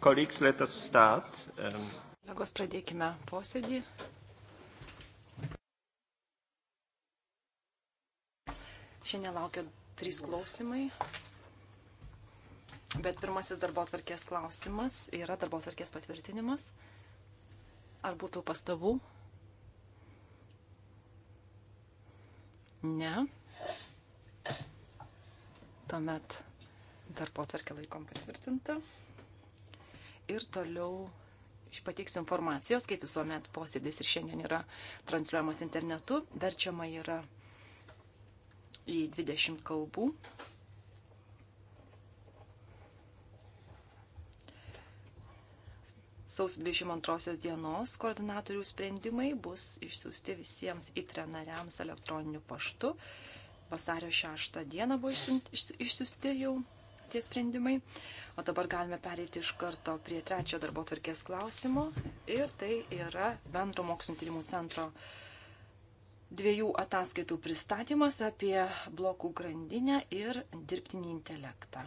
Colleagues, let us start. Um, Kolegos, pradėkime posėdį. Šiandien laukia trys klausimai. Bet pirmasis darbo atvarkės klausimas yra darbo atvarkės patvirtinimas. Ar būtų pastabų? Ne. Tuomet darbo atvarkė laikom patvirtinta ir toliau pateiksiu informacijos, kaip visuomet posėdis ir šiandien yra transliuojamas internetu, verčiama yra į 20 kalbų. Sausio 22 dienos koordinatorių sprendimai bus išsiųsti visiems įtre nariams elektroniniu paštu. Vasario 6 dieną buvo išsiųsti jau tie sprendimai. O dabar galime pereiti iš karto prie trečio darbo tvarkės klausimo. Ir tai yra bendro mokslinio tyrimų centro dviejų ataskaitų pristatymas apie blokų grandinę ir dirbtinį intelektą.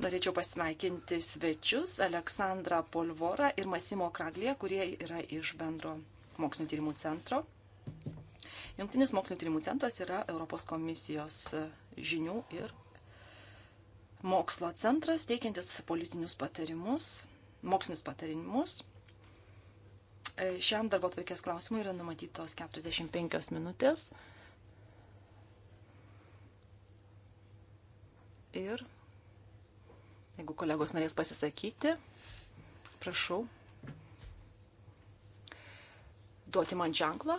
Norėčiau pasveikinti svečius Aleksandrą Polvorą ir Masimo Kraglė, kurie yra iš bendro mokslinio tyrimų centro. Jungtinis mokslinio tyrimų centras yra Europos komisijos e, žinių ir mokslo centras, teikiantis politinius patarimus, mokslinius patarimus. E, šiam darbo atvarkės klausimui yra numatytos 45 minutės. Ir jeigu kolegos norės pasisakyti, prašau duoti man ženklą,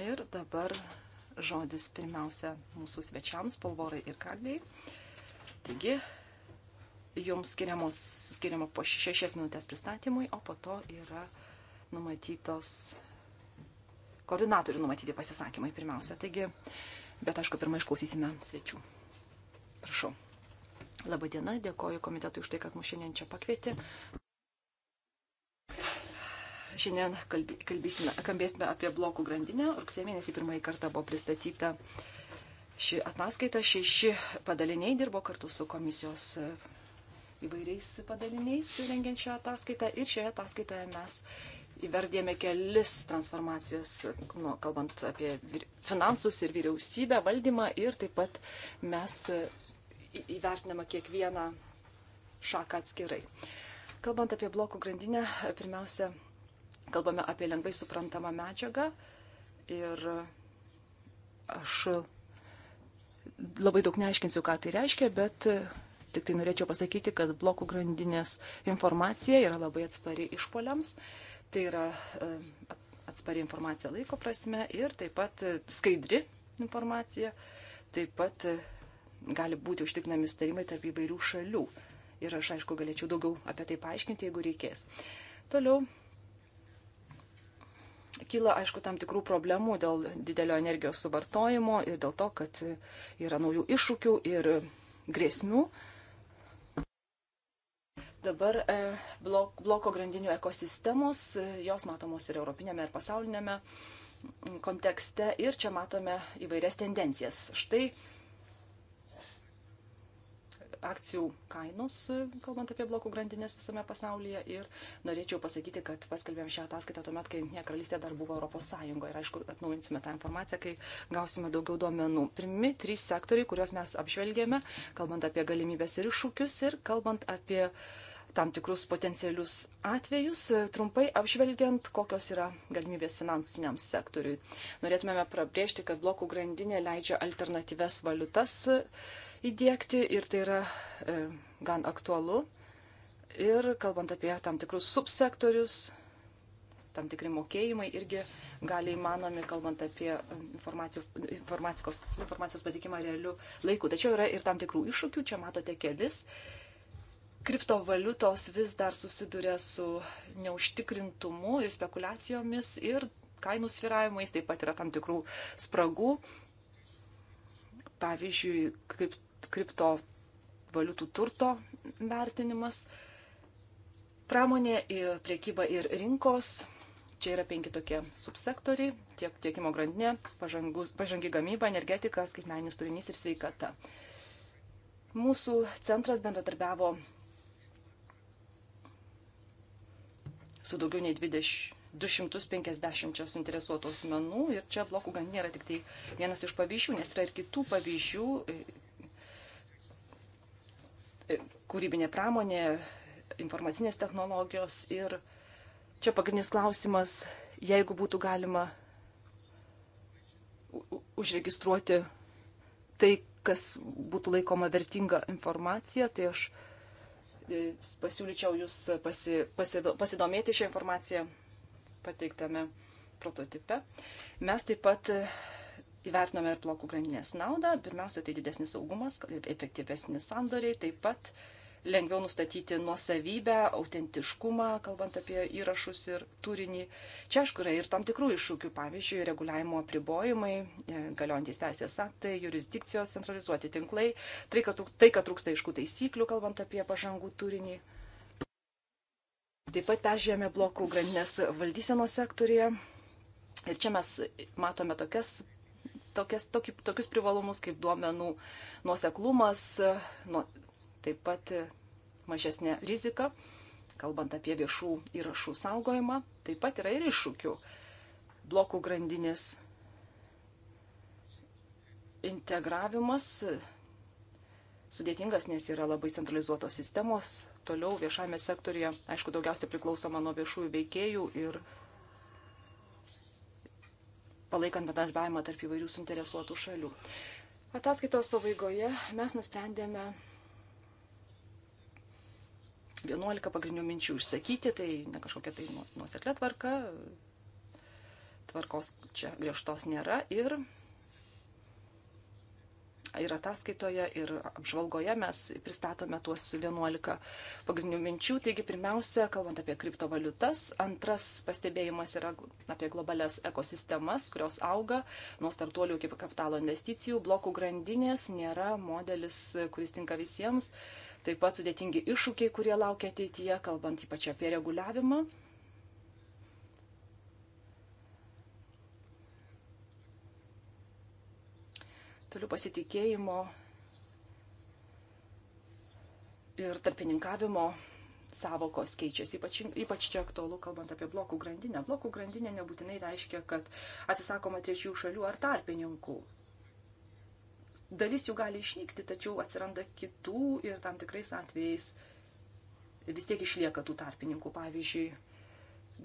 Ir dabar žodis pirmiausia mūsų svečiams, polvorai ir kagliai. Taigi, jums skiriamos, skiriama po šešias minutės pristatymui, o po to yra numatytos koordinatorių numatyti pasisakymai pirmiausia. Taigi, bet aišku, pirmą išklausysime svečių. Prašau. Labadiena, dėkoju komitetui už tai, kad mus šiandien čia pakvietė. Šiandien kalbėsime, kalbėsime apie blokų grandinę. Rugsėjo mėnesį pirmąjį kartą buvo pristatyta ši ataskaita. Šeši padaliniai dirbo kartu su komisijos e, įvairiais padaliniais rengiant šią ataskaitą. Ir šioje ataskaitoje mes įvardėme kelis transformacijos, nu, kalbant apie finansus ir vyriausybę, valdymą. Ir taip pat mes e, įvertinama kiekvieną šaką atskirai. Kalbant apie blokų grandinę, pirmiausia, Kalbame apie lengvai suprantamą medžiagą ir aš labai daug neaiškinsiu, ką tai reiškia, bet tik tai norėčiau pasakyti, kad blokų grandinės informacija yra labai atspari išpoliams. Tai yra e, atspari informacija laiko prasme ir taip pat skaidri informacija. Taip pat e, gali būti užtikrinami sutarimai tarp įvairių šalių. Ir aš, aišku, galėčiau daugiau apie tai paaiškinti, jeigu reikės. Toliau Kyla, aišku, tam tikrų problemų dėl didelio energijos suvartojimo ir dėl to, kad yra naujų iššūkių ir grėsmių. Dabar e, blok, bloko grandinių ekosistemos, e, jos matomos ir europinėme, ir pasaulinėme kontekste. Ir čia matome įvairias tendencijas. Štai akcijų kainos, kalbant apie blokų grandinės visame pasaulyje. Ir norėčiau pasakyti, kad paskelbėm šią ataskaitą tuomet, kai Junktinė karalystė dar buvo Europos Sąjungoje. Ir aišku, atnaujinsime tą informaciją, kai gausime daugiau duomenų. Pirmi trys sektoriai, kuriuos mes apžvelgėme, kalbant apie galimybės ir iššūkius ir kalbant apie tam tikrus potencialius atvejus, trumpai apžvelgiant, kokios yra galimybės finansiniam sektoriui. Norėtumėme prabrėžti, kad blokų grandinė leidžia alternatyves valiutas įdėkti ir tai yra e, gan aktualu. Ir kalbant apie tam tikrus subsektorius, tam tikri mokėjimai irgi gali įmanomi, kalbant apie e, informacijos, informacijos patikimą realių laikų. Tačiau yra ir tam tikrų iššūkių, čia matote kelis. Kriptovaliutos vis dar susiduria su neužtikrintumu ir spekulacijomis ir kainų sviravimais, taip pat yra tam tikrų spragų. Pavyzdžiui, kaip kriptovaliutų turto vertinimas. Pramonė, priekyba ir rinkos. Čia yra penki tokie subsektoriai - tiek tiekimo grandinė, pažangus, pažangi gamyba, energetika, skaitmeninis turinys ir sveikata. Mūsų centras bendradarbiavo su daugiau nei 20, 250 suinteresuotų asmenų ir čia blokų grandinė yra tik tai vienas iš pavyzdžių, nes yra ir kitų pavyzdžių kūrybinė pramonė, informacinės technologijos ir čia pagrindinis klausimas, jeigu būtų galima užregistruoti tai, kas būtų laikoma vertinga informacija, tai aš e, pasiūlyčiau jūs pasi, pasi, pasidomėti šią informaciją pateiktame prototipe. Mes taip pat įvertinome ir blokų grandinės naudą. Pirmiausia, tai didesnis saugumas, efektyvesnis sandoriai, taip pat lengviau nustatyti nuosavybę, autentiškumą, kalbant apie įrašus ir turinį. Čia, aišku, yra ir tam tikrų iššūkių, pavyzdžiui, reguliavimo apribojimai, e, galiojantis teisės aktai, jurisdikcijos centralizuoti tinklai, tai, kad tai, trūksta aišku taisyklių, kalbant apie pažangų turinį. Taip pat peržiūrėjome blokų grandinės valdysenos sektorėje. Ir čia mes matome tokias tokias, tokį, tokius privalumus kaip duomenų nuoseklumas, nu, taip pat mažesnė rizika, kalbant apie viešų įrašų saugojimą, taip pat yra ir iššūkių blokų grandinės integravimas sudėtingas, nes yra labai centralizuotos sistemos. Toliau viešame sektorija, aišku, daugiausia priklausoma nuo viešųjų veikėjų ir palaikant bendradarbiavimą tarp įvairių suinteresuotų šalių. Ataskaitos pabaigoje mes nusprendėme 11 pagrindinių minčių išsakyti, tai ne kažkokia tai nuoseklė tvarka, tvarkos čia griežtos nėra ir ir ataskaitoje, ir apžvalgoje mes pristatome tuos 11 pagrindinių minčių. Taigi, pirmiausia, kalbant apie kriptovaliutas, antras pastebėjimas yra apie globales ekosistemas, kurios auga nuo startuolių iki kapitalo investicijų. Blokų grandinės nėra modelis, kuris tinka visiems. Taip pat sudėtingi iššūkiai, kurie laukia ateityje, kalbant ypač apie reguliavimą. toliau pasitikėjimo ir tarpininkavimo savokos keičiasi, ypač, ypač čia aktualu, kalbant apie blokų grandinę. Blokų grandinė nebūtinai reiškia, kad atsisakoma trečių šalių ar tarpininkų. Dalis jų gali išnykti, tačiau atsiranda kitų ir tam tikrais atvejais vis tiek išlieka tų tarpininkų. Pavyzdžiui,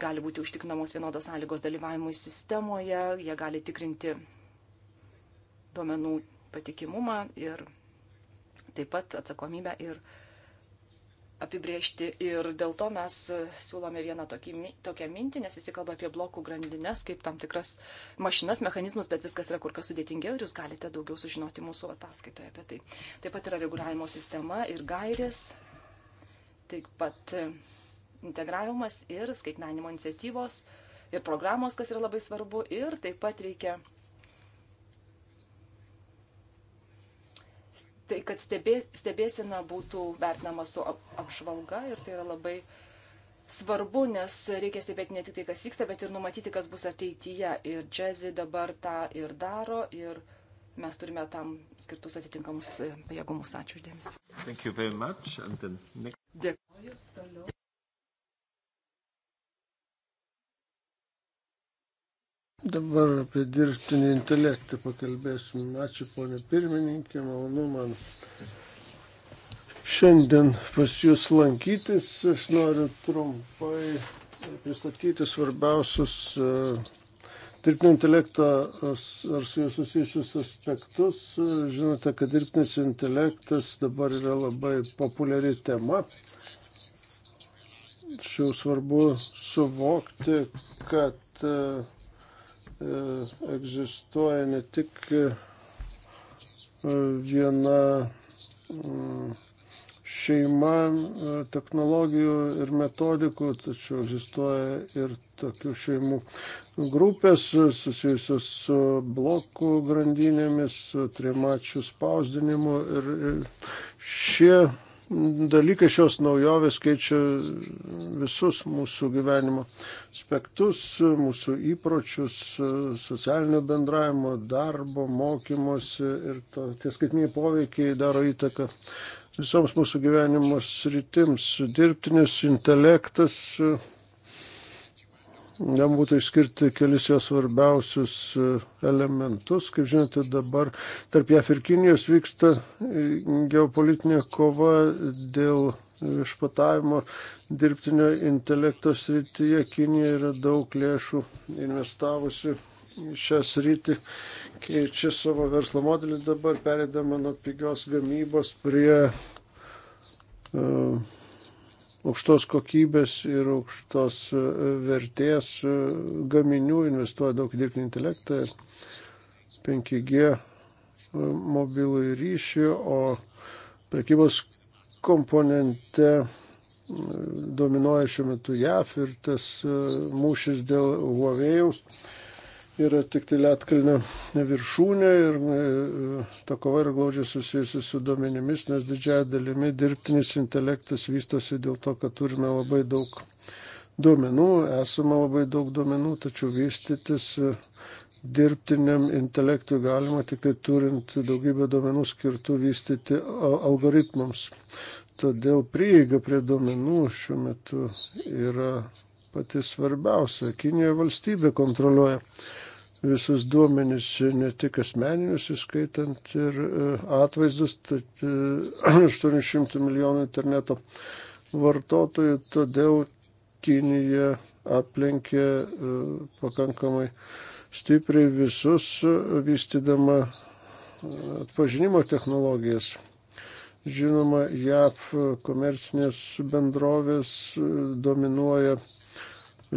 gali būti užtikrinamos vienodos sąlygos dalyvavimui sistemoje, jie gali tikrinti duomenų patikimumą ir taip pat atsakomybę ir apibriežti. Ir dėl to mes siūlome vieną tokį, tokią mintį, nes jis kalba apie blokų grandinės kaip tam tikras mašinas, mechanizmus, bet viskas yra kur kas sudėtingiau ir jūs galite daugiau sužinoti mūsų ataskaitoje apie tai. Taip pat yra reguliavimo sistema ir gairės, taip pat integravimas ir skaitmenimo iniciatyvos ir programos, kas yra labai svarbu. Ir taip pat reikia tai, kad stebė, stebėsina būtų vertinama su apžvalga ir tai yra labai svarbu, nes reikia stebėti ne tik tai, kas vyksta, bet ir numatyti, kas bus ateityje. Ir džiazi dabar tą ir daro ir mes turime tam skirtus atitinkamus pajėgumus. Ačiū uždėmesi. Dėkuoju. Toliau. Dabar apie dirbtinį intelektą pakalbėsim. Ačiū, ponė pirmininkė, malonu man šiandien pas jūs lankytis. Aš noriu trumpai pristatyti svarbiausius e, dirbtinio intelekto ar su juo susijusius aspektus. Žinote, kad dirbtinis intelektas dabar yra labai populiari tema. Tačiau svarbu suvokti, kad e, egzistuoja ne tik e, viena mm, šeima e, technologijų ir metodikų, tačiau egzistuoja ir tokių šeimų grupės susijusios su blokų grandinėmis, su trimačių spausdinimu ir šie dalykai šios naujovės keičia visus mūsų gyvenimo aspektus, mūsų įpročius, socialinio bendravimo, darbo, mokymosi ir to, tie skaitminiai poveikiai daro įtaką visoms mūsų gyvenimo sritims. Dirbtinis intelektas jam būtų išskirti kelis jos svarbiausius e, elementus. Kaip žinote, dabar tarp JAF ir Kinijos vyksta e, geopolitinė kova dėl išpatavimo dirbtinio intelekto srityje. Kinija yra daug lėšų investavusi šią sritį, keičia savo verslo modelį dabar, perėdama nuo pigios gamybos prie uh, aukštos kokybės ir aukštos e, vertės e, gaminių, investuoja daug dirbtinį intelektą, 5G e, mobilų ryšį, o prekybos komponente dominuoja šiuo metu JAF ir tas mūšis dėl Huawei'aus yra tik tai Lietkalnio viršūnė ir e, ta kova yra glaudžiai susijusi su duomenimis, nes didžiaja dalimi dirbtinis intelektas vystosi dėl to, kad turime labai daug duomenų, esame labai daug duomenų, tačiau vystytis e, dirbtiniam intelektui galima tik tai turint daugybę duomenų skirtų vystyti algoritmams. Todėl prieiga prie duomenų šiuo metu yra pati svarbiausia. Kinijoje valstybė kontroliuoja visus duomenys, ne tik asmeninius, įskaitant ir e, atvaizdus, 800 e, milijonų interneto vartotojų, todėl Kinija aplenkė e, pakankamai stipriai visus, vystydama atpažinimo technologijas. Žinoma, JAV komercinės bendrovės e, dominuoja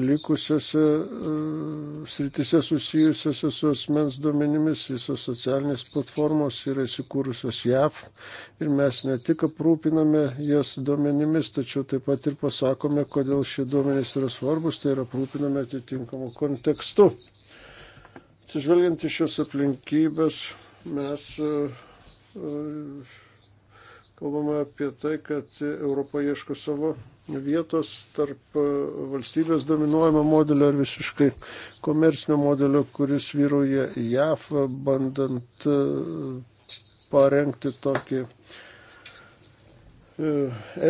likusiose e, sritise susijusiose su asmens duomenimis, visos socialinės platformos yra įsikūrusios JAV ir mes ne tik aprūpiname jas duomenimis, tačiau taip pat ir pasakome, kodėl šie duomenys yra svarbus, tai yra aprūpiname atitinkamu kontekstu. Atsižvelgiant į šios aplinkybės, mes uh, uh, kalbama apie tai, kad Europa ieško savo vietos tarp e, valstybės dominuojamo modelio ir visiškai komercinio modelio, kuris vyruoja JAF, bandant e, parengti tokį e,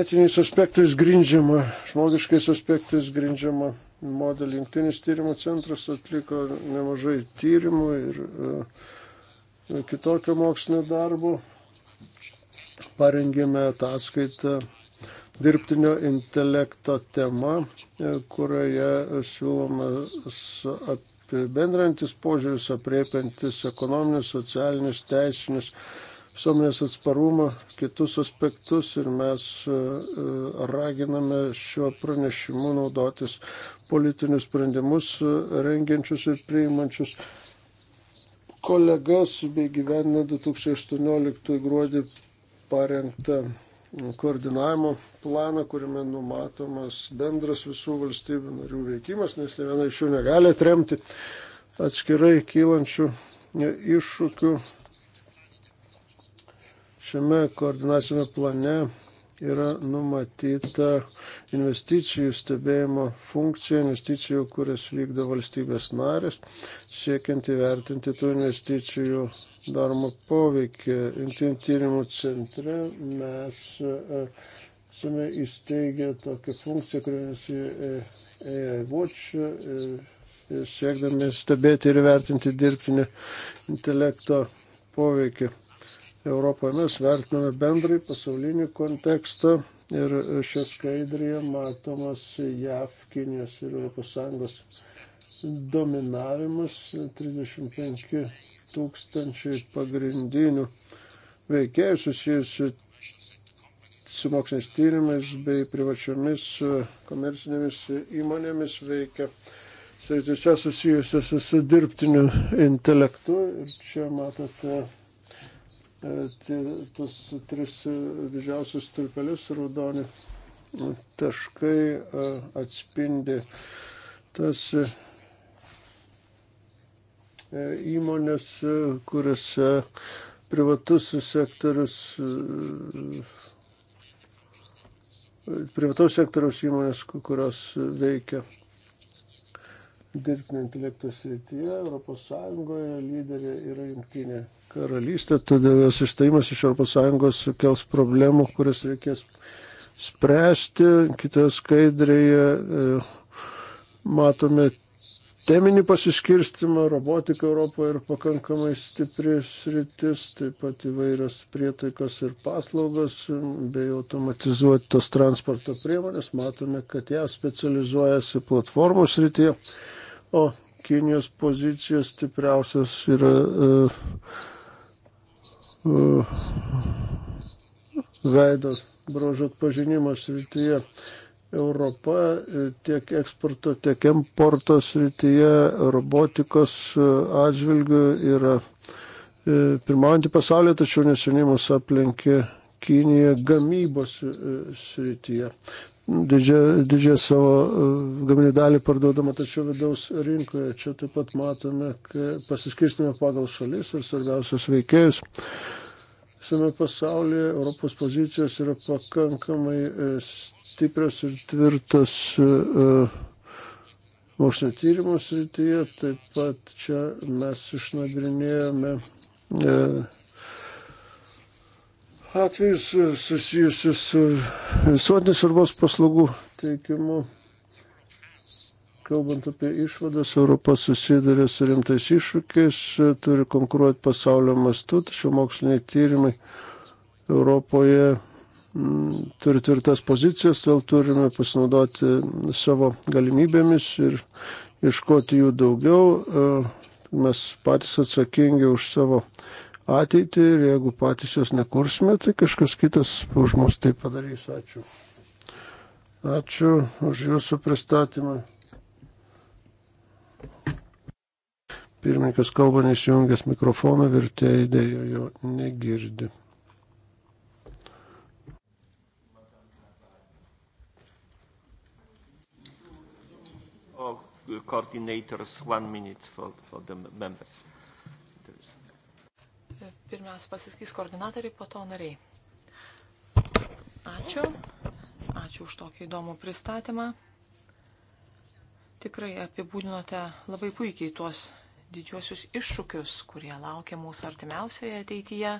etiniais aspektais grindžiamą, žmogiškais aspektais grindžiamą modelį. Jungtinis tyrimų centras atliko nemažai tyrimų ir kitokio mokslinio darbo parengėme ataskaitą dirbtinio intelekto tema, kurioje siūlomas apibendrantis požiūris, apriepiantis ekonominius, socialinius, teisinius, visuomenės atsparumą, kitus aspektus ir mes e, raginame šiuo pranešimu naudotis politinius sprendimus e, rengiančius ir priimančius kolegas bei gyvenę 2018 gruodį parengtą mm, koordinavimo planą, kuriame numatomas bendras visų valstybių narių veikimas, nes ne viena iš jų negali atremti atskirai kylančių e, iššūkių. Šiame koordinacinėme plane yra numatyta investicijų stebėjimo funkcija, investicijų, kurias vykdo valstybės narės, siekiant įvertinti tų investicijų daromą poveikį. Intinių tyrimų centre mes e, esame įsteigę tokią funkciją, kurią vadinasi e, AI Watch, e, siekdami stebėti ir vertinti dirbtinį intelekto poveikį Europoje. Mes vertiname bendrai pasaulinį kontekstą ir šią skaidrėje matomas JAV, Kinijos ir ES dominavimas 35 tūkstančiai pagrindinių veikėjų susijusių su moksliniais tyrimais bei privačiomis komercinėmis įmonėmis veikia sritise susijusiuose su dirbtiniu intelektu. Ir čia matote tos tris didžiausius stulpelius raudoni taškai atspindi tas įmonės, kuriuose privatus sektorius, privataus sektoriaus įmonės, kurios veikia dirbtinio intelekto srityje Europos Sąjungoje lyderė yra jungtinė karalystė, todėl jos išstojimas iš Europos Sąjungos sukels problemų, kurias reikės spręsti. Kitoje skaidrėje e, matome teminį pasiskirstimą, robotika Europoje ir pakankamai stipri sritis, taip pat įvairios prietaikos ir paslaugos bei automatizuotos transporto priemonės. Matome, kad ją specializuojasi platformų srityje o Kinijos pozicijos stipriausios yra uh, e, uh, e, veidas brožo atpažinimo srityje. Europa e, tiek eksporto, tiek importo srityje robotikos atžvilgių yra pirmaujantį pasaulį, tačiau neseniai mus aplenkė Kinija gamybos srityje didžiąją savo e, gaminių dalį parduodama, tačiau vidaus rinkoje. Čia taip pat matome, kad pasiskirstame pagal šalis ir svarbiausios veikėjus. Visame pasaulyje Europos pozicijos yra pakankamai e, stiprios ir tvirtos e, mokslinio tyrimų srityje. Taip pat čia mes išnagrinėjome atvejus e, susijusius su visuotinės svarbos paslaugų teikimu. Kalbant apie išvadas, Europa susiduria su rimtais iššūkiais, e, turi konkuruoti pasaulio mastu, tačiau moksliniai tyrimai Europoje turi tvirtas pozicijas, todėl turime pasinaudoti savo galimybėmis ir iškoti jų daugiau. E, mes patys atsakingi už savo ateitį ir jeigu patys jos nekursime, tai kažkas kitas už mus tai padarys. Ačiū. Ačiū už jūsų pristatymą. Pirmininkas kalba neįsijungęs mikrofoną, vertėjai dėjo jo negirdi. Oh, coordinators one minute for, for the members. Pirmiausia, pasisakys koordinatoriai, po to nariai. Ačiū. Ačiū už tokį įdomų pristatymą. Tikrai apibūdinote labai puikiai tuos didžiuosius iššūkius, kurie laukia mūsų artimiausioje ateityje.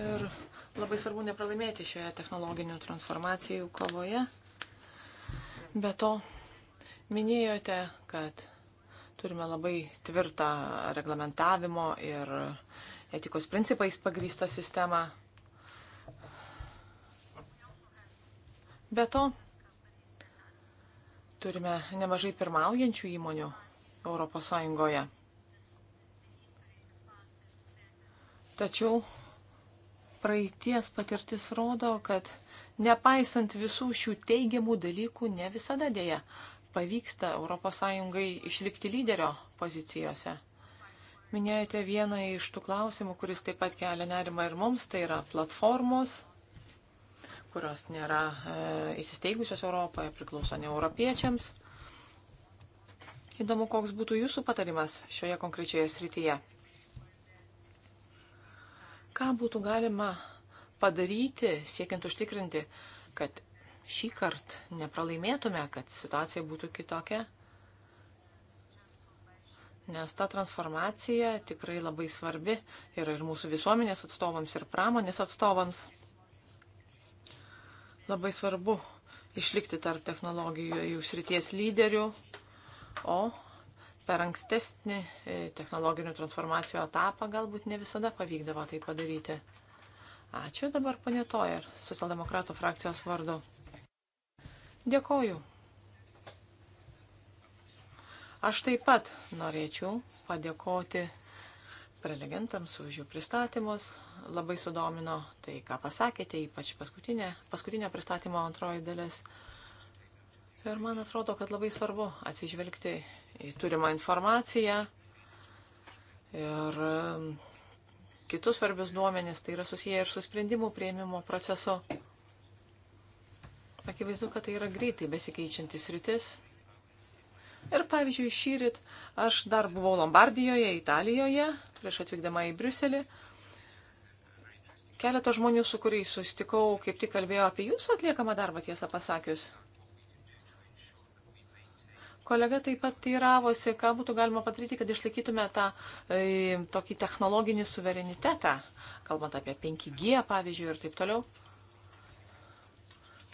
Ir labai svarbu nepralaimėti šioje technologinių transformacijų kovoje. Be to, Minėjote, kad turime labai tvirtą reglamentavimo ir etikos principais pagrįstą sistemą. Be to, turime nemažai pirmaujančių įmonių ES. Tačiau praeities patirtis rodo, kad nepaisant visų šių teigiamų dalykų, ne visada dėja pavyksta ES išlikti lyderio pozicijose. Minėjote vieną iš tų klausimų, kuris taip pat kelia nerimą ir mums, tai yra platformos, kurios nėra e, įsisteigusios Europoje, priklauso ne europiečiams. Įdomu, koks būtų jūsų patarimas šioje konkrečioje srityje. Ką būtų galima padaryti, siekiant užtikrinti, kad šį kartą nepralaimėtume, kad situacija būtų kitokia. Nes ta transformacija tikrai labai svarbi ir, ir mūsų visuomenės atstovams, ir pramonės atstovams. Labai svarbu išlikti tarp technologijų jų srities lyderių, o per ankstesnį e, technologinių transformacijų etapą galbūt ne visada pavykdavo tai padaryti. Ačiū dabar, panėtoja, socialdemokratų frakcijos vardu. Dėkoju. Aš taip pat norėčiau padėkoti prelegentams už jų pristatymus. Labai sudomino tai, ką pasakėte, ypač paskutinė, paskutinė pristatymo antroji dalis. Ir man atrodo, kad labai svarbu atsižvelgti į turimą informaciją ir um, kitus svarbius duomenis, tai yra susiję ir su sprendimų prieimimo procesu. Akivaizdu, kad tai yra greitai besikeičiantis rytis. Ir pavyzdžiui, šį ryt aš dar buvau Lombardijoje, Italijoje, prieš atvykdama į Briuselį. Keletą žmonių, su kuriais sustikau, kaip tik kalbėjo apie jūsų atliekamą darbą, tiesą pasakius. Kolega taip pat teiravosi, ką būtų galima padaryti, kad išlaikytume tą e, tokį technologinį suverenitetą, kalbant apie 5G pavyzdžiui ir taip toliau.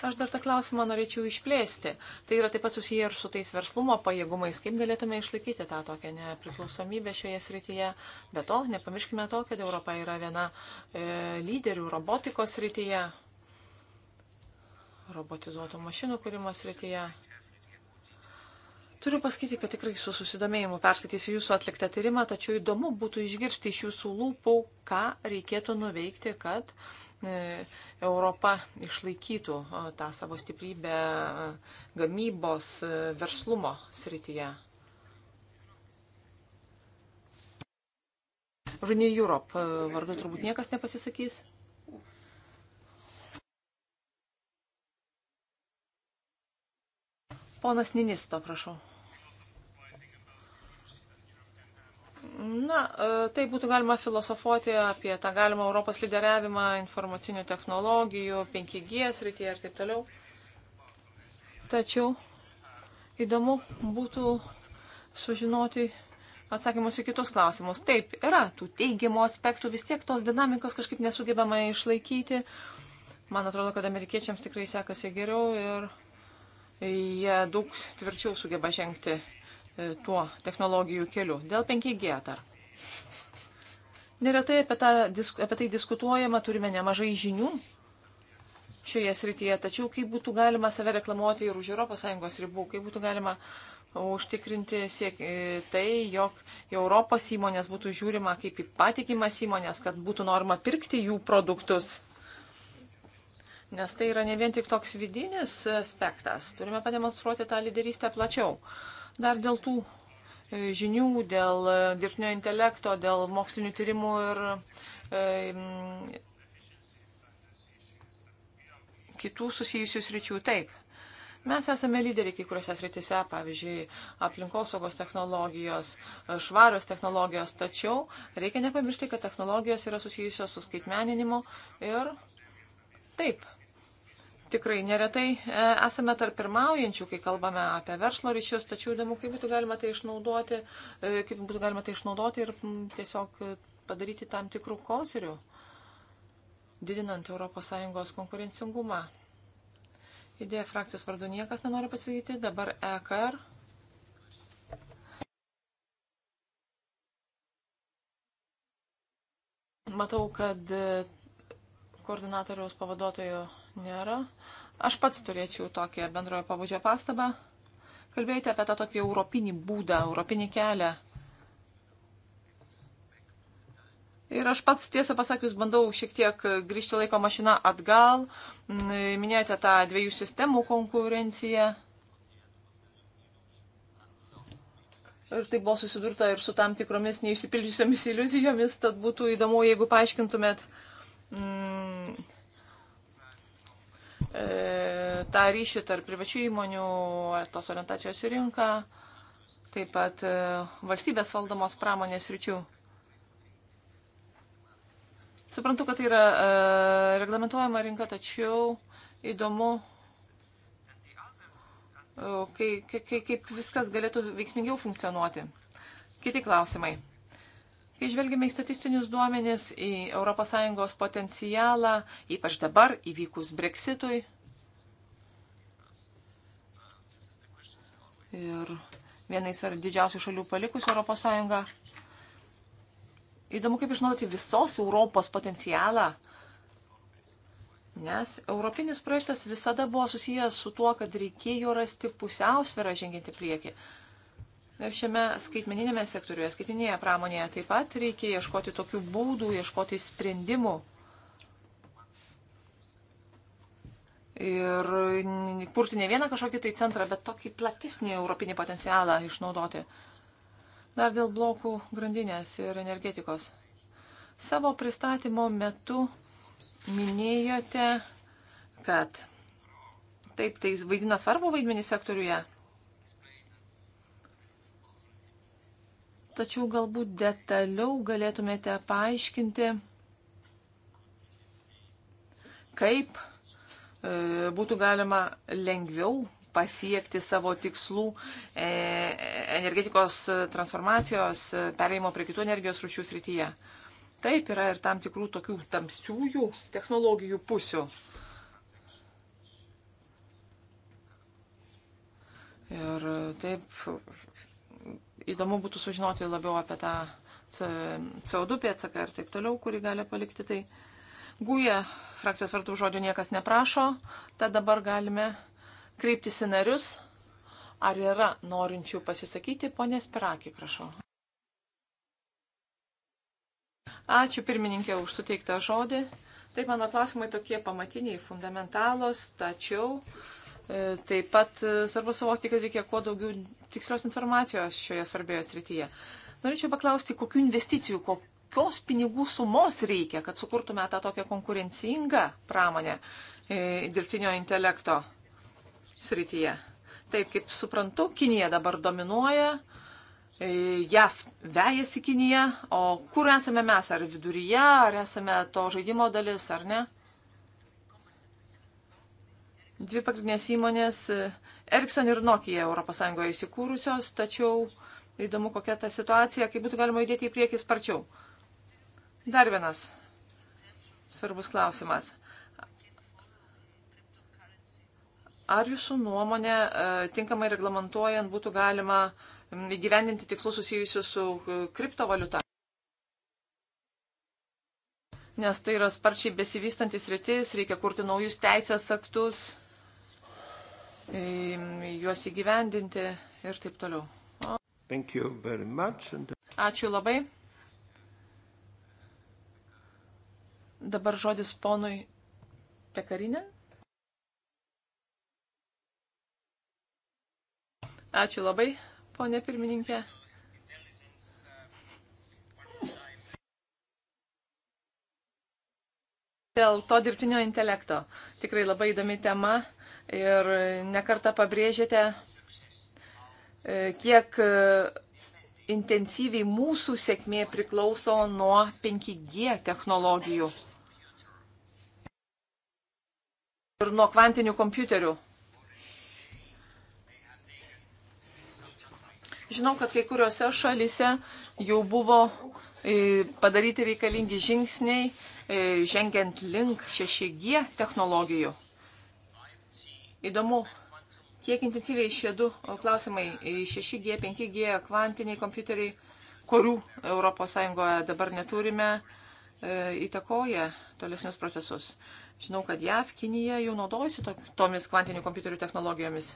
Aš dar tą klausimą norėčiau išplėsti. Tai yra taip pat susiję ir su tais verslumo pajėgumais, kaip galėtume išlaikyti tą tokią nepriklausomybę šioje srityje. Be to, nepamirškime to, kad Europa yra viena e, lyderių robotikos srityje, robotizuotų mašinų kūrimo srityje. Turiu pasakyti, kad tikrai su susidomėjimu perskaitysiu jūsų atliktą tyrimą, tačiau įdomu būtų išgirsti iš jūsų lūpų, ką reikėtų nuveikti, kad e, Europa išlaikytų e, tą savo stiprybę e, gamybos verslumo srityje. Renew Europe vardu turbūt niekas nepasisakys. Ponas Ninisto, prašau. Na, e, tai būtų galima filosofuoti apie tą galimą Europos lyderiavimą informacinių technologijų, 5G srityje ir taip toliau. Tačiau įdomu būtų sužinoti atsakymus į kitus klausimus. Taip, yra tų teigiamų aspektų, vis tiek tos dinamikos kažkaip nesugebama išlaikyti. Man atrodo, kad amerikiečiams tikrai sekasi geriau ir jie daug tvirčiau sugeba žengti E, tuo technologijų keliu. Dėl 5G dar. Neretai apie, tą, apie tai diskutuojama, turime nemažai žinių šioje srityje, tačiau kaip būtų galima save reklamuoti ir už ES ribų, kaip būtų galima užtikrinti siek, e, tai, jog Europos įmonės būtų žiūrima kaip į patikimas įmonės, kad būtų norma pirkti jų produktus. Nes tai yra ne vien tik toks vidinis aspektas. Turime pademonstruoti tą lyderystę plačiau. Dar dėl tų e, žinių, dėl e, dirbtinio intelekto, dėl mokslinių tyrimų ir e, mm, kitų susijusių sričių. Taip. Mes esame lyderiai kai kuriuose srityse, pavyzdžiui, aplinkosaugos technologijos, e, švarios technologijos, tačiau reikia nepamiršti, kad technologijos yra susijusios su skaitmeninimu ir taip, Tikrai neretai e, esame tarp pirmaujančių, kai kalbame apie verslo ryšius, tačiau įdomu, kaip būtų galima tai išnaudoti, e, kaip būtų galima tai išnaudoti ir tiesiog padaryti tam tikrų kozirių, didinant ES konkurencingumą. Idėja frakcijos vardu niekas nenori pasakyti, dabar EKR. Matau, kad e, koordinatoriaus pavaduotojo nėra. Aš pats turėčiau tokią bendrojo pabudžio pastabą. Kalbėjote apie tą tokį europinį būdą, europinį kelią. Ir aš pats, tiesą pasakius, bandau šiek tiek grįžti laiko mašiną atgal. Mm, minėjote tą dviejų sistemų konkurenciją. Ir tai buvo susidurta ir su tam tikromis neišsipildžiusiamis iliuzijomis, tad būtų įdomu, jeigu paaiškintumėt, uh, mm, e, tą ryšį tarp privačių įmonių ar tos orientacijos į rinką, taip pat e, valstybės valdomos pramonės ryčių. Suprantu, kad tai yra e, reglamentuojama rinka, tačiau įdomu, e, kai, kai, kaip viskas galėtų veiksmingiau funkcionuoti. Kiti klausimai. Kai žvelgime į statistinius duomenis, į ES potencialą, ypač dabar įvykus breksitui. Ir vienais ar didžiausių šalių palikus ES. Įdomu, kaip išnaudoti visos Europos potencialą. Nes europinis projektas visada buvo susijęs su tuo, kad reikėjo rasti pusiausvyrą žengiant į priekį. Šiame skaitmeninėme sektoriuje, skaitmeninėje pramonėje taip pat reikia ieškoti tokių būdų, ieškoti sprendimų. Ir kurti ne vieną kažkokį tai centrą, bet tokį platesnį europinį potencialą išnaudoti. Dar dėl blokų grandinės ir energetikos. Savo pristatymo metu minėjote, kad taip, tai vaidina svarbu vaidmenį sektoriuje. tačiau galbūt detaliau galėtumėte paaiškinti, kaip e, būtų galima lengviau pasiekti savo tikslų e, energetikos transformacijos, e, perėjimo prie kitų energijos rušių srityje. Taip yra ir tam tikrų tokių tamsiųjų technologijų pusių. Ir taip įdomu būtų sužinoti labiau apie tą CO2 pėtsaką ir taip toliau, kurį gali palikti. Tai guja frakcijos vartų žodžio niekas neprašo, tad dabar galime kreiptis į narius. Ar yra norinčių pasisakyti, ponė Spirakį, prašau. Ačiū pirmininkė už suteiktą žodį. Taip, mano klausimai tokie pamatiniai, fundamentalūs, tačiau E, taip pat e, svarbu suvokti, kad reikia kuo daugiau tikslios informacijos šioje svarbioje srityje. Norėčiau paklausti, kokiu investicijų, kokios pinigų sumos reikia, kad sukurtume tą tokią konkurencingą pramonę e, dirbtinio intelekto srityje. Taip, kaip suprantu, Kinija dabar dominuoja, JAV vejasi Kinija, o kur esame mes, ar viduryje, ar esame to žaidimo dalis, ar ne? Dvi pagrindinės įmonės - Ericsson ir Nokia ES įsikūrusios, tačiau įdomu, kokia ta situacija, kaip būtų galima judėti į priekį sparčiau. Dar vienas svarbus klausimas. Ar jūsų nuomonė e, tinkamai reglamentuojant būtų galima įgyvendinti tikslus susijusius su e, kriptovaliuta? Nes tai yra sparčiai besivystantis rytis, reikia kurti naujus teisės aktus. Ehm, juos įgyvendinti ir taip toliau. Ačiū labai. Dabar žodis ponui Pekarinė. Ačiū labai, ponė pirmininkė. Dėl to dirbtinio intelekto. Tikrai labai įdomi tema ir nekarta pabrėžėte, e, kiek e, intensyviai mūsų sėkmė priklauso nuo 5G technologijų ir nuo kvantinių kompiuterių. Žinau, kad kai kuriuose šalise jau buvo e, padaryti reikalingi žingsniai, žengiant link 6G technologijų. Įdomu, kiek intensyviai šie du klausimai - 6G, 5G, kvantiniai kompiuteriai, kurių ES dabar neturime, e, įtakoja tolesnius procesus. Žinau, kad JAV, Kinija jau naudojasi to, tomis kvantinių kompiuterių technologijomis.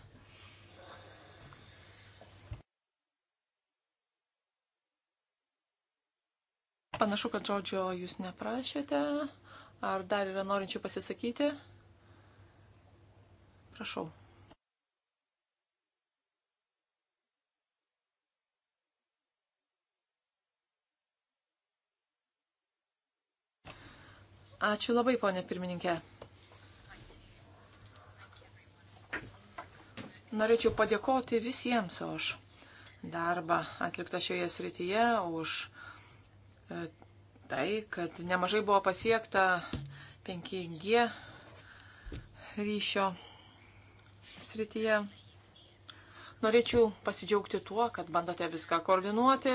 Panašu, kad žodžio jūs neprašėte. Ar dar yra norinčių pasisakyti? Prašau. Ačiū labai, ponė pirmininkė. Norėčiau padėkoti visiems už darbą atliktą šioje srityje, už e, tai, kad nemažai buvo pasiekta 5G ryšio srityje. Norėčiau pasidžiaugti tuo, kad bandote viską koordinuoti.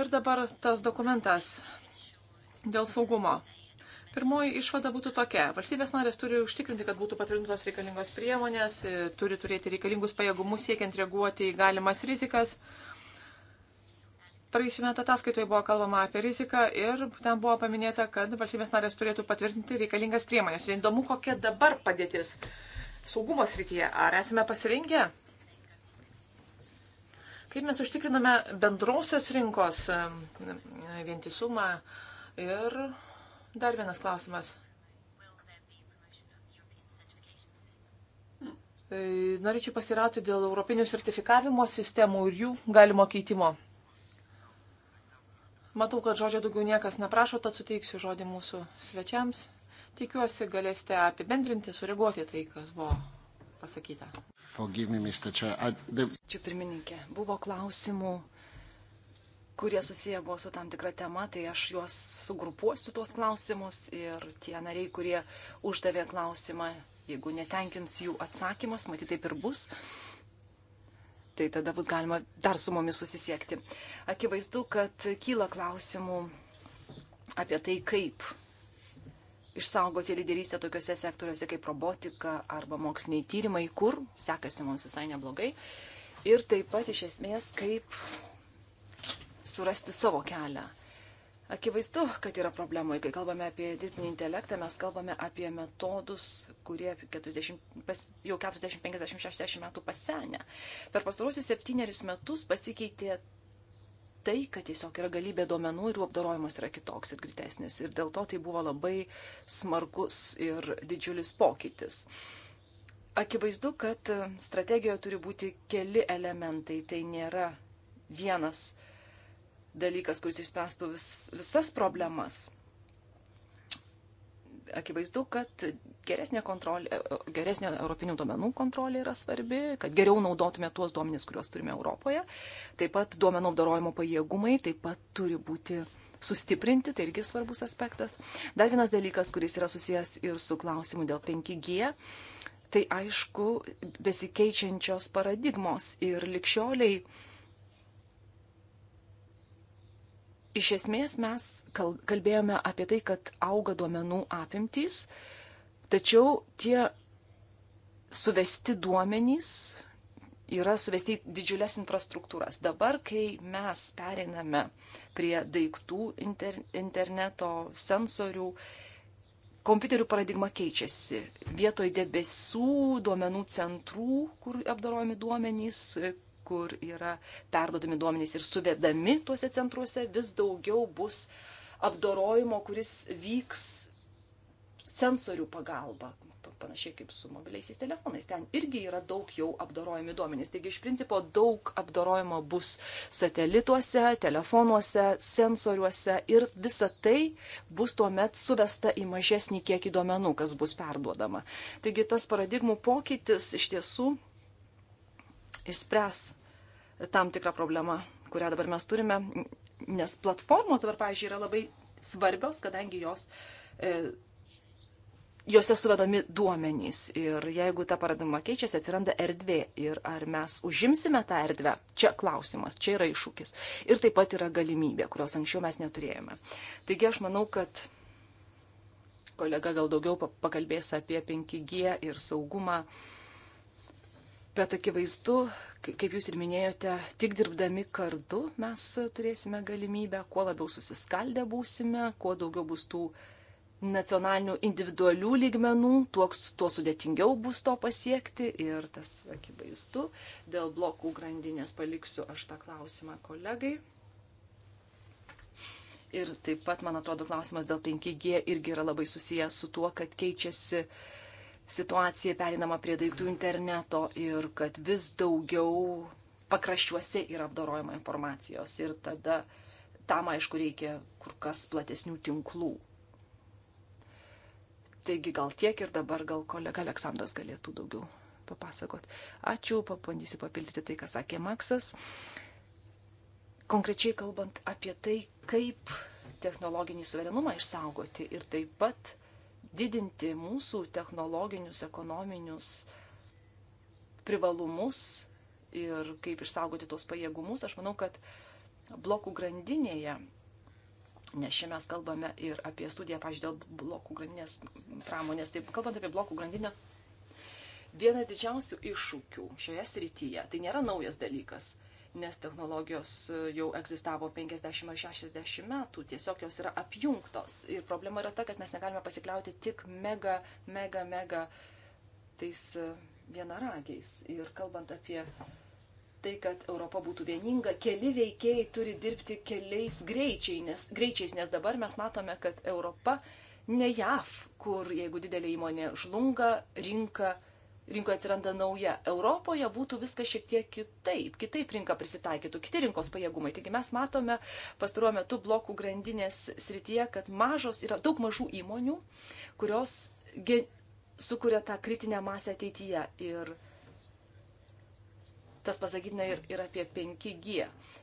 Ir dabar tas dokumentas dėl saugumo. Pirmoji išvada būtų tokia. Valstybės narės turi užtikrinti, kad būtų patvirtintos reikalingos priemonės, turi turėti reikalingus pajėgumus siekiant reaguoti į galimas rizikas. Praėjusiu metu ataskaitoje buvo kalbama apie riziką ir ten buvo paminėta, kad valstybės narės turėtų patvirtinti reikalingas priemonės. Įdomu, kokia dabar padėtis saugumo srityje. Ar esame pasirengę? Kaip mes užtikriname bendrosios rinkos vientisumą? Ir dar vienas klausimas. Norėčiau pasirauti dėl europinių sertifikavimo sistemų ir jų galimo keitimo. Matau, kad žodžio daugiau niekas neprašo, tad suteiksiu žodį mūsų svečiams. Tikiuosi, galėsite apibendrinti, sureaguoti tai, kas buvo pasakyta. Čia pirmininkė, buvo klausimų, kurie susiję buvo su tam tikra tema, tai aš juos sugrupuosiu tuos klausimus ir tie nariai, kurie uždavė klausimą, jeigu netenkins jų atsakymas, matyt taip ir bus tai tada bus galima dar su mumis susisiekti. Akivaizdu, kad kyla klausimų apie tai, kaip išsaugoti lyderystę tokiuose sektoriuose kaip robotika arba moksliniai tyrimai, kur sekasi mums visai neblogai. Ir taip pat iš esmės, kaip surasti savo kelią Akivaizdu, kad yra problemų. Kai kalbame apie dirbtinį intelektą, mes kalbame apie metodus, kurie 40, pas, jau 40, 50, 60 metų pasenę. Per pastarosius septynerius metus pasikeitė tai, kad tiesiog yra galybė duomenų ir jų apdarojimas yra kitoks ir greitesnis. Ir dėl to tai buvo labai smarkus ir didžiulis pokytis. Akivaizdu, kad strategijoje turi būti keli elementai. Tai nėra vienas dalykas, kuris išspręstų vis, visas problemas. Akivaizdu, kad geresnė, kontrolė, e, e, geresnė europinių duomenų kontrolė yra svarbi, kad geriau naudotume tuos duomenys, kuriuos turime Europoje. Taip pat duomenų apdarojimo pajėgumai taip pat turi būti sustiprinti, tai irgi svarbus aspektas. Dar vienas dalykas, kuris yra susijęs ir su klausimu dėl 5G, tai aišku, besikeičiančios paradigmos ir likščioliai Iš esmės mes kalbėjome apie tai, kad auga duomenų apimtys, tačiau tie suvesti duomenys yra suvesti didžiulės infrastruktūras. Dabar, kai mes pereiname prie daiktų inter, interneto, sensorių, kompiuterių paradigma keičiasi. Vietoj debesų, duomenų centrų, kur apdarojami duomenys, kur yra perdodami duomenys ir suvedami tuose centruose, vis daugiau bus apdorojimo, kuris vyks sensorių pagalba, panašiai kaip su mobiliaisiais telefonais. Ten irgi yra daug jau apdorojami duomenys. Taigi iš principo daug apdorojimo bus satelituose, telefonuose, sensoriuose ir visa tai bus tuo met suvesta į mažesnį kiekį duomenų, kas bus perduodama. Taigi tas paradigmų pokytis iš tiesų išspręs tam tikrą problemą, kurią dabar mes turime, nes platformos dabar, pavyzdžiui, yra labai svarbios, kadangi jos, e, jose suvedami duomenys ir jeigu ta paradigma keičiasi, atsiranda erdvė ir ar mes užimsime tą erdvę, čia klausimas, čia yra iššūkis ir taip pat yra galimybė, kurios anksčiau mes neturėjome. Taigi aš manau, kad kolega gal daugiau pakalbės apie 5G ir saugumą. E, Bet akivaizdu, kaip jūs ir minėjote, tik dirbdami kartu mes turėsime galimybę, kuo labiau susiskaldę būsime, kuo daugiau bus tų nacionalinių individualių lygmenų, tuo, tuo sudėtingiau bus to pasiekti ir tas akivaizdu. Dėl blokų grandinės paliksiu aš tą klausimą kolegai. Ir taip pat, man atrodo, klausimas dėl 5G irgi yra labai susijęs su tuo, kad keičiasi uh, situacija perinama prie daiktų interneto ir kad vis daugiau pakraščiuose yra apdorojama informacijos ir tada tam aišku reikia kur kas platesnių tinklų. Taigi gal tiek ir dabar gal kolega Aleksandras galėtų daugiau papasakot. Ačiū, pabandysiu papildyti tai, ką sakė Maksas. Konkrečiai kalbant apie tai, kaip technologinį suverenumą išsaugoti ir taip pat didinti mūsų technologinius, ekonominius privalumus ir kaip išsaugoti tuos pajėgumus, aš manau, kad blokų grandinėje, nes čia mes kalbame ir apie studiją, pažiūrėjau, dėl blokų grandinės pramonės, taip kalbant apie blokų grandinę, vienas didžiausių iššūkių šioje srityje, tai nėra naujas dalykas, nes technologijos e, jau egzistavo 50 ar 60 metų, tiesiog jos yra apjungtos. Ir problema yra ta, kad mes negalime pasikliauti tik mega, mega, mega tais e, vienaragiais. Ir kalbant apie tai, kad Europa būtų vieninga, keli veikėjai turi dirbti keliais greičiai, nes, greičiais, nes dabar mes matome, kad Europa ne JAV, kur jeigu didelė įmonė žlunga, rinka žlunga rinkoje atsiranda nauja. Europoje būtų viskas šiek tiek kitaip, kitaip rinka prisitaikytų, kiti rinkos pajėgumai. Taigi mes matome pastaruoju metu blokų grandinės srityje, kad mažos yra daug mažų įmonių, kurios sukuria tą kritinę masę ateityje. Ir Tas pasakytina ir, ir apie 5G.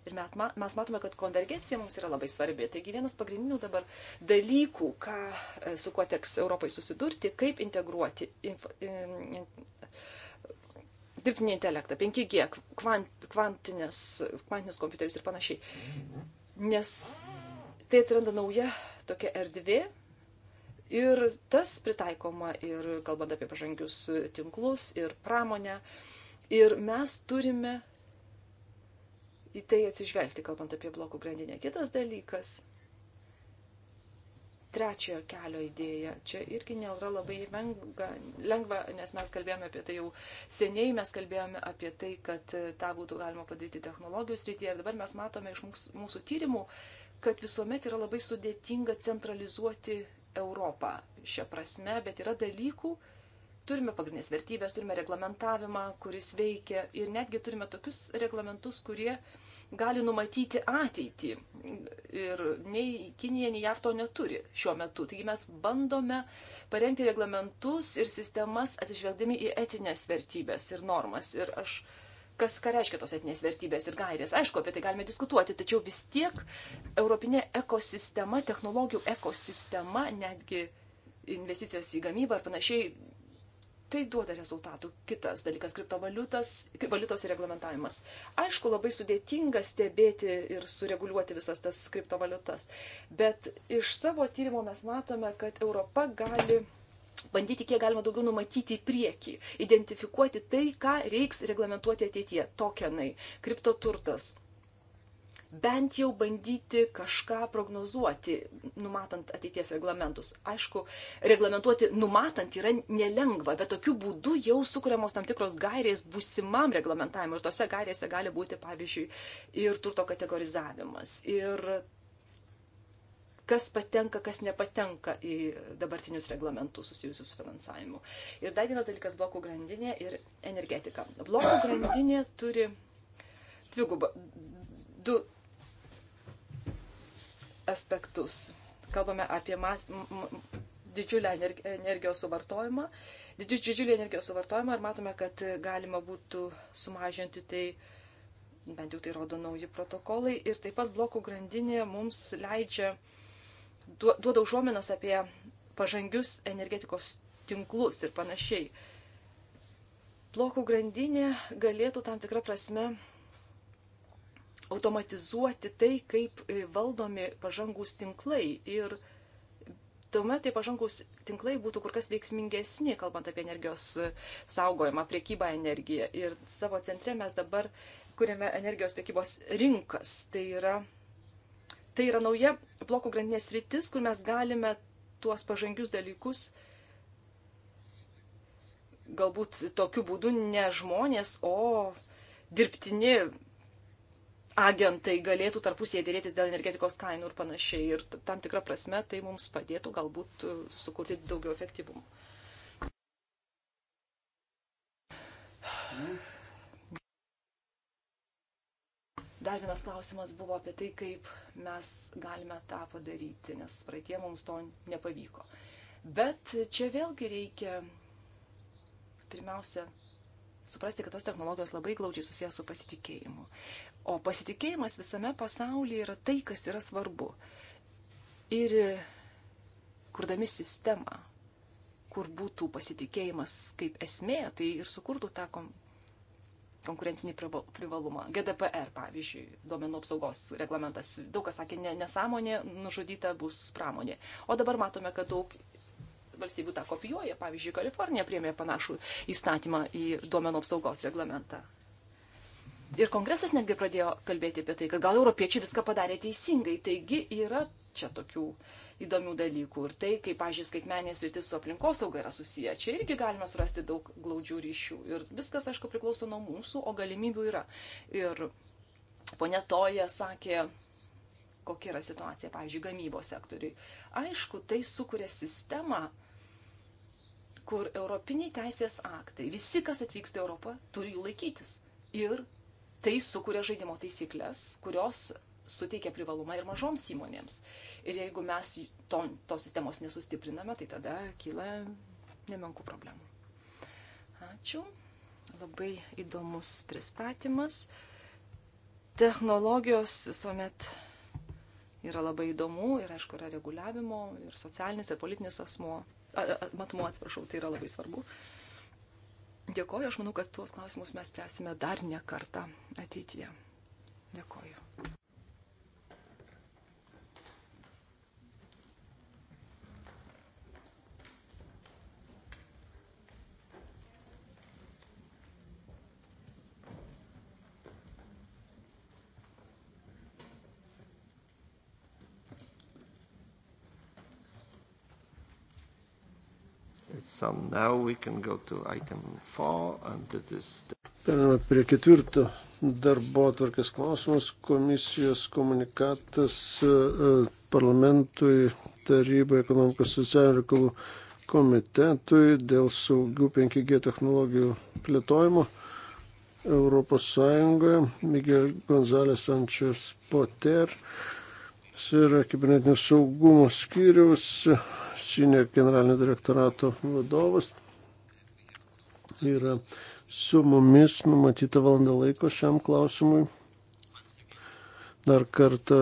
Ir mes, mes matome, kad konvergencija mums yra labai svarbi. Taigi vienas pagrindinių dabar dalykų, ką, e, su kuo teks Europai susidurti, kaip integruoti inf, in, in, dirbtinį intelektą, 5G, kvant, kvantinės, kvantinius kompiuterius ir panašiai. Nes tai atsiranda nauja tokia erdvė, Ir tas pritaikoma ir kalbant apie pažangius tinklus ir pramonę, Ir mes turime į tai atsižvelgti, kalbant apie blokų grandinę. Kitas dalykas trečiojo kelio idėja. Čia irgi nėra labai lengva, lengva, nes mes kalbėjome apie tai jau seniai, mes kalbėjome apie tai, kad e, tą būtų galima padaryti technologijų srityje ir dabar mes matome iš mūsų, mūsų tyrimų, kad visuomet yra labai sudėtinga centralizuoti Europą šią prasme, bet yra dalykų, Turime pagrindinės vertybės, turime reglamentavimą, kuris veikia ir netgi turime tokius reglamentus, kurie gali numatyti ateitį. Ir nei Kinija, nei JAV to neturi šiuo metu. Taigi mes bandome parengti reglamentus ir sistemas atsižvelgdami į etinės vertybės ir normas. Ir aš, kas ką reiškia tos etinės vertybės ir gairės, aišku, apie tai galime diskutuoti, tačiau vis tiek europinė ekosistema, technologijų ekosistema, netgi investicijos į gamybą ir panašiai tai duoda rezultatų. Kitas dalykas - kriptovaliutos reglamentavimas. Aišku, labai sudėtinga stebėti ir sureguliuoti visas tas kriptovaliutas, bet iš savo tyrimo mes matome, kad Europa gali bandyti kiek galima daugiau numatyti į priekį, identifikuoti tai, ką reiks reglamentuoti ateityje - tokenai, kriptoturtas bent jau bandyti kažką prognozuoti, numatant ateities reglamentus. Aišku, reglamentuoti numatant yra nelengva, bet tokiu būdu jau sukūriamos tam tikros gairės būsimam reglamentavimui. Ir tose gairėse gali būti, pavyzdžiui, ir turto kategorizavimas, ir kas patenka, kas nepatenka į dabartinius reglamentus susijusius su finansavimu. Ir dar vienas dalykas - blokų grandinė ir energetika. Blokų grandinė turi dvigubą, du aspektus. Kalbame apie mas, m, didžiulę energijos suvartojimą, didžiulį energijos suvartojimą ir matome, kad galima būtų sumažinti tai, bent jau tai rodo nauji protokolai. Ir taip pat blokų grandinė mums leidžia, duoda užuominas apie pažangius energetikos tinklus ir panašiai. Blokų grandinė galėtų tam tikrą prasme automatizuoti tai, kaip e, valdomi pažangus tinklai. Ir tuomet tie pažangus tinklai būtų kur kas veiksmingesni, kalbant apie energijos e, saugojimą, priekybą energiją. Ir savo centre mes dabar kuriame energijos priekybos rinkas. Tai yra, tai yra nauja blokų grandinės rytis, kur mes galime tuos pažangius dalykus galbūt tokiu būdu ne žmonės, o dirbtini agentai galėtų tarpusėje dėrėtis dėl energetikos kainų ir panašiai. Ir tam tikrą prasme tai mums padėtų galbūt e, sukurti daugiau efektyvumo. Dar vienas klausimas buvo apie tai, kaip mes galime tą padaryti, nes praeitie mums to nepavyko. Bet čia vėlgi reikia pirmiausia suprasti, kad tos technologijos labai glaudžiai susijęs su pasitikėjimu. O pasitikėjimas visame pasaulyje yra tai, kas yra svarbu. Ir kurdami sistemą, kur būtų pasitikėjimas kaip esmė, tai ir sukurtų tą konkurencinį privalumą. GDPR, pavyzdžiui, duomenų apsaugos reglamentas. Daug kas sakė, ne, nesąmonė, nužudyta bus pramonė. O dabar matome, kad daug valstybių tą kopijuoja. Pavyzdžiui, Kalifornija priemė panašų įstatymą į duomenų apsaugos reglamentą ir kongresas netgi pradėjo kalbėti apie tai, kad gal europiečiai viską padarė teisingai. Taigi yra čia tokių įdomių dalykų. Ir tai, kaip, pažiūrėjau, skaitmenės rytis su aplinkosauga yra susiję, čia irgi galima surasti daug glaudžių ryšių. Ir viskas, aišku, priklauso nuo mūsų, o galimybių yra. Ir ponė Toja sakė, kokia yra situacija, pavyzdžiui, gamybos sektoriui. Aišku, tai sukuria sistemą, kur europiniai teisės aktai, visi, kas atvyksta į Europą, turi jų laikytis. Ir tai sukuria žaidimo taisyklės, kurios suteikia privalumą ir mažoms įmonėms. Ir jeigu mes to, tos sistemos nesustipriname, tai tada kyla nemenkų problemų. Ačiū. Labai įdomus pristatymas. Technologijos visuomet yra labai įdomu ir, aišku, yra reguliavimo ir socialinis ir politinis asmo, a, a, matmuo, atsiprašau, tai yra labai svarbu. Uh, Dėkoju, aš manau, kad tuos klausimus mes spręsime dar ne kartą ateityje. Dėkoju. So now we can go to item 4 and it is... Perėmame prie ketvirto darbo atvarkės klausimus. Komisijos komunikatas e, parlamentui, tarybai, ekonomikos socialinių reikalų komitetui dėl saugių 5G technologijų plėtojimo Europos Sąjungoje. Miguel Gonzalez Sančias Poter. Jis yra kibernetinio saugumo skyrius Sinė generalinio direktorato vadovas yra su mumis numatyta valanda laiko šiam klausimui. Dar kartą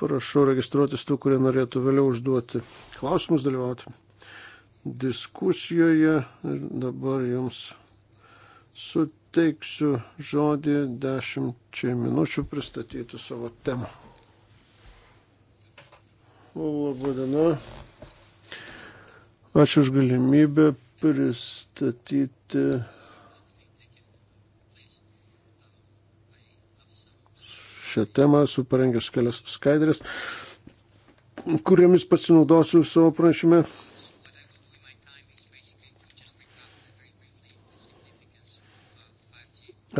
prašau registruotis tų, kurie norėtų vėliau užduoti klausimus, dalyvauti diskusijoje. Ir dabar jums suteiksiu žodį dešimčiai minučių pristatyti savo temą. Labadiena. Ačiū už galimybę pristatyti šią temą. Esu parengęs kelias skaidrės, kuriamis pasinaudosiu savo pranešime.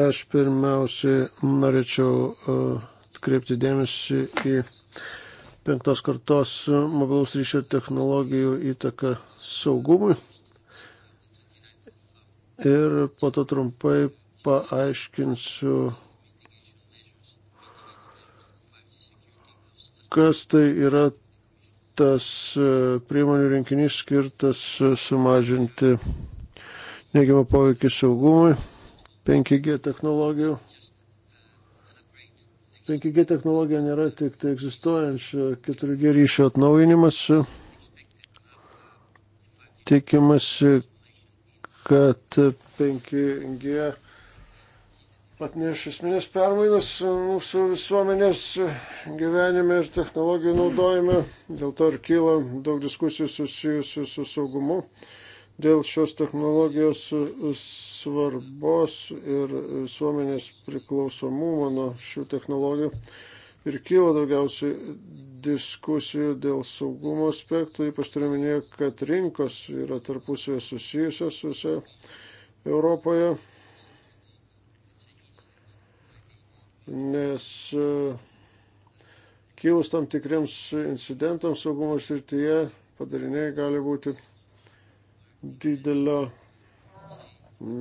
Aš pirmiausiai norėčiau uh, atkreipti dėmesį į penktos kartos mobilaus ryšio technologijų įtaka saugumui. Ir po to trumpai paaiškinsiu, kas tai yra tas e, priemonių rinkinys skirtas sumažinti neigiamą poveikį saugumui 5G technologijų 5G technologija nėra tik tai egzistuojančio 4G ryšio atnaujinimas. Tikimasi, kad 5G atneš esminės permainas mūsų visuomenės gyvenime ir technologijų naudojime. Dėl to ir kyla daug diskusijų susijusių su saugumu. Su dėl šios technologijos e, svarbos ir visuomenės priklausomumo nuo šių technologijų ir kyla daugiausiai diskusijų dėl saugumo aspektų, ypač turiu minėję, kad rinkos yra tarpusvėje susijusios visoje Europoje, nes e, kilus tam tikriems incidentams saugumo srityje padariniai gali būti didelio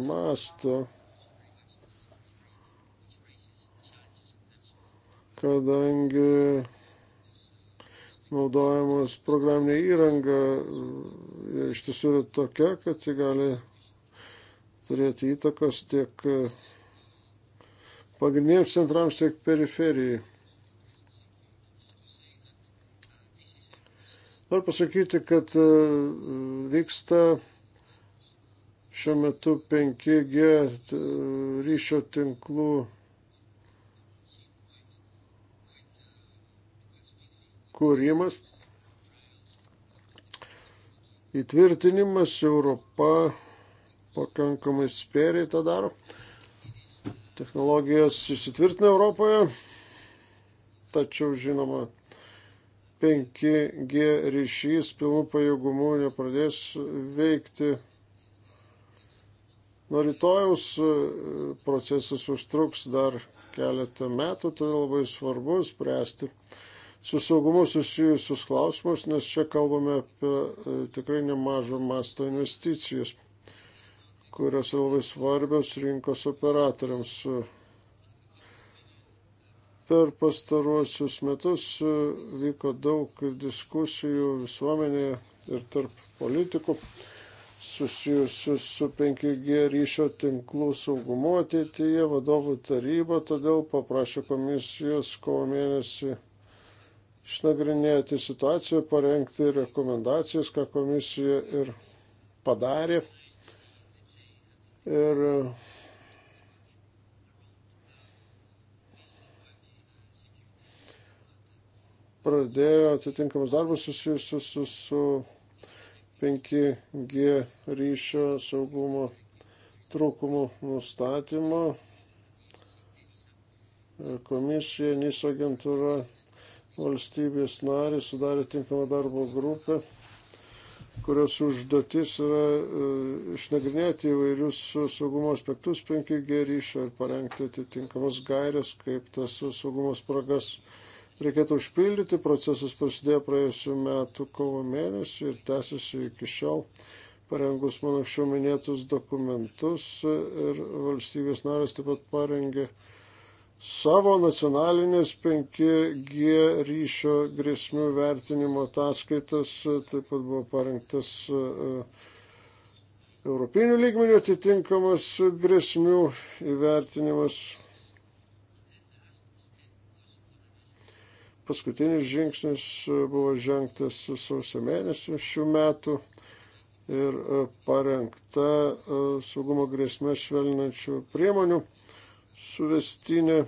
masto, kadangi naudojamas programinė įranga e, iš tiesų yra tokia, kad ji gali turėti įtakos tiek e, pagrindiniams centrams, tiek periferijai. Noriu pasakyti, kad e, vyksta Šiuo metu 5G ryšio tinklų kūrimas, įtvirtinimas Europa pakankamai spėriai tą daro. Technologijos įsitvirtina Europoje, tačiau žinoma, 5G ryšys pilnu pajėgumu nepradės veikti Nuo rytojaus e, procesas užtruks dar keletą metų, todėl tai labai svarbu spręsti su saugumu susijusius klausimus, nes čia kalbame apie e, tikrai nemažą mastą investicijas, kurios yra labai svarbios rinkos operatoriams. Per pastaruosius metus e, vyko daug diskusijų visuomenėje ir tarp politikų susijusių su 5G ryšio tinklų saugumu ateityje vadovų taryba, todėl paprašė komisijos kovo mėnesį išnagrinėti situaciją, parengti rekomendacijas, ką komisija ir padarė. Ir pradėjo atitinkamus darbus susijusius su, su 5G ryšio saugumo trūkumų nustatymo. Komisija, NIS agentūra, valstybės narį sudarė tinkamą darbo grupę, kurios užduotis yra e, išnagrinėti įvairius saugumo aspektus 5G ryšio ir parengti atitinkamas gairias, kaip tas saugumo spragas reikėtų užpildyti. Procesas prasidėjo praėjusiu metu kovo mėnesį ir tęsiasi iki šiol parengus man anksčiau minėtus dokumentus ir valstybės narės taip pat parengė savo nacionalinės 5G ryšio grėsmių vertinimo ataskaitas, taip pat buvo parengtas e, Europinių lygmenių atitinkamas grėsmių įvertinimas Paskutinis žingsnis e, buvo žengtas sausio mėnesį šių metų ir e, parengta e, saugumo grėsmė švelninančių priemonių suvestinė.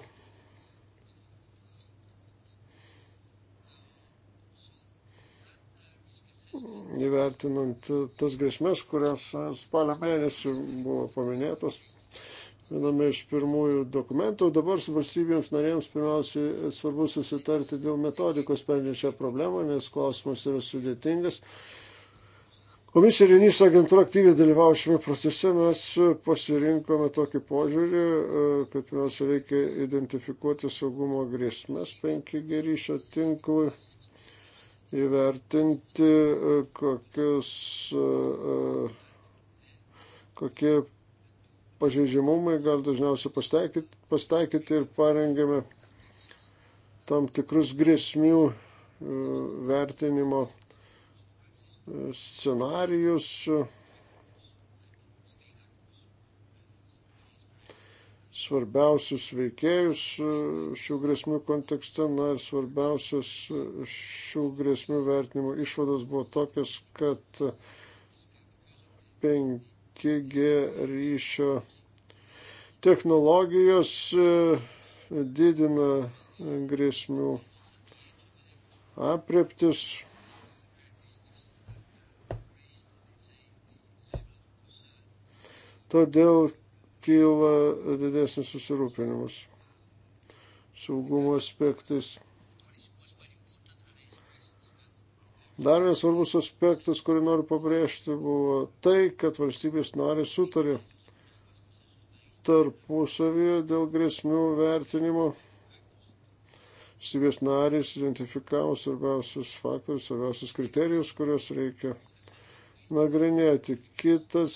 Įvertinant tas grėsmės, kurios spalio mėnesį buvo paminėtos, viename iš pirmųjų dokumentų. Dabar su valstybėms narėms pirmiausiai svarbu susitarti dėl metodikos sprendžiant šią problemą, nes klausimas yra sudėtingas. Komisija ir Enisa agentūra aktyviai dalyvavo šiame procese, mes pasirinkome tokį požiūrį, kad pirmiausia reikia identifikuoti saugumo grėsmės 5G ryšio tinklui, įvertinti kokius, kokie pažeidžiamumai gali dažniausiai pastaikyti, pastaikyti ir parengėme tam tikrus grėsmių e, vertinimo e, scenarijus. Svarbiausius veikėjus e, šių grėsmių kontekste, na ir svarbiausias šių grėsmių vertinimo išvados buvo tokios, kad penki 5G ryšio technologijos e, didina grėsmių apreptis. Todėl kyla didesnis susirūpinimas saugumo aspektais. Dar vienas svarbus aspektas, kurį noriu pabrėžti, buvo tai, kad valstybės nariai sutarė tarpusavyje dėl grėsmių vertinimo. Valstybės narys identifikavo svarbiausius faktorius, svarbiausius kriterijus, kuriuos reikia nagrinėti. Kitas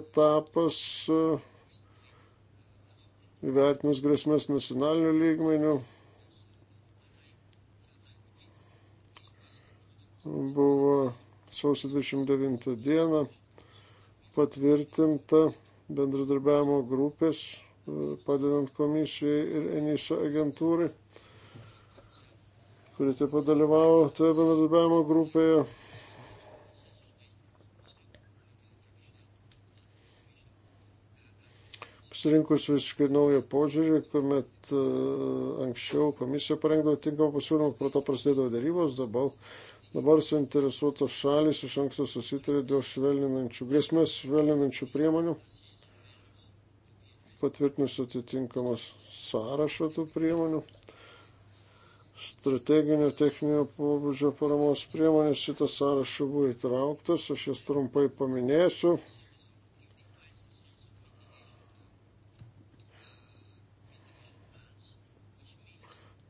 etapas e, įvertinus grėsmės nacionaliniu lygmeniu buvo sausio 29 dieną patvirtinta bendradarbiavimo grupės, e, padedant komisijai ir ENISA agentūrai, kuri taip pat dalyvavo toje bendradarbiavimo grupėje. pasirinkus visiškai naują požiūrį, kuomet uh, anksčiau komisija parengdavo tinkamą pasiūlymą, po to prasidėjo darybos, dabar Dabar suinteresuotos šalis iš anksto susitarė dėl švelninančių, grėsmės švelninančių priemonių, patvirtinus atitinkamas sąrašą tų priemonių. Strateginio techninio pobūdžio paramos priemonės šitas sąrašas buvo įtrauktas, aš jas trumpai paminėsiu.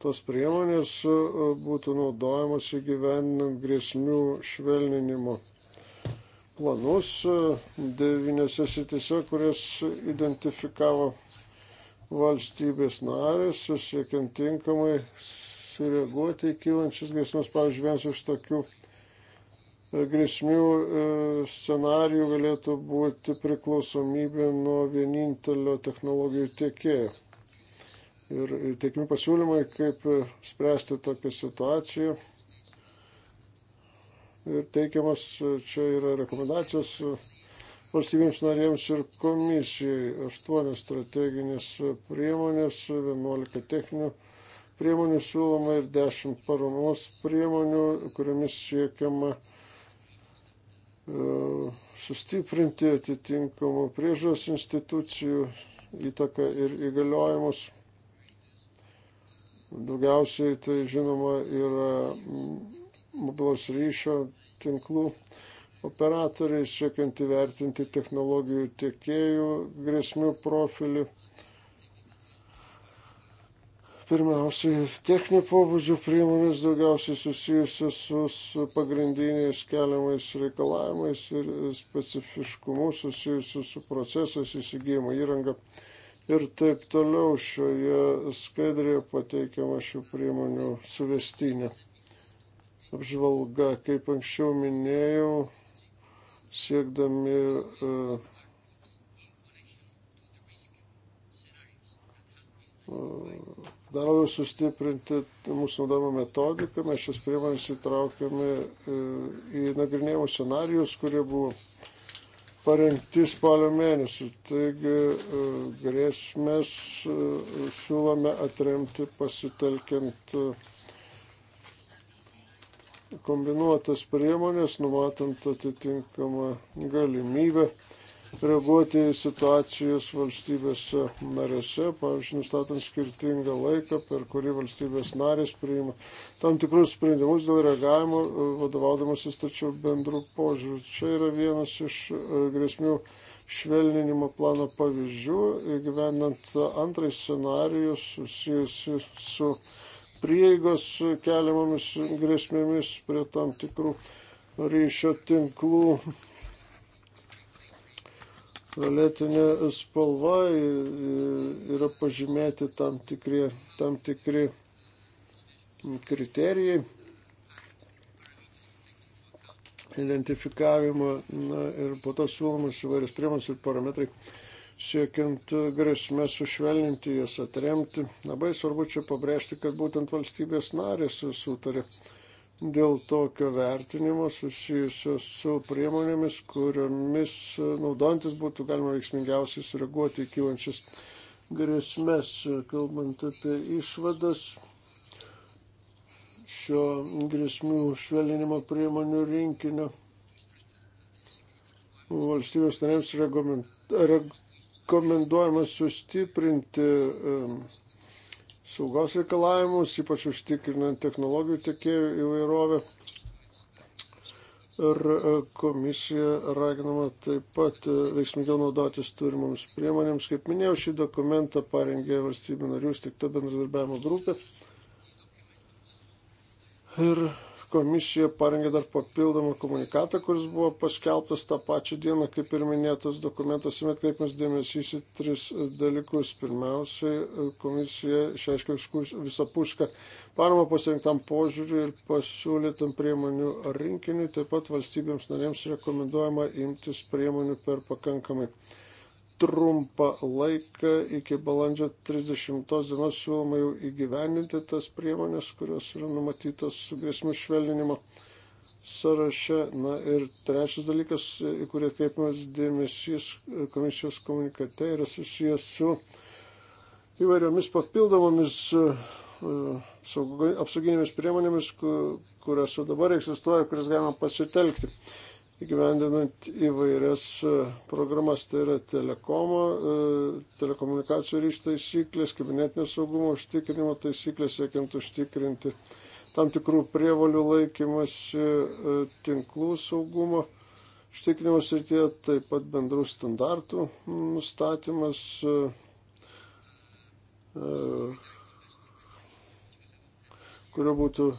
tos priemonės e, e, būtų naudojamos įgyveninant grėsmių švelninimo planus e, devynėse sitise, kurias identifikavo valstybės narės, siekiant tinkamai sureaguoti į kylančias grėsmės. Pavyzdžiui, vienas iš tokių grėsmių scenarijų galėtų būti priklausomybė nuo vienintelio technologijų tiekėjo ir teikimi pasiūlymai, kaip spręsti tokią situaciją. Ir teikiamas čia yra rekomendacijos valstybėms narėms ir komisijai. Aštuonios strateginės priemonės, vienuolika techninių priemonių siūloma ir dešimt paramos priemonių, kuriamis siekiama e, sustiprinti atitinkamų priežos institucijų įtaką ir įgaliojimus Daugiausiai tai žinoma yra mobilos ryšio tinklų operatoriai siekiant įvertinti technologijų tiekėjų grėsmių profilį. Pirmiausiai, techninio pobūdžio priemonės daugiausiai susijusios su, su pagrindiniais keliamais reikalavimais ir specifiškumu susijusiu su procesais įsigijimo įranga ir taip toliau šioje skaidrėje pateikiama šių priemonių suvestinė. Apžvalga, kaip anksčiau minėjau, siekdami uh, dar labiau sustiprinti mūsų naudojimo metodiką, mes šias priemonės įtraukėme e, į nagrinėjimų scenarius, kurie buvo parengti spalio mėnesį. Taigi e, grėsmės e, siūlome atremti pasitelkiant e, kombinuotas priemonės, numatant atitinkamą galimybę reaguoti į situacijos valstybėse narėse, pavyzdžiui, nustatant skirtingą laiką, per kurį valstybės narės priima tam tikrus sprendimus dėl reagavimo, e, vadovaudamasis tačiau bendrų požiūrių. Čia yra vienas iš e, grėsmių švelninimo plano pavyzdžių, gyvenant antrąjį scenarijų susijusi su prieigos keliamomis grėsmėmis prie tam tikrų ryšio tinklų violetinė spalva yra pažymėti tam tikri, tam tikri kriterijai identifikavimo na, ir po to siūlomas įvairias priemonės ir parametrai siekiant grėsmės sušvelninti, jas atremti. Labai svarbu čia pabrėžti, kad būtent valstybės narės sutarė dėl tokio vertinimo susijusios su priemonėmis, kuriomis e, naudojantis būtų galima veiksmingiausiai sureaguoti į kylančias grėsmės, kalbant apie išvadas šio grėsmių švelninimo priemonių rinkinio. Valstybės narėms rekomenduojama sustiprinti saugos reikalavimus, ypač užtikrinant technologijų tiekėjų įvairovę. Ir e, komisija raginama taip pat e, veiksmingiau naudotis turimoms priemonėms. Kaip minėjau, šį dokumentą parengė valstybių narių stikta bendradarbiavimo grupė. Ir komisija parengė dar papildomą komunikatą, kuris buvo paskelbtas tą pačią dieną, kaip ir minėtas dokumentas, ir atkreipimas dėmesys į tris dalykus. Pirmiausiai, komisija išaiškė visapušką paramą pasirinktam požiūriui ir pasiūlytam priemonių rinkiniui, taip pat valstybėms narėms rekomenduojama imtis priemonių per pakankamai trumpą laiką iki balandžio 30 dienos siūloma jau įgyveninti tas priemonės, kurios yra numatytas su grėsmių švelninimo sąraše. Na ir trečias dalykas, į kurį atkreipiamas dėmesys komisijos komunikate, yra susijęs su įvairiomis papildomomis e, apsauginėmis priemonėmis, kurios jau dabar egzistuoja, kurias galima pasitelkti įgyvendinant įvairias e, programas, tai yra telekomo, e, telekomunikacijų ryšio taisyklės, kibernetinio saugumo užtikrinimo taisyklės, siekiant užtikrinti tam tikrų prievalių laikymas e, tinklų saugumo užtikrinimo srityje, taip pat bendrų standartų nustatymas. kurio būtų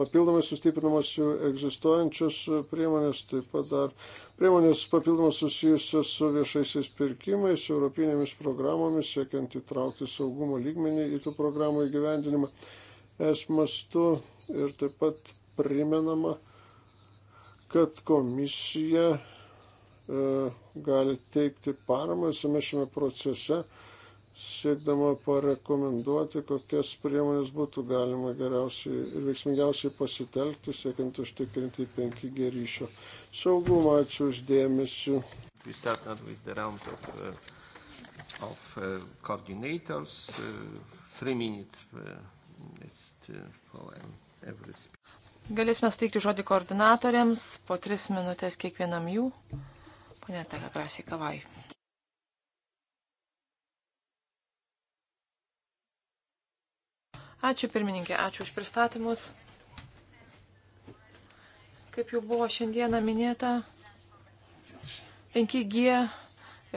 papildomai sustiprinamos jų egzistuojančios priemonės, taip pat dar priemonės papildomos susijusios su viešaisiais pirkimais, europinėmis programomis, siekiant įtraukti saugumo lygmenį į tų programų įgyvendinimą es mastu ir taip pat primenama, kad komisija e, gali teikti paramą visame šiame procese siekdama parekomenduoti, kokias priemonės būtų galima geriausiai ir veiksmingiausiai pasitelkti, siekiant užtikrinti 5G ryšio saugumą. Ačiū uždėmesiu. Uh, of uh, coordinators, uh, three minutes uh, is uh, for every speaker. Galėsime suteikti žodį koordinatoriams po tris minutės kiekvienam jų. Pane Telegrasė Kavai. Ačiū pirmininkė, ačiū už pristatymus. Kaip jau buvo šiandieną minėta, 5G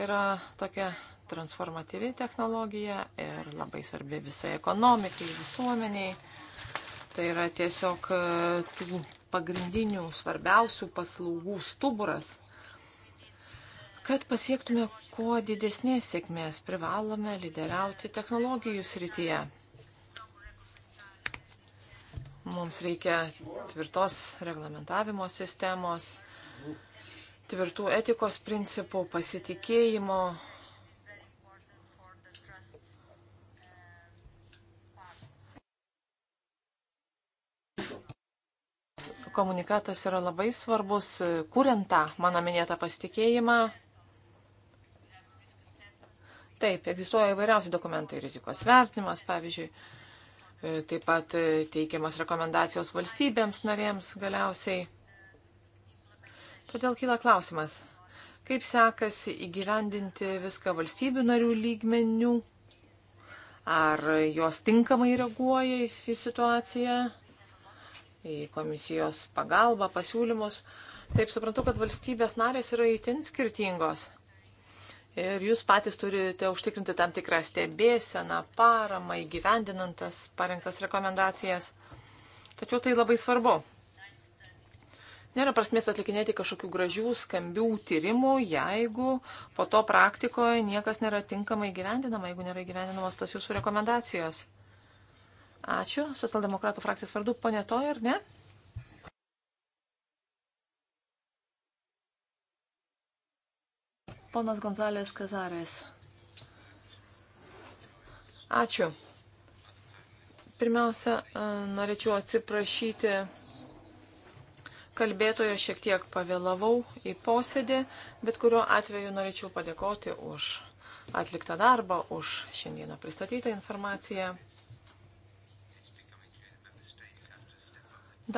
yra tokia transformatyvi technologija ir labai svarbi visai ekonomikai, visuomeniai. Tai yra tiesiog e, tų pagrindinių, svarbiausių paslaugų stuburas. Kad pasiektume kuo didesnės sėkmės, privalome lyderiauti technologijų srityje. Mums reikia tvirtos reglamentavimo sistemos, tvirtų etikos principų, pasitikėjimo. Komunikatas yra labai svarbus, kuriant tą mano minėtą pasitikėjimą. Taip, egzistuoja įvairiausi dokumentai, rizikos vertinimas, pavyzdžiui. E, taip pat e, teikiamas rekomendacijos valstybėms narėms galiausiai. Todėl kyla klausimas, kaip sekasi įgyvendinti viską valstybių narių lygmenių, ar jos tinkamai reaguoja į situaciją, į komisijos pagalbą, pasiūlymus. Taip suprantu, kad valstybės narės yra įtin skirtingos. Ir jūs patys turite užtikrinti tam tikrą stebėseną, paramą įgyvendinant tas parengtas rekomendacijas. Tačiau tai labai svarbu. Nėra prasmės atlikinėti kažkokių gražių, skambių tyrimų, jeigu po to praktikoje niekas nėra tinkamai gyvendinama, jeigu nėra gyvendinamos tos jūsų rekomendacijos. Ačiū. Socialdemokratų frakcijos vardu, ponė to ir ne? Ponas Gonzalės Kazarės. Ačiū. Pirmiausia, e, norėčiau atsiprašyti kalbėtojo, šiek tiek pavėlavau į posėdį, bet kuriuo atveju norėčiau padėkoti už atliktą darbą, už šiandieną pristatytą informaciją.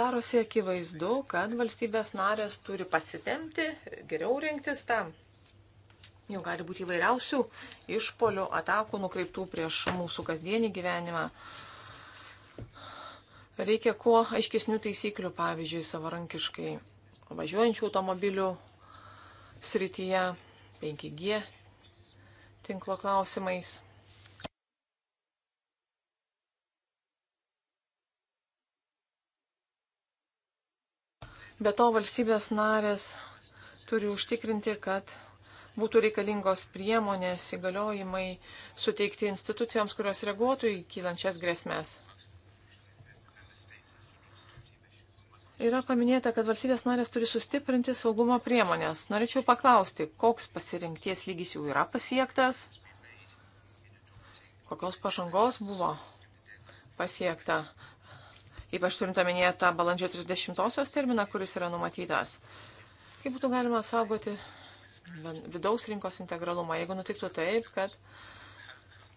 Darosi akivaizdu, kad valstybės narės turi pasitemti, geriau rinktis tam Jau gali būti įvairiausių išpolių, atakų nukreiptų prieš mūsų kasdienį gyvenimą. Reikia kuo aiškesnių taisyklių, pavyzdžiui, savarankiškai važiuojančių automobilių srityje, 5G tinklo klausimais. Be to valstybės narės turi užtikrinti, kad būtų reikalingos priemonės, įgaliojimai suteikti institucijoms, kurios reaguotų į kylančias grėsmės. Yra paminėta, kad valstybės narės turi sustiprinti saugumo priemonės. Norėčiau paklausti, koks pasirinkties lygis jau yra pasiektas, kokios pažangos buvo pasiekta, ypač turint omenyje tą balandžio 30-osios terminą, kuris yra numatytas. Kaip būtų galima apsaugoti vidaus rinkos integralumą. Jeigu nutiktų taip, kad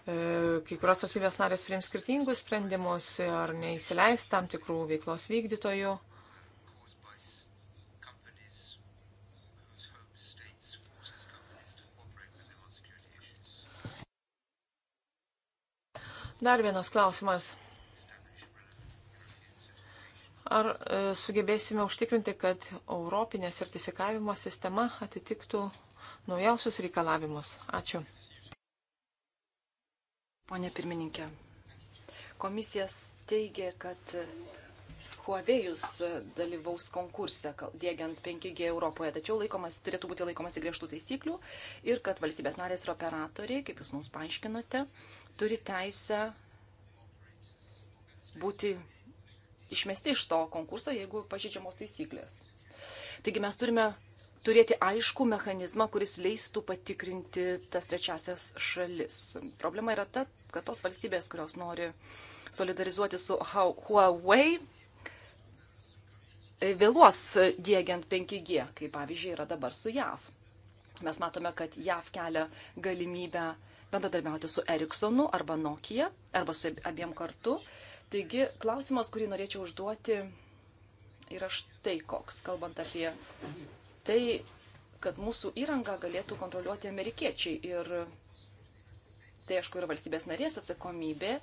e, kai kurios valstybės narės priims skirtingus sprendimus ar neįsileis tam tikrų veiklos vykdytojų, Dar vienas klausimas. Ar e, sugebėsime užtikrinti, kad Europinė sertifikavimo sistema atitiktų naujausius reikalavimus? Ačiū. Pone pirmininkė, komisijas teigia, kad Huawei'us dalyvaus konkurse, dėgiant 5G Europoje, tačiau laikomas, turėtų būti laikomasi griežtų taisyklių ir kad valstybės narės ir operatoriai, kaip jūs mums paaiškinote, turi teisę būti išmesti iš to konkurso, jeigu pažeidžiamos taisyklės. Taigi mes turime turėti aišku mechanizmą, kuris leistų patikrinti tas trečiasias šalis. Problema yra ta, kad tos valstybės, kurios nori solidarizuoti su Huawei, vėluos dėgiant 5G, kaip pavyzdžiui yra dabar su JAV. Mes matome, kad JAV kelia galimybę bendradarbiauti su Ericssonu arba Nokia, arba su abiem kartu. Taigi, klausimas, kurį norėčiau užduoti, yra štai koks, kalbant apie tai, kad mūsų įrangą galėtų kontroliuoti amerikiečiai. Ir tai, aišku, yra valstybės narės atsakomybė,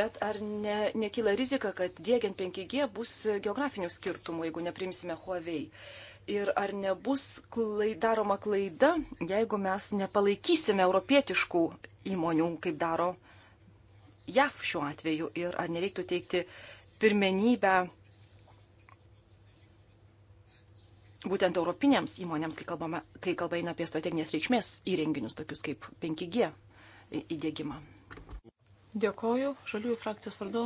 bet ar ne, nekyla rizika, kad dėgiant 5G bus geografinių skirtumų, jeigu neprimsime Huawei? ir ar nebus klaid, daroma klaida, jeigu mes nepalaikysime europietiškų įmonių, kaip daro JAV šiuo atveju ir ar nereiktų teikti pirmenybę būtent europinėms įmonėms, kai, kalbame, kai kalba eina apie strateginės reikšmės įrenginius, tokius kaip 5G įdėgymą. Dėkoju. Žaliųjų frakcijos vardu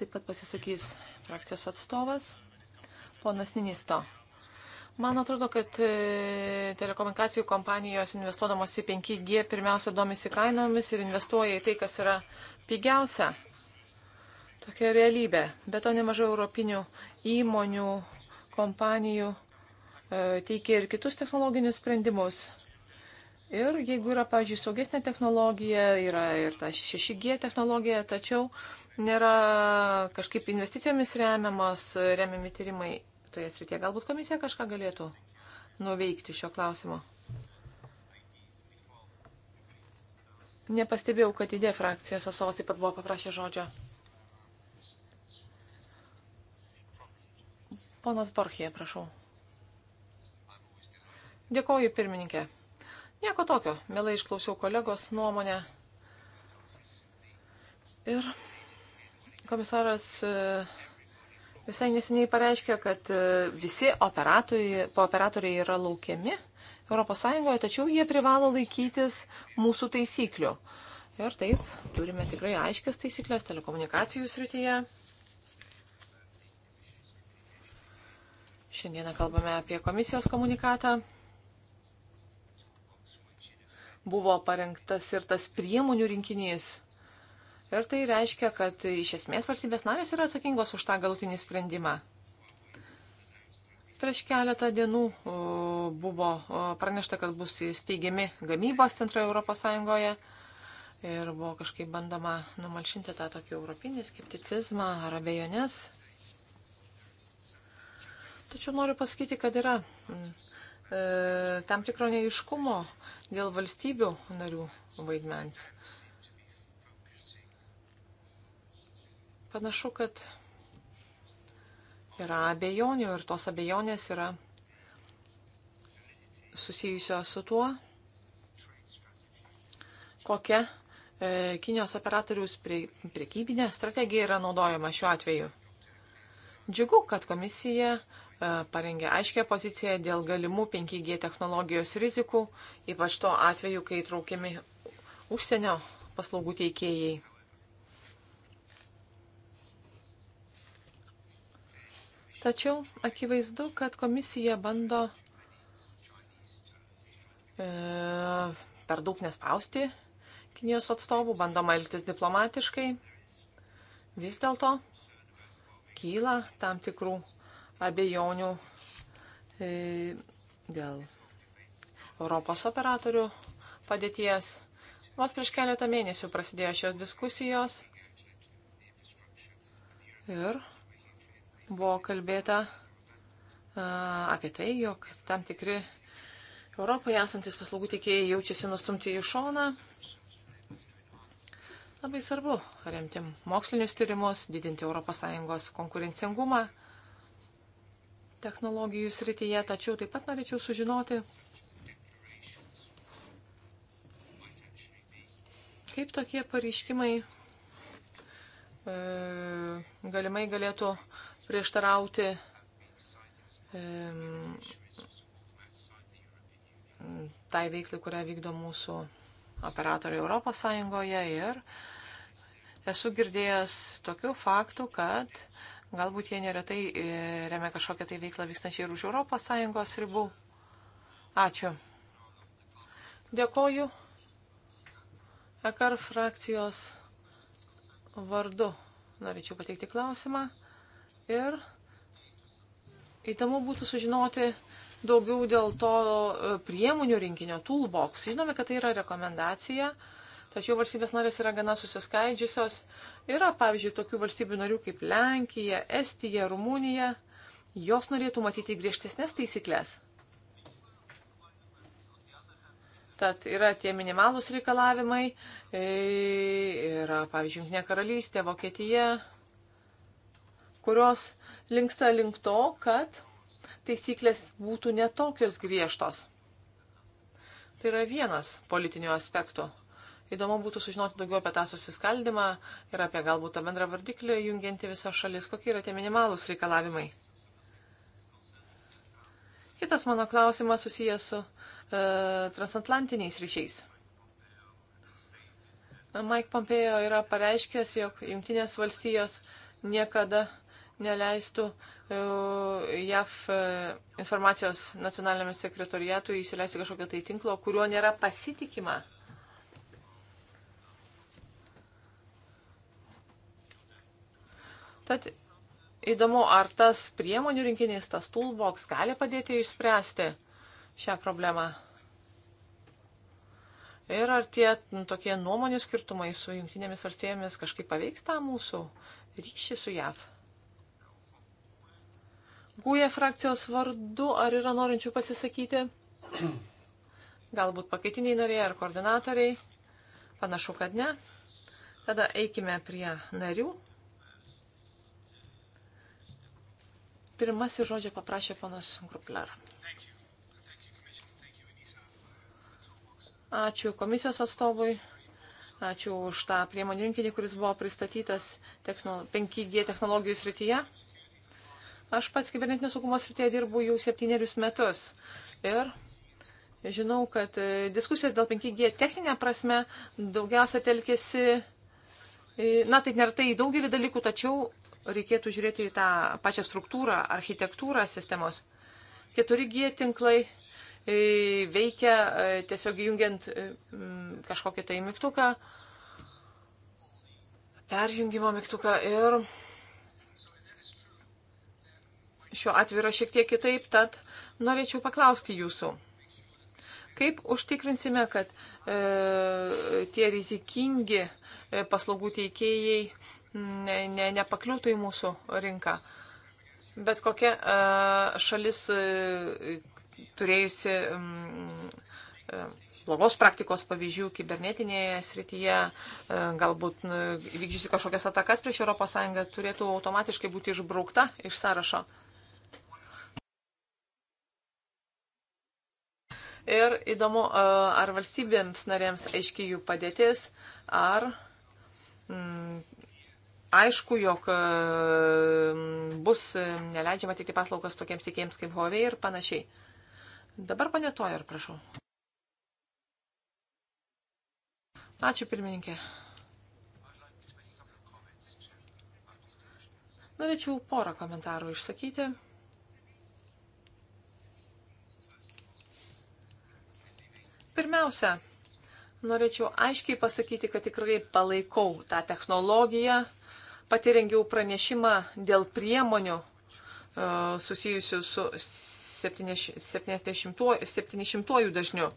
taip pat pasisakys frakcijos atstovas, ponas Ninisto. Man atrodo, kad e, telekomunikacijų kompanijos investuodamos į 5G pirmiausia domisi kainomis ir investuoja į tai, kas yra pigiausia. Tokia realybė. Be to nemažai europinių įmonių, kompanijų e, teikia ir kitus technologinius sprendimus. Ir jeigu yra, pavyzdžiui, saugesnė technologija, yra ir ta 6G technologija, tačiau nėra kažkaip investicijomis remiamas, remiami tyrimai toje srityje. Galbūt komisija kažką galėtų nuveikti šio klausimo. Nepastebėjau, kad idėja frakcija Sosovas taip pat buvo paprašę žodžio. Ponas Borchė, prašau. Dėkoju, pirmininkė. Nieko tokio. Mielai išklausiau kolegos nuomonę. Ir komisaras. E, visai neseniai pareiškė, kad e, visi operatoriai, operatoriai yra laukiami ES, tačiau jie privalo laikytis mūsų taisyklių. Ir taip, turime tikrai aiškias taisyklės telekomunikacijų srityje. Šiandieną kalbame apie komisijos komunikatą. Buvo parengtas ir tas priemonių rinkinys Ir tai reiškia, kad iš esmės valstybės narės yra atsakingos už tą galutinį sprendimą. Prieš keletą dienų buvo pranešta, kad bus įsteigiami gamybos centrai ES ir buvo kažkaip bandoma numalšinti tą tokį europinį skepticizmą ar abejonės. Tačiau noriu pasakyti, kad yra mm, e, tam tikro neiškumo dėl valstybių narių vaidmens. Panašu, kad yra abejonių ir tos abejonės yra susijusios su tuo, kokia e, Kinijos operatorius prie, priekybinė strategija yra naudojama šiuo atveju. Džiugu, kad komisija e, parengė aiškę poziciją dėl galimų 5G technologijos rizikų, ypač tuo atveju, kai traukiami užsienio paslaugų teikėjai. Tačiau akivaizdu, kad komisija bando e, per daug nespausti Kinijos atstovų, bandoma elgtis diplomatiškai. Vis dėlto kyla tam tikrų abejonių e, dėl Europos operatorių padėties. Vos prieš keletą mėnesių prasidėjo šios diskusijos ir buvo kalbėta apie tai, jog tam tikri Europoje esantis paslaugų teikėjai jaučiasi nustumti į šoną. Labai svarbu remti mokslinius tyrimus, didinti ES konkurencingumą technologijų srityje, tačiau taip pat norėčiau sužinoti, kaip tokie pareiškimai e, galimai galėtų prieštarauti tai veiklai, kurią vykdo mūsų operatoriai Europos Sąjungoje ir esu girdėjęs tokių faktų, kad galbūt jie neretai e, remia kažkokią tai veiklą vykstančią ir už Europos Sąjungos ribų. Ačiū. Dėkoju EKR frakcijos vardu. Norėčiau pateikti klausimą. Ir įdomu būtų sužinoti daugiau dėl to e, priemonių rinkinio toolbox. Žinome, kad tai yra rekomendacija, tačiau valstybės narės yra gana susiskaidžiusios. Yra, pavyzdžiui, tokių valstybių narių kaip Lenkija, Estija, Rumunija. Jos norėtų matyti griežtesnės taisyklės. Tad yra tie minimalūs reikalavimai, e, yra, pavyzdžiui, Junktinė karalystė, Vokietija, kurios linksta link to, kad taisyklės būtų netokios griežtos. Tai yra vienas politinių aspektų. Įdomu būtų sužinoti daugiau apie tą susiskaldimą ir apie galbūt tą bendrą vardiklį jungianti visas šalis. Kokie yra tie minimalūs reikalavimai? Kitas mano klausimas susijęs su e, transatlantiniais ryšiais. Mike Pompeo yra pareiškęs, jog Junktinės valstijos niekada e, neleistų e, JAF e, informacijos nacionaliniam sekretoriatui įsileisti kažkokio tai tinklo, kuriuo nėra pasitikima. Tad įdomu, ar tas priemonių rinkinys, tas toolbox gali padėti išspręsti šią problemą. Ir ar tie nu, tokie nuomonių skirtumai su jungtinėmis valstybėmis kažkaip paveiks tą mūsų ryšį su JAV? Gūja frakcijos vardu, ar yra norinčių pasisakyti? Galbūt pakaitiniai norėjai ar koordinatoriai? Panašu, kad ne. Tada eikime prie narių. Pirmasis žodžią paprašė panas Grupler. Ačiū komisijos atstovui, ačiū už tą priemonių rinkinį, kuris buvo pristatytas techno, 5G technologijų srityje. Aš pats kibernetinės saugumo srityje dirbu jau septynerius metus. Ir žinau, kad e, diskusijos dėl 5G techninė prasme daugiausia telkėsi, na taip neretai į daugelį dalykų, tačiau reikėtų žiūrėti į tą pačią struktūrą, architektūrą sistemos. 4G tinklai e, veikia e, tiesiog jungiant kažkokį tai mygtuką, perjungimo mygtuką ir šiuo atveju yra šiek tiek kitaip, tad norėčiau paklausti jūsų. Kaip užtikrinsime, kad e, tie rizikingi e, paslaugų teikėjai ne, ne, nepakliūtų į mūsų rinką? Bet kokia e, šalis e, turėjusi e, blogos praktikos pavyzdžių kibernetinėje srityje, e, galbūt vykdžiusi kažkokias atakas prieš ES, turėtų automatiškai būti išbraukta iš sąrašo. Ir įdomu, ar valstybėms narėms aiški jų padėtis, ar mm, aišku, jog bus neleidžiama teikti paslaugas tokiems tiekėjams kaip Huawei ir panašiai. Dabar panėtoju ir prašau. Ačiū pirmininkė. Norėčiau porą komentarų išsakyti. Pirmiausia, norėčiau aiškiai pasakyti, kad tikrai palaikau tą technologiją. Pati rengiau pranešimą dėl priemonių e, susijusių su 70, 700 dažniu.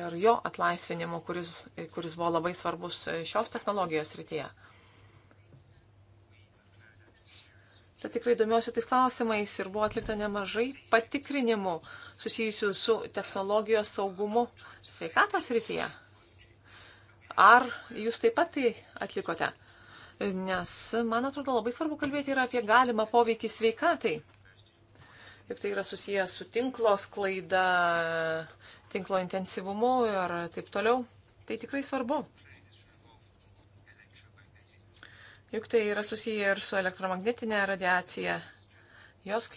Ir jo atlaisvinimu, kuris, kuris buvo labai svarbus e, šios technologijos rytyje. Čia tai tikrai domiuosi tais klausimais ir buvo atlikta nemažai patikrinimų susijusių su technologijos saugumu sveikatos rytyje. Ar jūs taip pat tai atlikote? Nes, man atrodo, labai svarbu kalbėti ir apie galimą poveikį sveikatai. Juk tai yra susijęs su tinklo sklaida, tinklo intensyvumu ir taip toliau. Tai tikrai svarbu. Juk tai yra susiję ir su elektromagnetinė radiacija, jos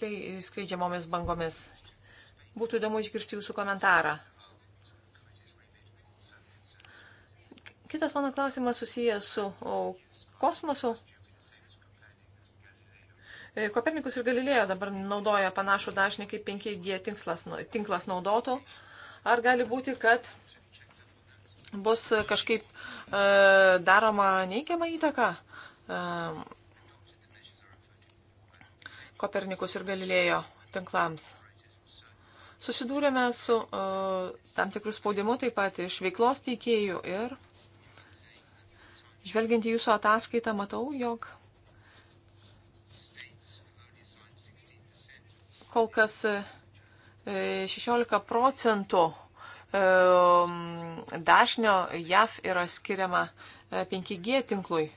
skleidžiamomis bangomis. Būtų įdomu išgirsti jūsų komentarą. Kitas mano klausimas susijęs su kosmosu. E, Kopernikus ir Galilėjo dabar naudoja panašų dažnį kaip 5G tinklas, tinklas naudotų. Ar gali būti, kad bus kažkaip e, daroma neigiama įtaka Kopernikus ir Galilėjo tinklams. Susidūrėme su e, tam tikrų spaudimu taip pat iš veiklos teikėjų ir žvelgiant į jūsų ataskaitą matau, jog kol kas 16 e, procentų e, dažnio JAV yra skiriama 5G tinklui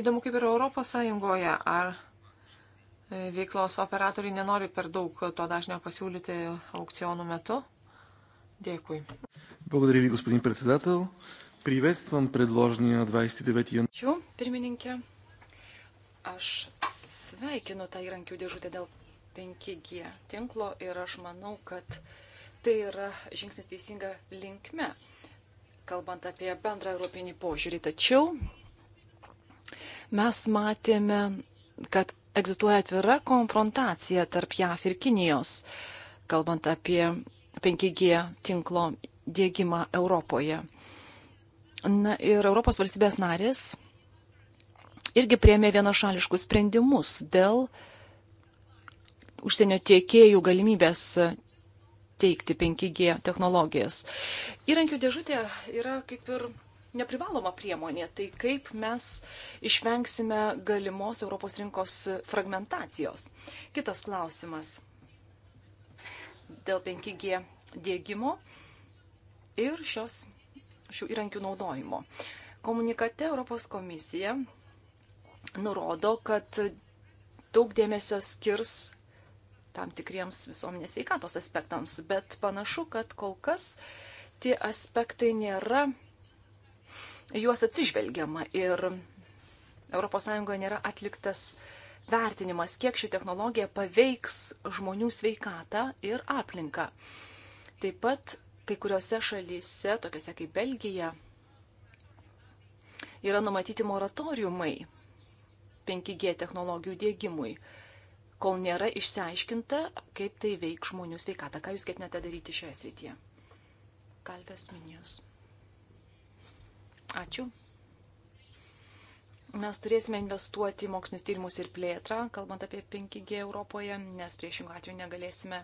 Įdomu, kaip ir Europos Sąjungoje, ar e, veiklos operatoriai nenori per daug to dažnio pasiūlyti aukcionų metu. Dėkui. Благодаря ви, господин председател. Приветствам предложения 29 января. Ačiū, pirmininkė. Aš sveikinu tą įrankių dėžutę dėl 5G tinklo ir aš manau, kad tai yra žingsnis teisinga linkme, kalbant apie bendrą europinį požiūrį. Tačiau mes matėme, kad egzistuoja atvira konfrontacija tarp JAF ir Kinijos, kalbant apie 5G tinklo dėgymą Europoje. Na ir Europos valstybės narės irgi priemė vienašališkus sprendimus dėl užsienio tiekėjų galimybės teikti 5G technologijas. Įrankių dėžutė yra kaip ir neprivaloma priemonė. Tai kaip mes išvengsime galimos Europos rinkos fragmentacijos. Kitas klausimas dėl 5G dėgymo ir šios, šių įrankių naudojimo. Komunikate Europos komisija nurodo, kad daug dėmesio skirs tam tikriems visuomenės veikatos aspektams, bet panašu, kad kol kas tie aspektai nėra juos atsižvelgiama ir ES nėra atliktas vertinimas, kiek ši technologija paveiks žmonių sveikatą ir aplinką. Taip pat kai kuriuose šalyse, tokiuose kaip Belgija, yra numatyti moratoriumai 5G technologijų dėgymui, kol nėra išsiaiškinta, kaip tai veiks žmonių sveikatą. Ką jūs ketinate daryti šioje srityje? Kalvės minijos. Ačiū. Mes turėsime investuoti į mokslinius tyrimus ir plėtrą, kalbant apie 5G Europoje, nes priešingų atveju negalėsime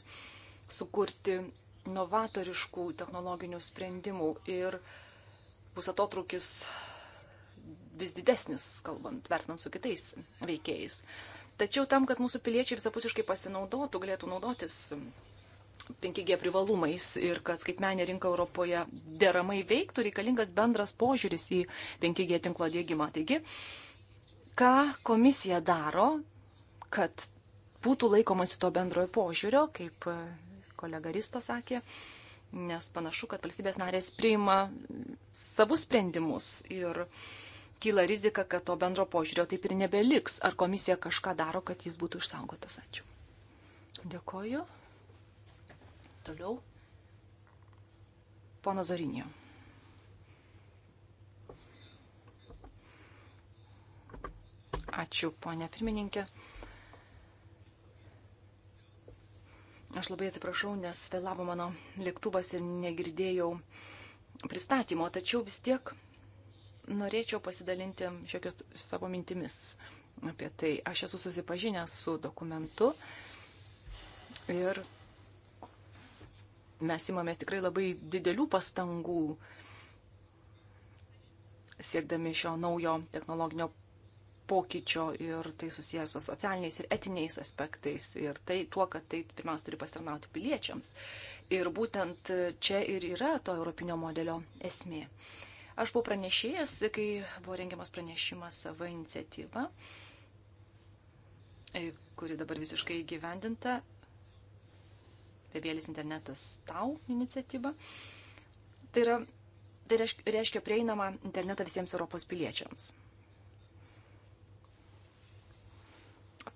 sukurti novatoriškų technologinių sprendimų ir bus atotrukis vis didesnis, kalbant, vertinant su kitais veikėjais. Tačiau tam, kad mūsų piliečiai visapusiškai pasinaudotų, galėtų naudotis 5G privalumais ir kad skaitmenė rinka Europoje deramai veiktų, reikalingas bendras požiūris į 5G tinklo dėgymą. Taigi, ką komisija daro, kad būtų laikomasi to bendrojo požiūrio, kaip kolega Risto sakė, nes panašu, kad valstybės narės priima savus sprendimus ir kyla rizika, kad to bendro požiūrio taip ir nebeliks. Ar komisija kažką daro, kad jis būtų išsaugotas? Ačiū. Dėkoju. Toliau. Pono Zorinio. Ačiū, ponė pirmininkė. Aš labai atsiprašau, nes vėlavo mano lėktuvas ir negirdėjau pristatymo, tačiau vis tiek norėčiau pasidalinti šiokios savo mintimis apie tai. Aš esu susipažinęs su dokumentu ir mes imamės tikrai labai didelių pastangų siekdami šio naujo technologinio pokyčio ir tai susijęs su socialiniais ir etiniais aspektais ir tai tuo, kad tai pirmiausia turi pasitarnauti piliečiams. Ir būtent čia ir yra to europinio modelio esmė. Aš buvau pranešėjęs, kai buvo rengiamas pranešimas savo iniciatyva, kuri dabar visiškai gyvendinta apie vėlis internetas tau iniciatyvą. Tai, yra, tai reiškia prieinamą internetą visiems Europos piliečiams.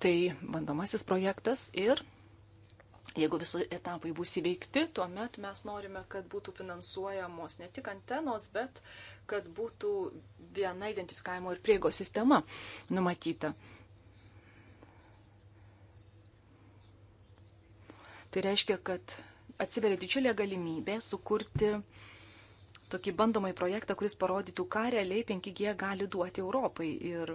Tai bandomasis projektas ir jeigu visi etapai bus įveikti, tuomet mes norime, kad būtų finansuojamos ne tik antenos, bet kad būtų viena identifikavimo ir priego sistema numatyta. Tai reiškia, kad atsiveria didžiulė galimybė sukurti tokį bandomąjį projektą, kuris parodytų, ką realiai 5G gali duoti Europai. Ir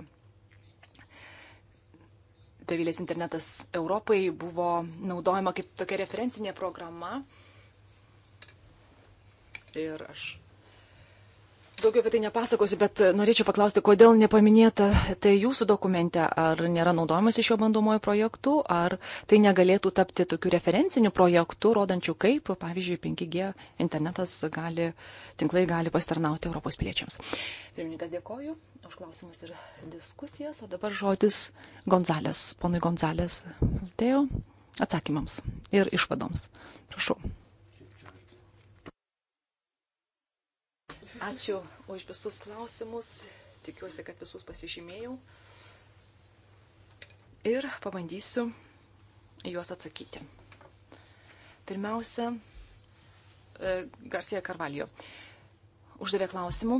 bevėlės internetas Europai buvo naudojama kaip tokia referencinė programa. Ir aš Daugiau apie tai nepasakosiu, bet norėčiau paklausti, kodėl nepaminėta tai jūsų dokumente, ar nėra naudojamas iš jo bandomojo projektų, ar tai negalėtų tapti tokiu referenciniu projektu, rodančiu, kaip, pavyzdžiui, 5G internetas gali, tinklai gali pasitarnauti Europos piliečiams. Pirmininkas dėkoju už klausimus ir diskusijas, o dabar žodis Gonzalės, ponui Gonzalės Altėjo atsakymams ir išvadoms. Prašau. Ačiū už visus klausimus. Tikiuosi, kad visus pasižymėjau. Ir pabandysiu juos atsakyti. Pirmiausia, e, Garcija Karvalijo uždavė klausimų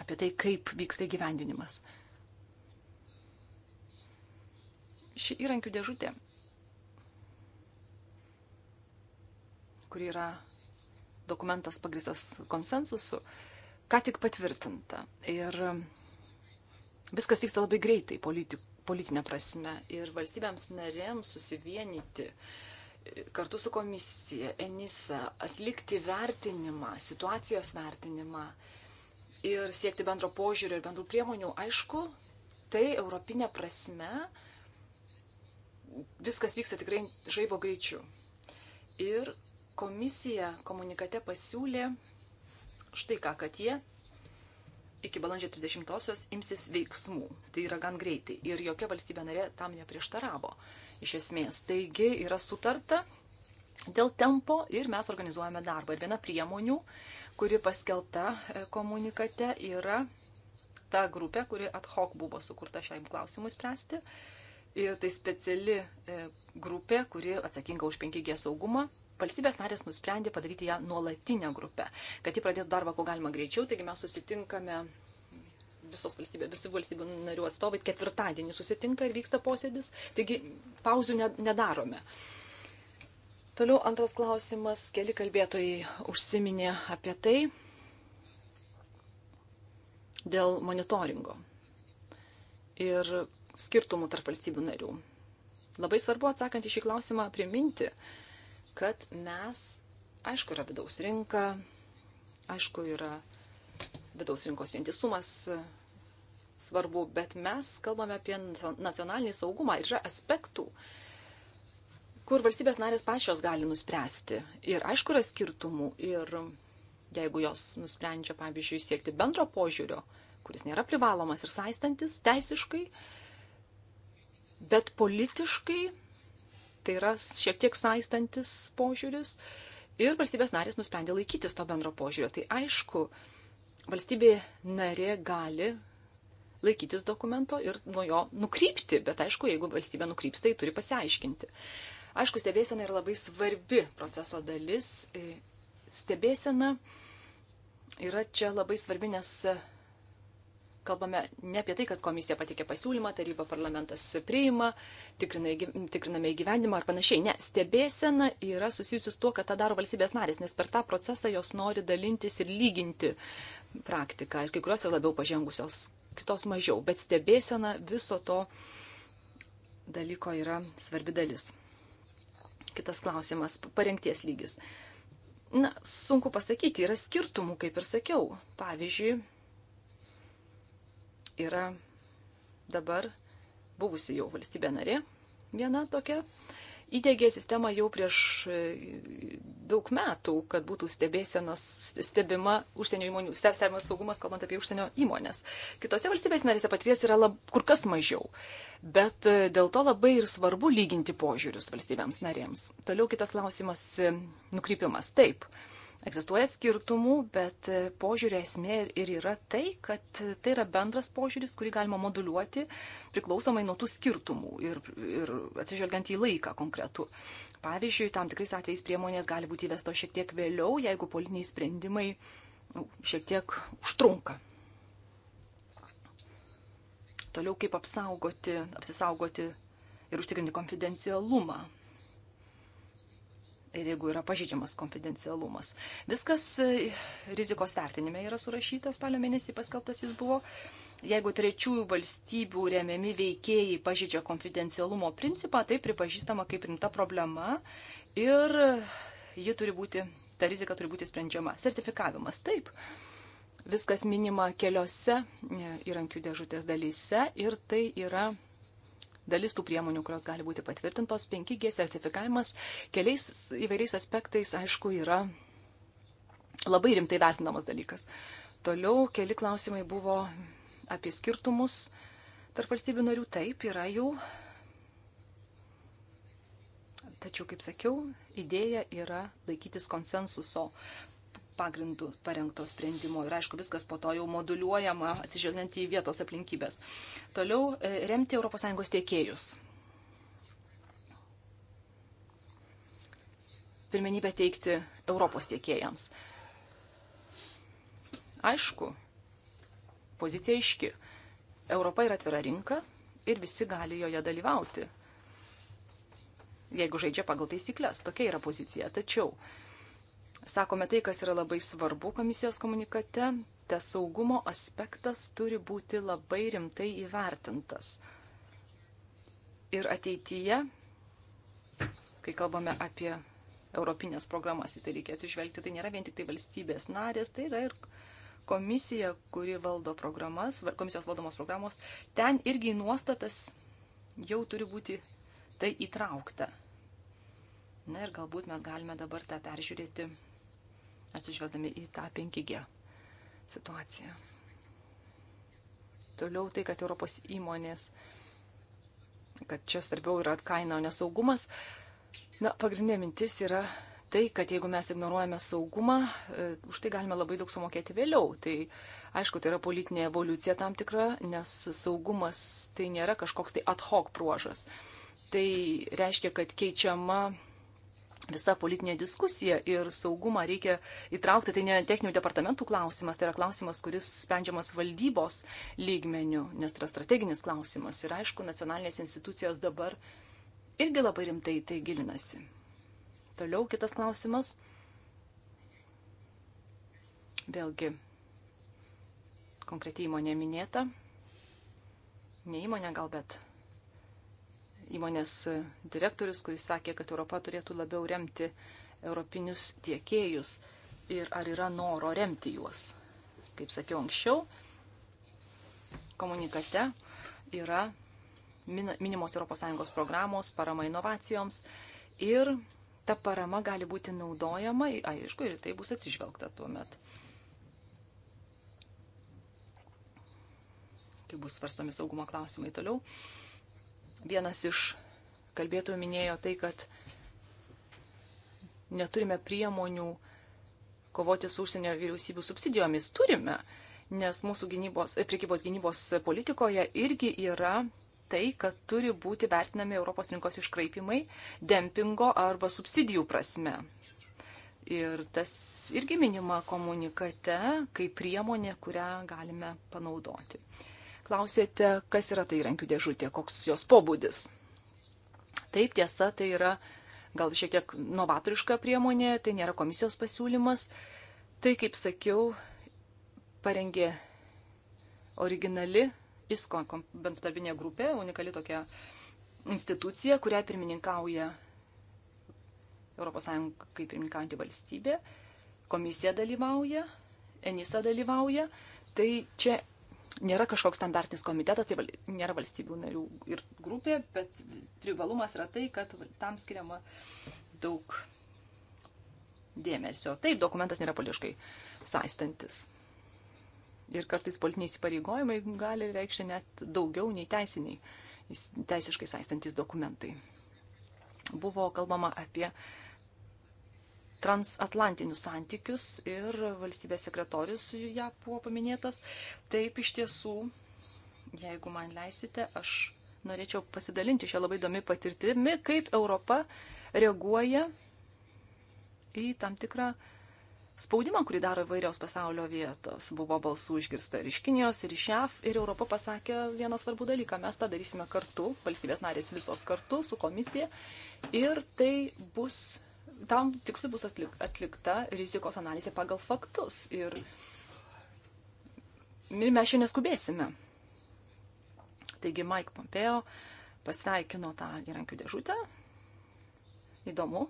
apie tai, kaip vyksta įgyvendinimas. Ši įrankių dėžutė, kuri yra dokumentas pagristas konsensusu, ką tik patvirtinta. Ir viskas vyksta labai greitai politi, politinė prasme. Ir valstybėms narėms susivienyti e, kartu su komisija, ENISA, atlikti vertinimą, situacijos vertinimą ir siekti bendro požiūrio ir bendrų priemonių, aišku, tai europinė prasme viskas vyksta tikrai žaibo greičiu. Ir Komisija komunikate pasiūlė štai ką, kad jie iki balandžio 30-osios imsis veiksmų. Tai yra gan greitai. Ir jokia valstybė narė tam neprieštaravo. Iš esmės, taigi yra sutarta dėl tempo ir mes organizuojame darbą. Ir viena priemonių, kuri paskelbta e, komunikate, yra ta grupė, kuri ad hoc buvo sukurta šiam klausimui spręsti. Ir tai speciali e, grupė, kuri atsakinga už 5G saugumą valstybės narės nusprendė padaryti ją nuolatinę grupę, kad ji pradėtų darbą kuo galima greičiau, taigi mes susitinkame visos valstybės, visų valstybių narių atstovai ketvirtadienį susitinka ir vyksta posėdis, taigi pauzių nedarome. Toliau antras klausimas, keli kalbėtojai užsiminė apie tai dėl monitoringo ir skirtumų tarp valstybių narių. Labai svarbu atsakant į šį klausimą priminti, kad mes, aišku, yra vidaus rinka, aišku, yra vidaus rinkos vientisumas e, svarbu, bet mes kalbame apie nacionalinį saugumą ir yra aspektų, kur valstybės narės pačios gali nuspręsti. Ir aišku, yra skirtumų. Ir jeigu jos nusprendžia, pavyzdžiui, siekti bendro požiūrio, kuris nėra privalomas ir saistantis teisiškai, bet politiškai Tai yra šiek tiek saistantis požiūris ir valstybės narės nusprendė laikytis to bendro požiūrio. Tai aišku, valstybė narė gali laikytis dokumento ir nuo jo nukrypti, bet aišku, jeigu valstybė nukryps, tai turi pasiaiškinti. Aišku, stebėsena yra labai svarbi proceso dalis. Stebėsena yra čia labai svarbi, nes kalbame ne apie tai, kad komisija patikė pasiūlymą, taryba parlamentas priima, tikriname įgyvendimą ar panašiai. Ne, stebėsena yra susijusi su tuo, kad tą daro valstybės narės, nes per tą procesą jos nori dalintis ir lyginti praktiką. Ir kai kurios yra labiau pažengusios, kitos mažiau. Bet stebėsena viso to dalyko yra svarbi dalis. Kitas klausimas - parengties lygis. Na, sunku pasakyti, yra skirtumų, kaip ir sakiau. Pavyzdžiui, yra dabar buvusi jau valstybė narė, viena tokia, įdėgė sistemą jau prieš e, daug metų, kad būtų stebima užsienio įmonių, stebimas saugumas, kalbant apie užsienio įmonės. Kitose valstybės narėse paties yra lab, kur kas mažiau, bet e, dėl to labai ir svarbu lyginti požiūrius valstybėms narėms. Toliau kitas klausimas e, - nukrypimas. Taip. Uh, Egzistuoja skirtumų, bet e, požiūrė esmė ir yra tai, kad tai yra bendras požiūris, kurį galima moduliuoti priklausomai nuo tų skirtumų ir, ir atsižvelgiant į laiką konkretų. Pavyzdžiui, tam tikrais atvejais priemonės gali būti įvesto šiek tiek vėliau, jeigu politiniai sprendimai nu, šiek tiek užtrunka. Toliau kaip apsaugoti, apsisaugoti ir užtikrinti konfidencialumą ir jeigu yra pažydžiamas konfidencialumas. Viskas e, rizikos vertinime yra surašytas, spalio mėnesį paskelbtas jis buvo. Jeigu trečiųjų valstybių remiami veikėjai pažydžia konfidencialumo principą, tai pripažįstama kaip rimta problema ir ji turi būti, ta rizika turi būti sprendžiama. Sertifikavimas taip. Viskas minima keliose e, įrankių dėžutės dalyse ir tai yra dalis tų priemonių, kurios gali būti patvirtintos. 5G sertifikavimas keliais įvairiais aspektais, aišku, yra labai rimtai vertinamas dalykas. Toliau keli klausimai buvo apie skirtumus tarp valstybių narių. Taip, yra jų. Tačiau, kaip sakiau, idėja yra laikytis konsensuso pagrindų parengto sprendimo. Ir aišku, viskas po to jau moduliuojama atsižvelgiant į vietos aplinkybės. Toliau e, remti ES tiekėjus. Pirmenybę teikti Europos tiekėjams. Aišku, pozicija aiški. Europa yra atvira rinka ir visi gali joje dalyvauti. Jeigu žaidžia pagal taisyklės, tokia yra pozicija. Tačiau sakome tai, kas yra labai svarbu komisijos komunikate, tas saugumo aspektas turi būti labai rimtai įvertintas. Ir ateityje, kai kalbame apie europinės programas, į tai reikia atsižvelgti, tai nėra vien tik tai valstybės narės, tai yra ir komisija, kuri valdo programas, komisijos valdomos programos, ten irgi nuostatas jau turi būti tai įtraukta. Na ir galbūt mes galime dabar tą peržiūrėti atsižvelgdami į tą 5G situaciją. Toliau tai, kad Europos įmonės, kad čia svarbiau yra kaina, o nesaugumas. Na, pagrindinė mintis yra tai, kad jeigu mes ignoruojame saugumą, e, už tai galime labai daug sumokėti vėliau. Tai aišku, tai yra politinė evoliucija tam tikra, nes saugumas tai nėra kažkoks tai ad hoc bruožas. Tai reiškia, kad keičiama visą politinę diskusiją ir saugumą reikia įtraukti. Tai ne techninių departamentų klausimas, tai yra klausimas, kuris sprendžiamas valdybos lygmenių, nes tai yra strateginis klausimas. Ir aišku, nacionalinės institucijos dabar irgi labai rimtai tai gilinasi. Toliau kitas klausimas. Vėlgi, konkretiai įmonė minėta. Ne įmonė gal, bet įmonės direktorius, kuris sakė, kad Europa turėtų labiau remti europinius tiekėjus ir ar yra noro remti juos. Kaip sakiau anksčiau, komunikate yra minimos ES programos parama inovacijoms ir ta parama gali būti naudojama, aišku, ir tai bus atsižvelgta tuo metu. Kai bus svarstomi saugumo klausimai toliau. Vienas iš kalbėtojų minėjo tai, kad neturime priemonių kovoti su užsienio vyriausybių subsidijomis. Turime, nes mūsų gynybos, e, priekybos gynybos politikoje irgi yra tai, kad turi būti vertinami Europos rinkos iškraipimai dempingo arba subsidijų prasme. Ir tas irgi minima komunikate kaip priemonė, kurią galime panaudoti. Klausėte, kas yra tai įrankių dėžutė, koks jos pobūdis. Taip tiesa, tai yra gal šiek tiek novatoriška priemonė, tai nėra komisijos pasiūlymas. Tai, kaip sakiau, parengė originali ISKO bendradarbiinė grupė, unikali tokia institucija, kuriai pirmininkauja ES kaip pirmininkaujanti valstybė, komisija dalyvauja, ENISA dalyvauja. Tai čia nėra kažkoks standartinis komitetas, tai val, nėra valstybių narių ir grupė, bet privalumas yra tai, kad tam skiriama daug dėmesio. Taip, dokumentas nėra politiškai saistantis. Ir kartais politiniai įsipareigojimai gali reikšti net daugiau nei teisiniai, teisiškai saistantis dokumentai. Buvo kalbama apie uh, transatlantinius santykius ir valstybės sekretorius ją buvo paminėtas. Taip iš tiesų, jeigu man leisite, aš norėčiau pasidalinti šią labai įdomi patirtimi, kaip Europa reaguoja į tam tikrą spaudimą, kurį daro įvairios pasaulio vietos. Buvo balsų išgirsta ir iš Kinijos, ir iš JAV, ir Europa pasakė vieną svarbų dalyką. Mes tą darysime kartu, valstybės narės visos kartu su komisija, ir tai bus tam tikslui bus atlik, atlikta rizikos analizė pagal faktus ir, ir mes šiandien skubėsime. Taigi Mike Pompeo pasveikino tą įrankių dėžutę. Įdomu,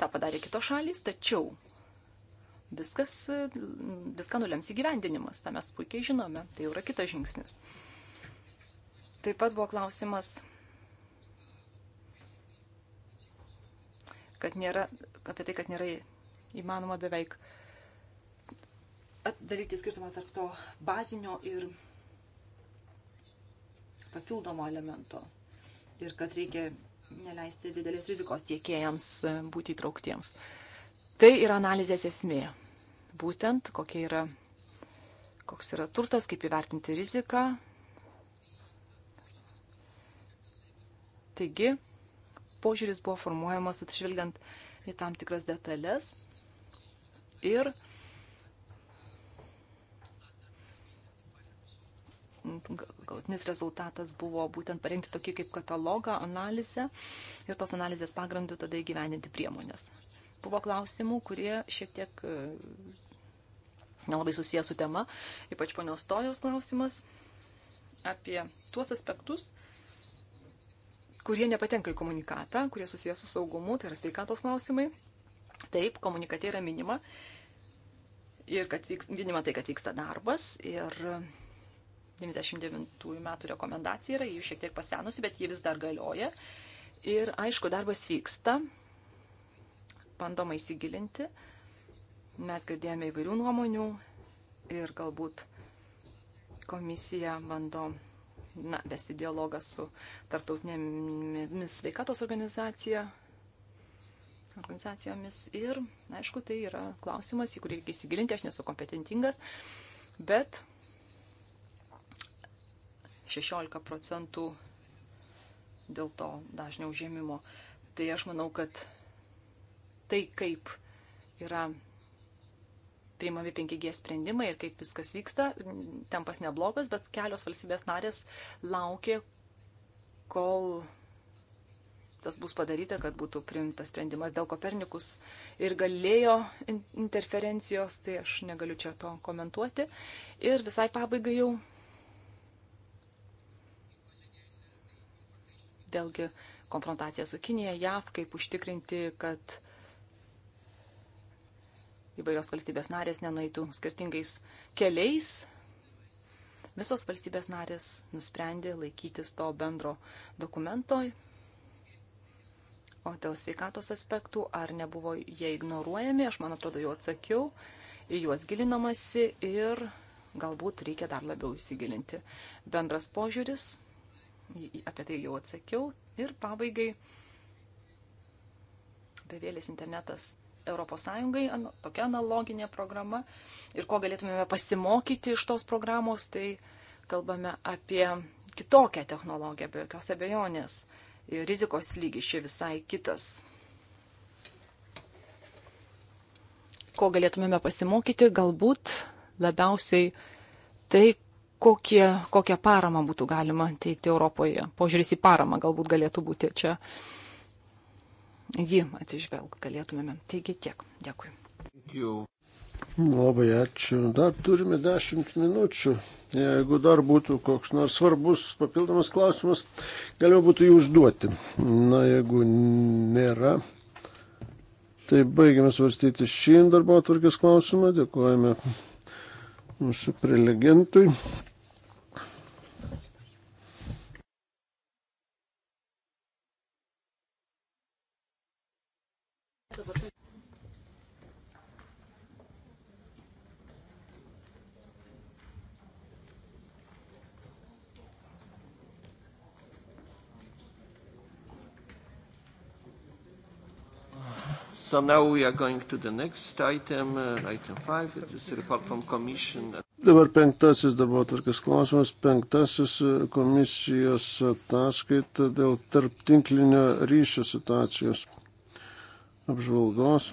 tą padarė kitos šalys, tačiau viskas, viską nulems įgyvendinimas, tą mes puikiai žinome, tai jau yra kitas žingsnis. Taip pat buvo klausimas kad nėra, apie tai, kad nėra įmanoma beveik daryti skirtumą tarp to bazinio ir papildomo elemento. Ir kad reikia neleisti didelės rizikos tiekėjams būti įtrauktiems. Tai yra analizės esmė. Būtent kokia yra, koks yra turtas, kaip įvertinti riziką. Taigi, požiūris buvo formuojamas atšvilgiant į tam tikras detalės ir galutinis rezultatas buvo būtent parengti tokį kaip katalogą, analizę ir tos analizės pagrindų tada įgyvendinti priemonės. Buvo klausimų, kurie šiek tiek e, nelabai susijęs su tema, ypač ponios Tojos klausimas apie tuos aspektus, kurie nepatenka į komunikatą, kurie susijęs su saugumu, tai yra sveikatos klausimai. Taip, komunikate yra minima ir kad vyks, minima tai, kad vyksta darbas ir 99 metų rekomendacija yra, ji šiek tiek pasenusi, bet ji vis dar galioja. Ir aišku, darbas vyksta, bandoma įsigilinti. Mes girdėjome įvairių nuomonių ir galbūt komisija bando na, vesti dialogą su tarptautinėmis sveikatos organizacija, organizacijomis. Ir, aišku, tai yra klausimas, į kurį reikia įsigilinti, aš nesu kompetentingas, bet 16 procentų dėl to dažnio užėmimo. Tai aš manau, kad tai kaip yra priimami 5G sprendimai ir kaip viskas vyksta, tempas neblogas, bet kelios valstybės narės laukia, kol tas bus padaryta, kad būtų priimtas sprendimas dėl Kopernikus ir galėjo interferencijos, tai aš negaliu čia to komentuoti. Ir visai pabaigai jau. Vėlgi konfrontacija su Kinija, JAV, kaip užtikrinti, kad įvairios valstybės narės nenaitų skirtingais keliais. Visos valstybės narės nusprendė laikytis to bendro dokumento. O dėl sveikatos aspektų, ar nebuvo jie ignoruojami, aš man atrodo jau atsakiau, į juos gilinamasi ir galbūt reikia dar labiau įsigilinti. Bendras požiūris, apie tai jau atsakiau. Ir pabaigai, bevėlis internetas ES, tokia analoginė programa. Ir ko galėtumėme pasimokyti iš tos programos, tai kalbame apie kitokią technologiją, be jokios abejonės. Ir rizikos lygis čia visai kitas. Ko galėtumėme pasimokyti, galbūt labiausiai tai, kokie, kokią paramą būtų galima teikti Europoje. Požiūris į paramą galbūt galėtų būti čia jį atsižvelgt galėtumėme. Taigi tiek. Dėkui. Labai ačiū. Dar turime dešimt minučių. Jeigu dar būtų koks nors svarbus papildomas klausimas, galima būtų jį užduoti. Na, jeigu nėra, tai baigiame svarstyti šį darbo atvarkės klausimą. Dėkojame mūsų prelegentui. So now we are going to the next item, uh, item 5, it is report from commission. Dabar penktasis darbotvarkės klausimas, penktasis uh, komisijos ataskaita dėl tarptinklinio ryšio situacijos apžvalgos.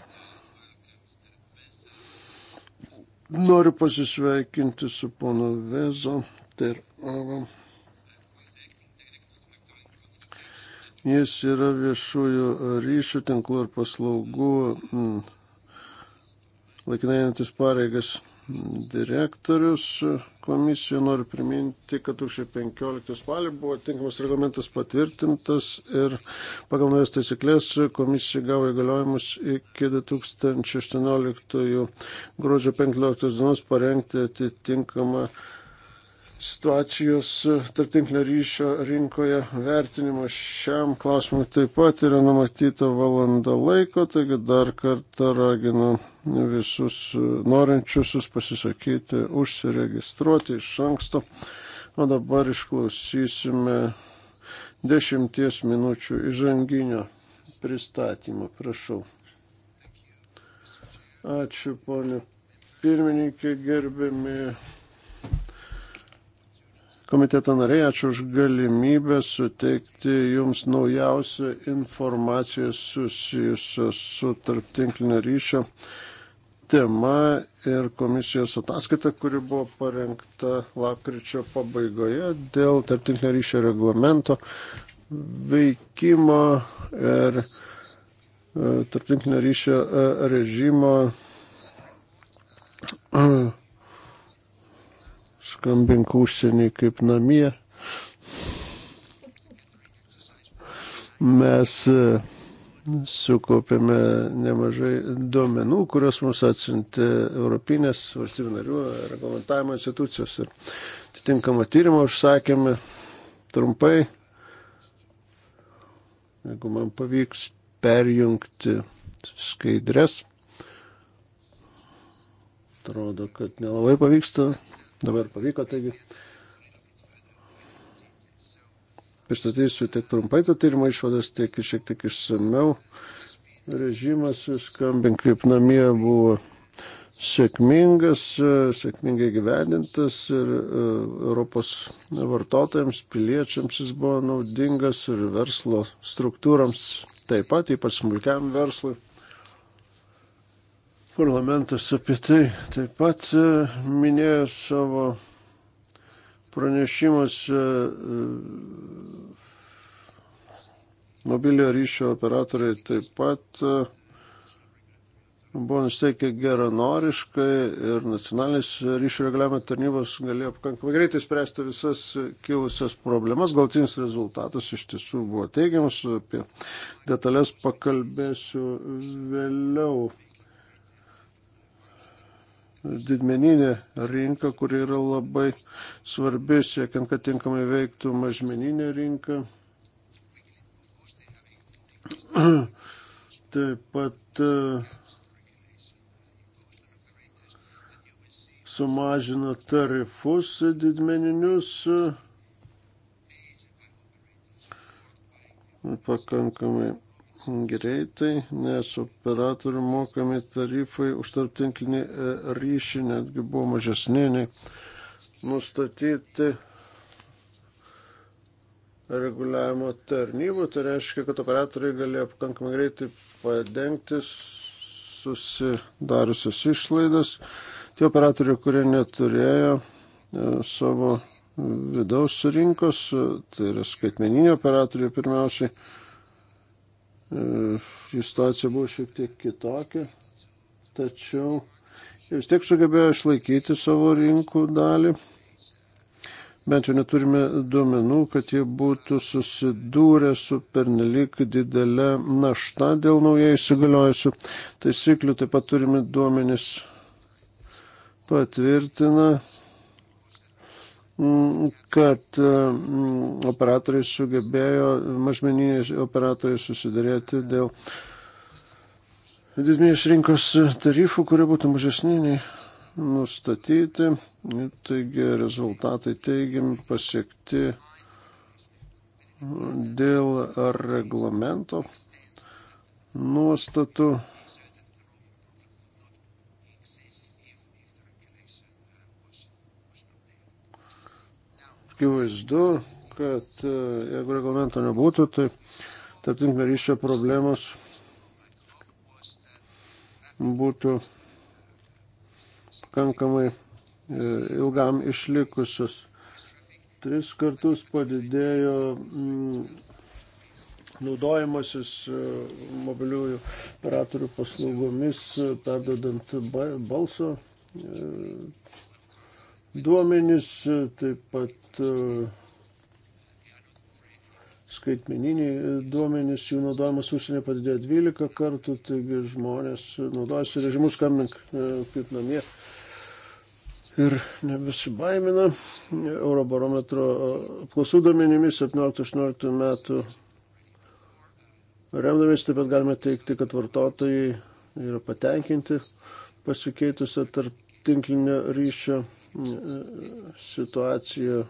Noriu pasisveikinti su ponu Vezo Terava. Tai Jis yra viešųjų ryšių tinklų ir paslaugų mm, laikinai einantis pareigas direktorius komisijų. Noriu priminti, kad 2015 spalį buvo tinkamas reglamentas patvirtintas ir pagal naujas taisyklės komisija gavo įgaliojimus iki 2018 gruodžio 15 dienos parengti atitinkamą situacijos tarptinklinio ryšio rinkoje vertinimas šiam klausimui taip pat yra numatyta valanda laiko, taigi dar kartą raginu visus norinčiusius pasisakyti, užsiregistruoti iš anksto. O dabar išklausysime dešimties minučių įžanginio pristatymą. Prašau. Ačiū, ponė pirmininkė, gerbiami komiteto nariai, ačiū už galimybę suteikti jums naujausią informaciją susijusią su tarptinklinio ryšio tema ir komisijos ataskaita, kuri buvo parengta lapkričio pabaigoje dėl tarptinklinio ryšio reglamento veikimo ir e, tarptinklinio ryšio e, režimo skambink užsienį kaip namie. Mes e, sukaupėme nemažai duomenų, kuriuos mums atsintė Europinės valstybių narių reglamentavimo institucijos ir atitinkamą tyrimą užsakėme trumpai, jeigu man pavyks perjungti skaidres. Atrodo, kad nelabai pavyksta Dabar pavyko, taigi. Pristatysiu tiek trumpai tą tyrimą išvadas, tiek šiek tiek išsameu. Režimas skambink kaip namie buvo sėkmingas, sėkmingai gyvendintas ir e, Europos vartotojams, piliečiams jis buvo naudingas ir verslo struktūrams taip pat, ypač smulkiam verslui. Parlamentas apie tai taip pat e, minėjo savo pranešimuose e, mobilio ryšio operatoriai taip pat e, buvo nusteikę geranoriškai ir nacionalinis ryšio reglamento tarnybos galėjo pakankamai greitai spręsti visas kilusias problemas. Galtinis rezultatas iš tiesų buvo teigiamas, apie detalės pakalbėsiu vėliau didmeninė rinka, kuri yra labai svarbi, siekiant, kad tinkamai veiktų mažmeninė rinka. Taip pat e, sumažino tarifus didmeninius e, pakankamai greitai, nes operatorių mokami tarifai už tarptinklinį e, ryšį netgi buvo mažesni nei nustatyti reguliavimo tarnybų. Tai reiškia, kad operatoriai galėjo pakankamai greitai padengti susidariusias išlaidas. Tie operatoriai, kurie neturėjo e, savo vidaus rinkos, e, tai yra skaitmeniniai operatoriai pirmiausiai, E, jų situacija buvo šiek tiek kitokia, tačiau jie vis tiek sugebėjo išlaikyti savo rinkų dalį. Bent jau neturime duomenų, kad jie būtų susidūrę su pernelik didelė našta dėl naujai įsigaliojusių taisyklių. Taip pat turime duomenis patvirtina kad e, operatoriai sugebėjo, mažmeniniai operatoriai susidarėti dėl didmės rinkos tarifų, kurie būtų mažesni nei nustatyti. Taigi rezultatai teigiami pasiekti dėl reglamento nuostatų Akivaizdu, kad e, jeigu reglamento nebūtų, tai tarptinklinio ryšio problemos būtų pakankamai e, ilgam išlikusius. Tris kartus padidėjo mm, naudojimasis e, mobiliųjų operatorių paslaugomis, perdodant balso duomenys, taip pat e, skaitmeniniai e, duomenys, jų naudojimas užsienė padidėjo 12 kartų, taigi žmonės naudojasi režimus skambink e, kaip namie. Ir nebesibaimina. Eurobarometro apklausų duomenimis 17-18 metų remdamiesi taip pat galime teikti, kad vartotojai yra patenkinti pasikeitusią tarp tinklinio ryšio situaciją.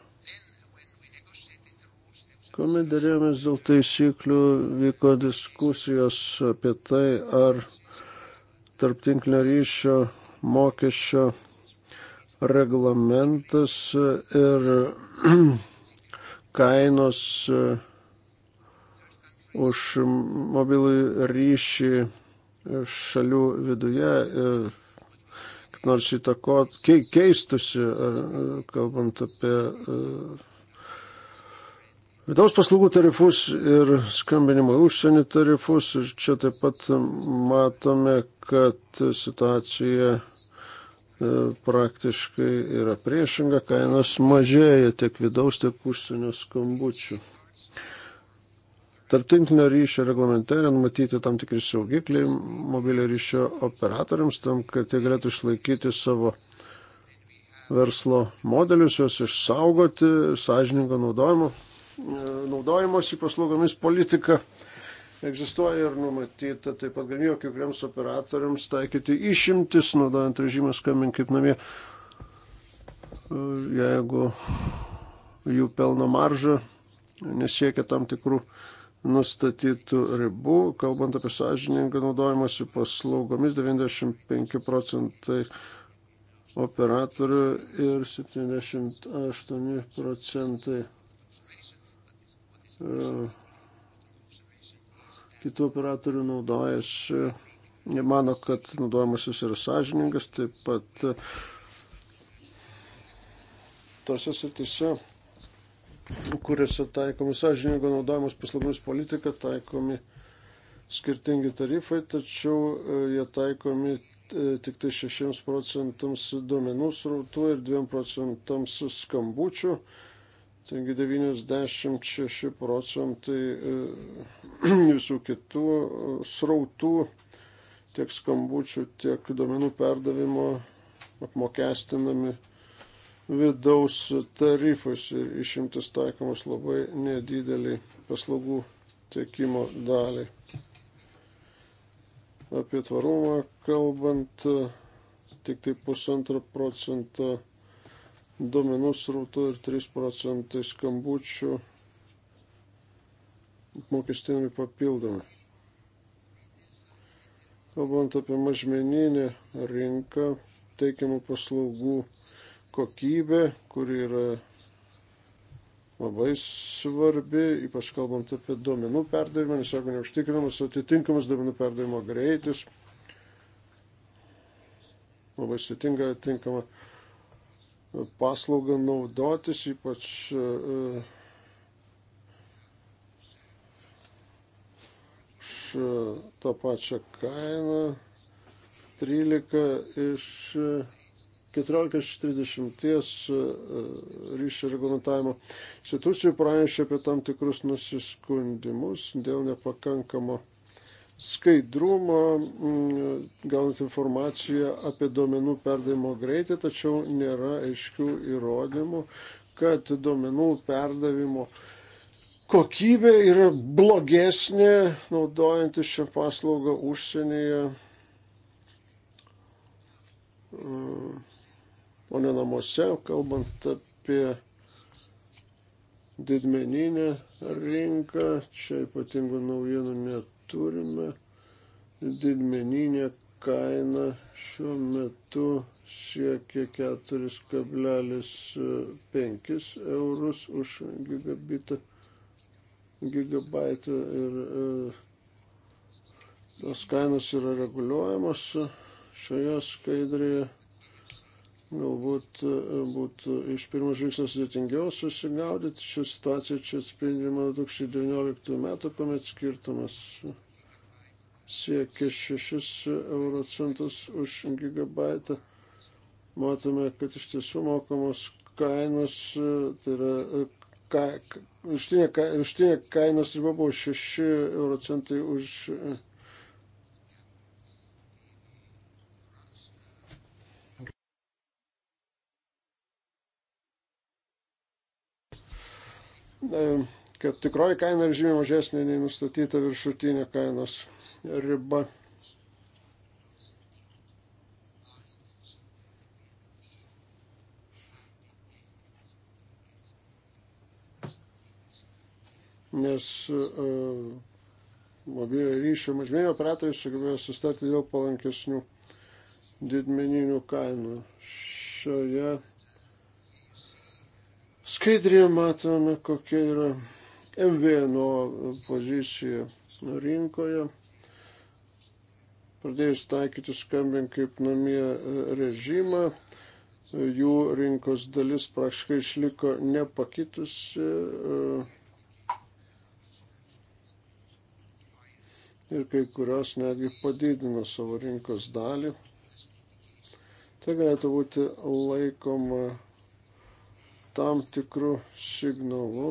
Kuomet dėrėjomės dėl taisyklių, vyko diskusijos apie tai, ar tarptinklinio ryšio mokesčio reglamentas ir kainos už mobilų ryšį šalių viduje kaip nors įtakot, keistusi, ar, kalbant apie e, vidaus paslaugų tarifus ir skambinimo į užsienį tarifus. Ir čia taip pat matome, kad situacija e, praktiškai yra priešinga, kainos mažėja tiek vidaus, tiek užsienio skambučių. Tarptinklinio ryšio reglamente yra numatyti tam tikri saugikliai mobilio ryšio operatoriams tam, kad jie galėtų išlaikyti savo verslo modelius, juos išsaugoti, sąžininką naudojimo, e, naudojimosi paslaugomis politiką. Egzistuoja ir numatyta taip pat galimybė kai kuriems operatoriams taikyti išimtis, naudojant režimą skambink kaip namie, e, jeigu jų pelno marža nesiekia tam tikrų nustatytų ribų. Kalbant apie sąžiningą naudojimąsi paslaugomis, 95 procentai operatorių ir 78 procentai e, kitų operatorių naudojasi, mano, kad naudojimasis yra sąžiningas, taip pat e, tose sritise, kuriuose taikomi sąžiningo naudojimas paslaugomis politika, taikomi skirtingi tarifai, tačiau e, jie taikomi e, tik tai 6 procentams duomenų srautų ir 2 procentams skambučių. Taigi 96 procentai e, visų kitų srautų, tiek skambučių, tiek duomenų perdavimo apmokestinami vidaus tarifus ir išimtis taikomus labai nedideliai paslaugų tiekimo daliai. Apie tvarumą kalbant, tik tai pusantro procento duomenų srautų ir 3 procentai skambučių apmokestinami papildomai. Kalbant apie mažmeninę rinką, teikiamų paslaugų kokybė, kuri yra labai svarbi, ypač kalbant apie duomenų perdavimą, nes jeigu neužtikrinamas atitinkamas duomenų perdavimo greitis, labai sėtinga atitinkama paslaugą naudotis, ypač uh, už uh, tą pačią kainą. 13 iš uh, 14.30 e, ryšio reglamentavimo institucijų pranešė apie tam tikrus nusiskundimus dėl nepakankamo skaidrumo, mm, gaunant informaciją apie duomenų perdavimo greitį, tačiau nėra aiškių įrodymų, kad duomenų perdavimo kokybė yra blogesnė naudojantis šią paslaugą užsienyje. Mm o ne namuose, kalbant apie didmeninę rinką, čia ypatingų naujienų neturime. Didmeninė kaina šiuo metu siekia 4,5 eurus už gigabitą, gigabaitą ir e, tos kainos yra reguliuojamos šioje skaidrėje galbūt e, būtų iš pirmo žvilgsnio sudėtingiau susigaudyti. Šią situaciją čia atspindima 2019 metų, kuomet skirtumas siekia 6 euro centus už gigabaitą. Matome, kad iš tiesų mokamos kainos, e, tai yra e, ka, ištinė, ka, ištinė kainos riba buvo 6 euro centai už gigabaitą kad tikroji kaina yra žymiai mažesnė nei nustatyta viršutinė kainos riba. Nes uh, e, mobiliojo ryšio mažmėjo operatoriai sugebėjo sustarti dėl palankesnių didmeninių kainų. Šioje Skaidrėje matome, kokia yra MVNO pozicija rinkoje. Pradėjus taikyti skambink kaip namie režimą, jų rinkos dalis praktiškai išliko nepakitusi. Ir kai kurios netgi padidino savo rinkos dalį. Tai galėtų būti laikoma tam tikrų signalų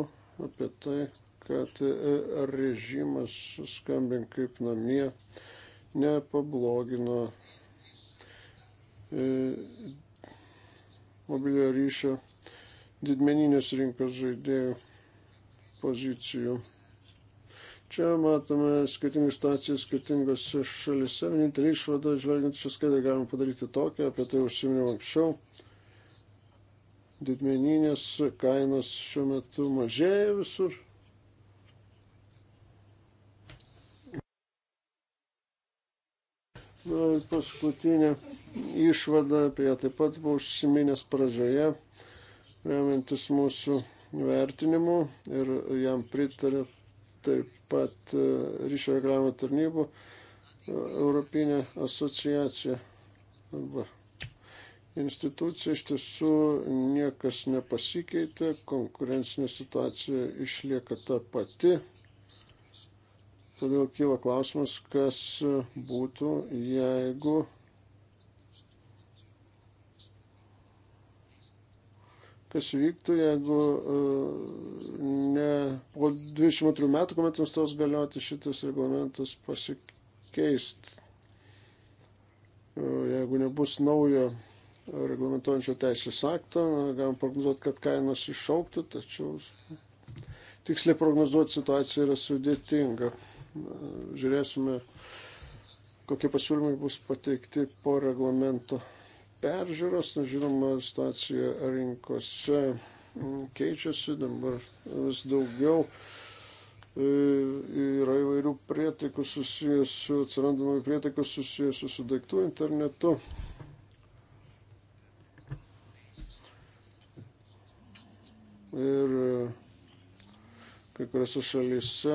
apie tai, kad e, režimas skambink kaip namie nepablogino e, mobiliojo ryšio didmeninės rinkos žaidėjų pozicijų. Čia matome skirtingų stacijų skirtingose šalise. Vienintelį išvadą, žvelgiant šią skaitę, galima padaryti tokią, apie tai užsiminiau anksčiau didmeninės kainos šiuo metu mažėja visur. Na ir paskutinė išvada, apie ją taip pat buvau užsiminęs pradžioje, remiantis mūsų vertinimu ir jam pritarė taip pat e, ryšio reglamento tarnybų e, Europinė asociacija arba institucija iš tiesų niekas nepasikeitė, konkurencinė situacija išlieka ta pati. Todėl kyla klausimas, kas būtų, jeigu kas vyktų, jeigu e, ne po 23 metų, kuomet nustos galioti šitas reglamentas pasikeist, e, jeigu nebus naujo reglamentuojančio teisės akto. Galim prognozuoti, kad kainos išauktų, tačiau tiksliai prognozuoti situaciją yra sudėtinga. Žiūrėsime, kokie pasiūlymai bus pateikti po reglamento peržiūros. Na, žinoma, situacija rinkose keičiasi, dabar vis daugiau e, yra įvairių prietaikų susijusių, atsirandamų prietaikų susijusių su daiktų internetu. ir e, kai kuriuose šalyse e,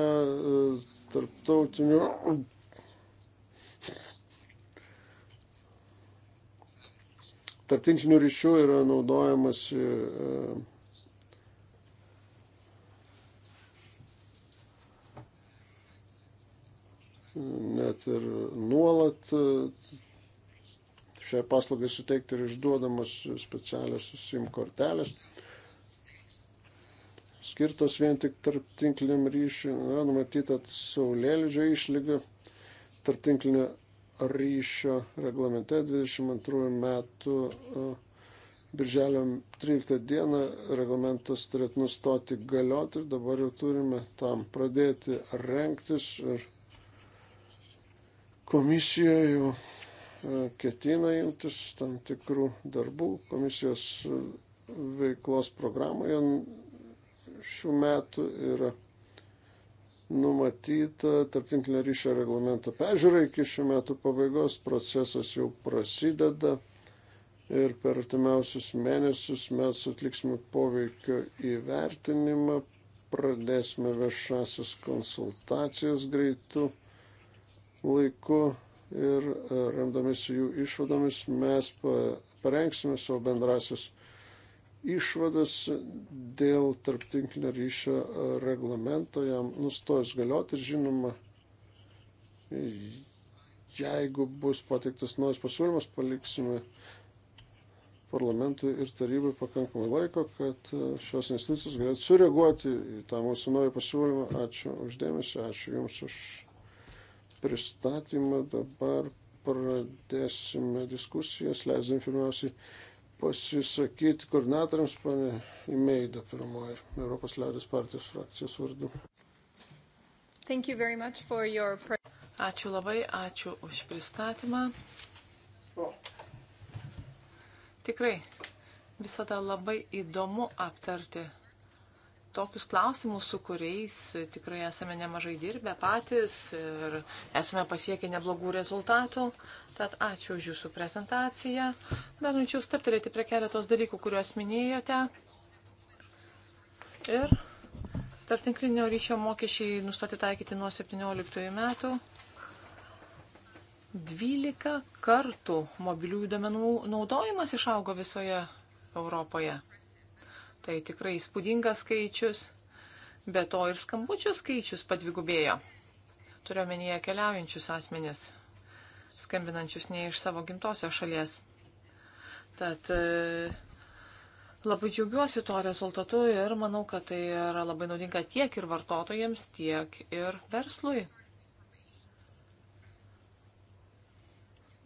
tarptautinių tarptinkinių ryšių yra naudojamas e, net ir nuolat šiai paslaugai suteikti ir išduodamas specialios SIM kortelės skirtos vien tik tarp tinkliniam ryšiui, yra numatyta saulėlydžio išlyga tarp tinklinio ryšio reglamente 22 metų birželio 13 dieną reglamentas turėtų nustoti galioti ir dabar jau turime tam pradėti renktis ir komisija jau ketina imtis tam tikrų darbų. Komisijos veiklos programoje šių metų yra numatyta tarptinklinio ryšio reglamento pežiūra iki šių metų pabaigos. Procesas jau prasideda ir per artimiausius mėnesius mes atliksime poveikio įvertinimą, pradėsime viešasias konsultacijas greitų laiku ir e, remdamėsi jų išvadomis mes parengsime savo bendrasis išvadas dėl tarptinklinio ryšio reglamento jam nustojus galioti ir žinoma, jeigu bus pateiktas naujas pasiūlymas, paliksime parlamentui ir tarybai pakankamai laiko, kad e, šios institucijos galėtų sureaguoti į tą mūsų naują pasiūlymą. Ačiū uždėmesi, ačiū Jums už pristatymą. Dabar pradėsime diskusijas, leisdami pirmiausiai pasisakyti koordinatoriams, ponė Imeida pirmoji, Europos liaudės partijos frakcijos vardu. Your... Ačiū labai, ačiū už pristatymą. O. Tikrai visada labai įdomu aptarti tokius klausimus, su kuriais tikrai esame nemažai dirbę patys ir esame pasiekę neblogų rezultatų. Tad ačiū už Jūsų prezentaciją. Dar norėčiau staptelėti prie keletos dalykų, kuriuos minėjote. Ir tarp tinklinio ryšio mokesčiai nustoti taikyti nuo 17 metų. 12 kartų mobiliųjų duomenų naudojimas išaugo visoje Europoje. Tai tikrai įspūdingas skaičius, bet to ir skambučių skaičius padvigubėjo. Turiuomenyje keliaujančius asmenis, skambinančius ne iš savo gimtosios šalies. Tad e, labai džiaugiuosi tuo rezultatu ir manau, kad tai yra labai naudinga tiek ir vartotojams, tiek ir verslui.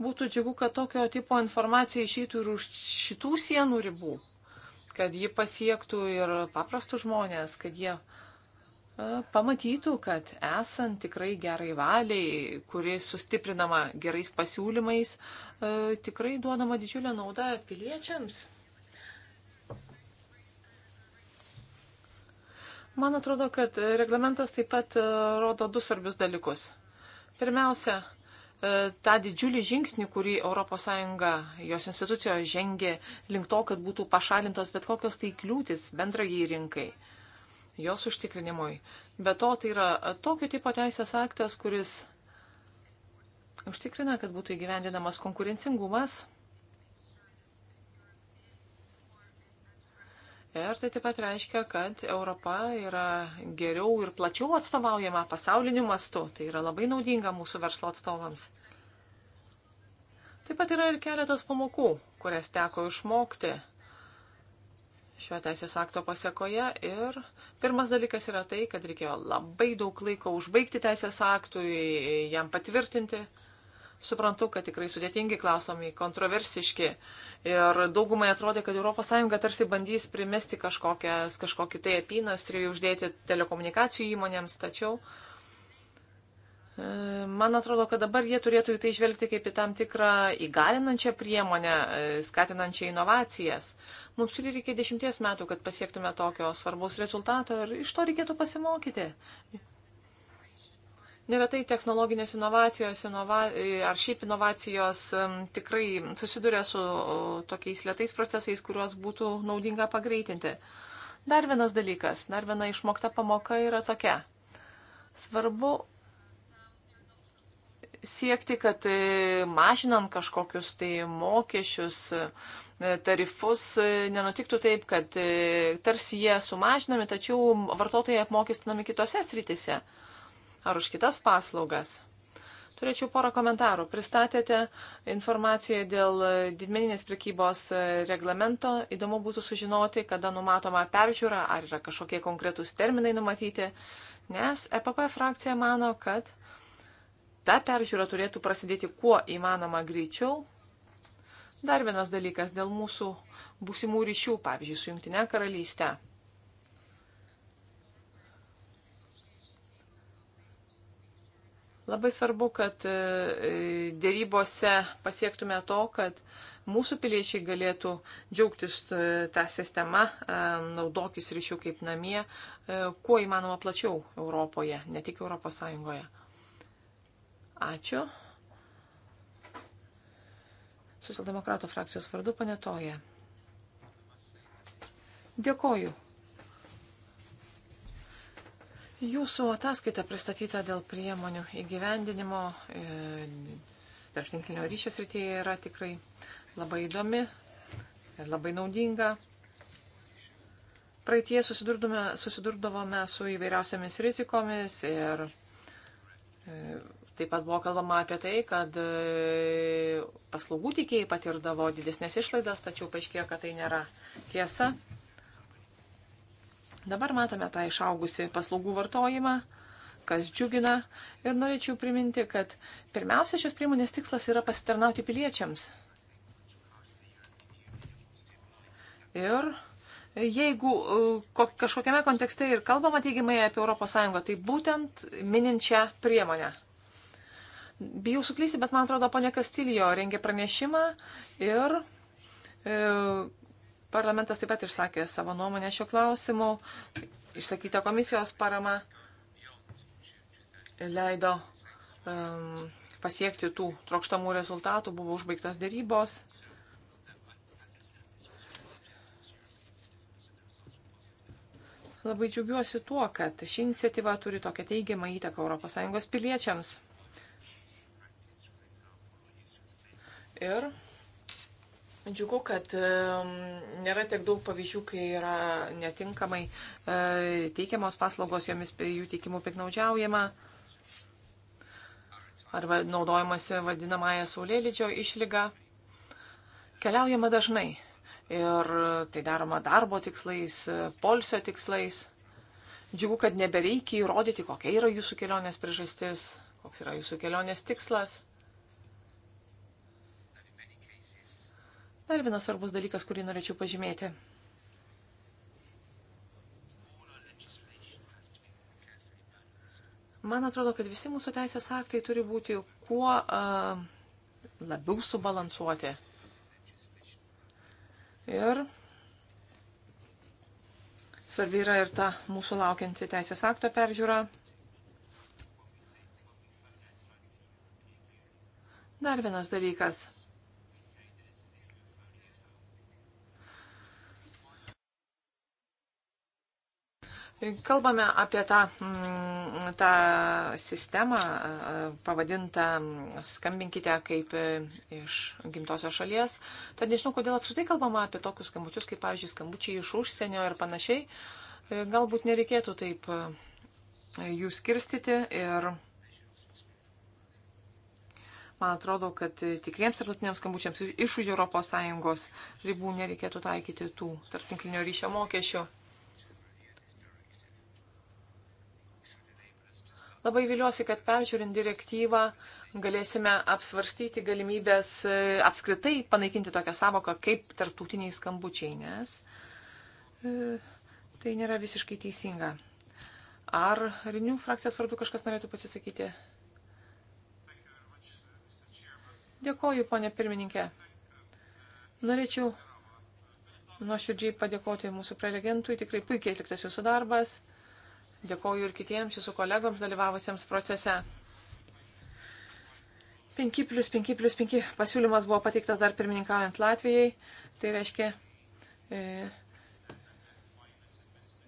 Būtų džiugu, kad tokio tipo informacija išeitų ir už šitų sienų ribų kad ji pasiektų ir paprastus žmonės, kad jie e, pamatytų, kad esant tikrai gerai valiai, kuri sustiprinama gerais pasiūlymais, e, tikrai duodama didžiulę naudą piliečiams. Man atrodo, kad reglamentas taip pat e, rodo du svarbius dalykus. Pirmiausia, E, tą didžiulį žingsnį, kurį ES, jos institucijos žengė link to, kad būtų pašalintos bet kokios tai kliūtis bendrąjį rinkai, jos užtikrinimui. Be to, tai yra tokio tipo teisės aktas, kuris užtikrina, kad būtų įgyvendinamas konkurencingumas Ir tai taip pat reiškia, kad Europa yra geriau ir plačiau atstovaujama pasauliniu mastu. Tai yra labai naudinga mūsų verslo atstovams. Taip pat yra ir keletas pamokų, kurias teko išmokti šio teisės akto pasiekoje. Ir pirmas dalykas yra tai, kad reikėjo labai daug laiko užbaigti teisės aktui, jam patvirtinti. Suprantu, kad tikrai sudėtingi klausimai, kontroversiški. Ir daugumai atrodė, kad ES tarsi bandys primesti kažkokias, kažkokį tai apynastrį, uždėti telekomunikacijų įmonėms. Tačiau e, man atrodo, kad dabar jie turėtų į tai žvelgti kaip į tam tikrą įgalinančią priemonę, e, skatinančią inovacijas. Mums prireikė dešimties metų, kad pasiektume tokio svarbaus rezultato ir iš to reikėtų pasimokyti. Neretai technologinės inovacijos inova, ar šiaip inovacijos tikrai susiduria su tokiais lėtais procesais, kuriuos būtų naudinga pagreitinti. Dar vienas dalykas, dar viena išmokta pamoka yra tokia. Svarbu siekti, kad e, mažinant kažkokius tai mokesčius, e, tarifus e, nenutiktų taip, kad tarsi jie sumažinami, tačiau vartotojai apmokestinami kitose sritise ar už kitas paslaugas. Turėčiau porą komentarų. Pristatėte informaciją dėl didmeninės prekybos reglamento. Įdomu būtų sužinoti, kada numatoma peržiūra, ar yra kažkokie konkretūs terminai numatyti, nes EPP frakcija mano, kad ta peržiūra turėtų prasidėti kuo įmanoma greičiau. Dar vienas dalykas dėl mūsų būsimų ryšių, pavyzdžiui, su Junktinė karalystė. Labai svarbu, kad e, dėrybose pasiektume to, kad mūsų piliečiai galėtų džiaugtis e, tą sistemą, e, naudokis ryšių kaip namie, kuo įmanoma plačiau Europoje, ne tik Europos Sąjungoje. Ačiū. Socialdemokratų frakcijos vardu panetoja. Dėkoju. Jūsų ataskaita pristatyta dėl priemonių įgyvendinimo e, tarptinklinio ryšio srityje yra tikrai labai įdomi ir labai naudinga. Praeitie susidurdavome su įvairiausiamis rizikomis ir e, taip pat buvo kalbama apie tai, kad e, paslaugų tikėjai patirdavo didesnės išlaidas, tačiau paaiškėjo, kad tai nėra tiesa. Mm. Dabar matome tą išaugusi paslaugų vartojimą, kas džiugina. Ir norėčiau priminti, kad pirmiausia šios priemonės tikslas yra pasitarnauti piliečiams. Ir jeigu e, kažkokiame kontekste ir kalbama teigiamai apie ES, tai būtent mininčią priemonę. Bijau suklysti, bet man atrodo, ponė Kastilijo rengė pranešimą ir e, Parlamentas taip pat išsakė savo nuomonę šiuo klausimu. Išsakyta komisijos parama leido um, pasiekti tų trokštamų rezultatų, buvo užbaigtos dėrybos. Labai džiaugiuosi tuo, kad ši iniciatyva turi tokią teigiamą įtaką ES piliečiams. Ir Džiugu, kad nėra tiek daug pavyzdžių, kai yra netinkamai e, teikiamos paslaugos, jomis jų teikimu piknaudžiaujama arba naudojamasi vadinamąją saulėlydžio išlygą. Keliaujama dažnai ir tai daroma darbo tikslais, polsio tikslais. Džiugu, kad nebereikia įrodyti, kokia yra jūsų kelionės priežastis, koks yra jūsų kelionės tikslas. Dar vienas svarbus dalykas, kurį norėčiau pažymėti. Man atrodo, kad visi mūsų teisės aktai turi būti kuo uh, labiau subalansuoti. Ir svarbi yra ir ta mūsų laukianti teisės akto peržiūra. Dar vienas dalykas. Kalbame apie tą, mm, tą sistemą pavadintą mm, skambinkite kaip e, iš gimtosios šalies. Tad nežinau, kodėl apskritai kalbama apie tokius skambučius, kaip, pavyzdžiui, skambučiai iš užsienio ir panašiai. E, galbūt nereikėtų taip e, jų skirstyti ir man atrodo, kad tikriems tarptautiniams skambučiams iš už ES ribų nereikėtų taikyti tų tarptinklinio ryšio mokesčių. Labai viliuosi, kad peržiūrint direktyvą galėsime apsvarstyti galimybės e, apskritai panaikinti tokią savoką kaip tarptautiniai skambučiai, nes e, tai nėra visiškai teisinga. Ar Rinių frakcijos vardu kažkas norėtų pasisakyti? Dėkoju, ponė pirmininkė. Norėčiau nuoširdžiai padėkoti mūsų prelegentui, tikrai puikiai atliktas jūsų darbas. Dėkoju ir kitiems jūsų kolegoms dalyvavusiems procese. 5 plus 5 plus 5 pasiūlymas buvo pateiktas dar pirmininkaujant Latvijai. Tai reiškia e,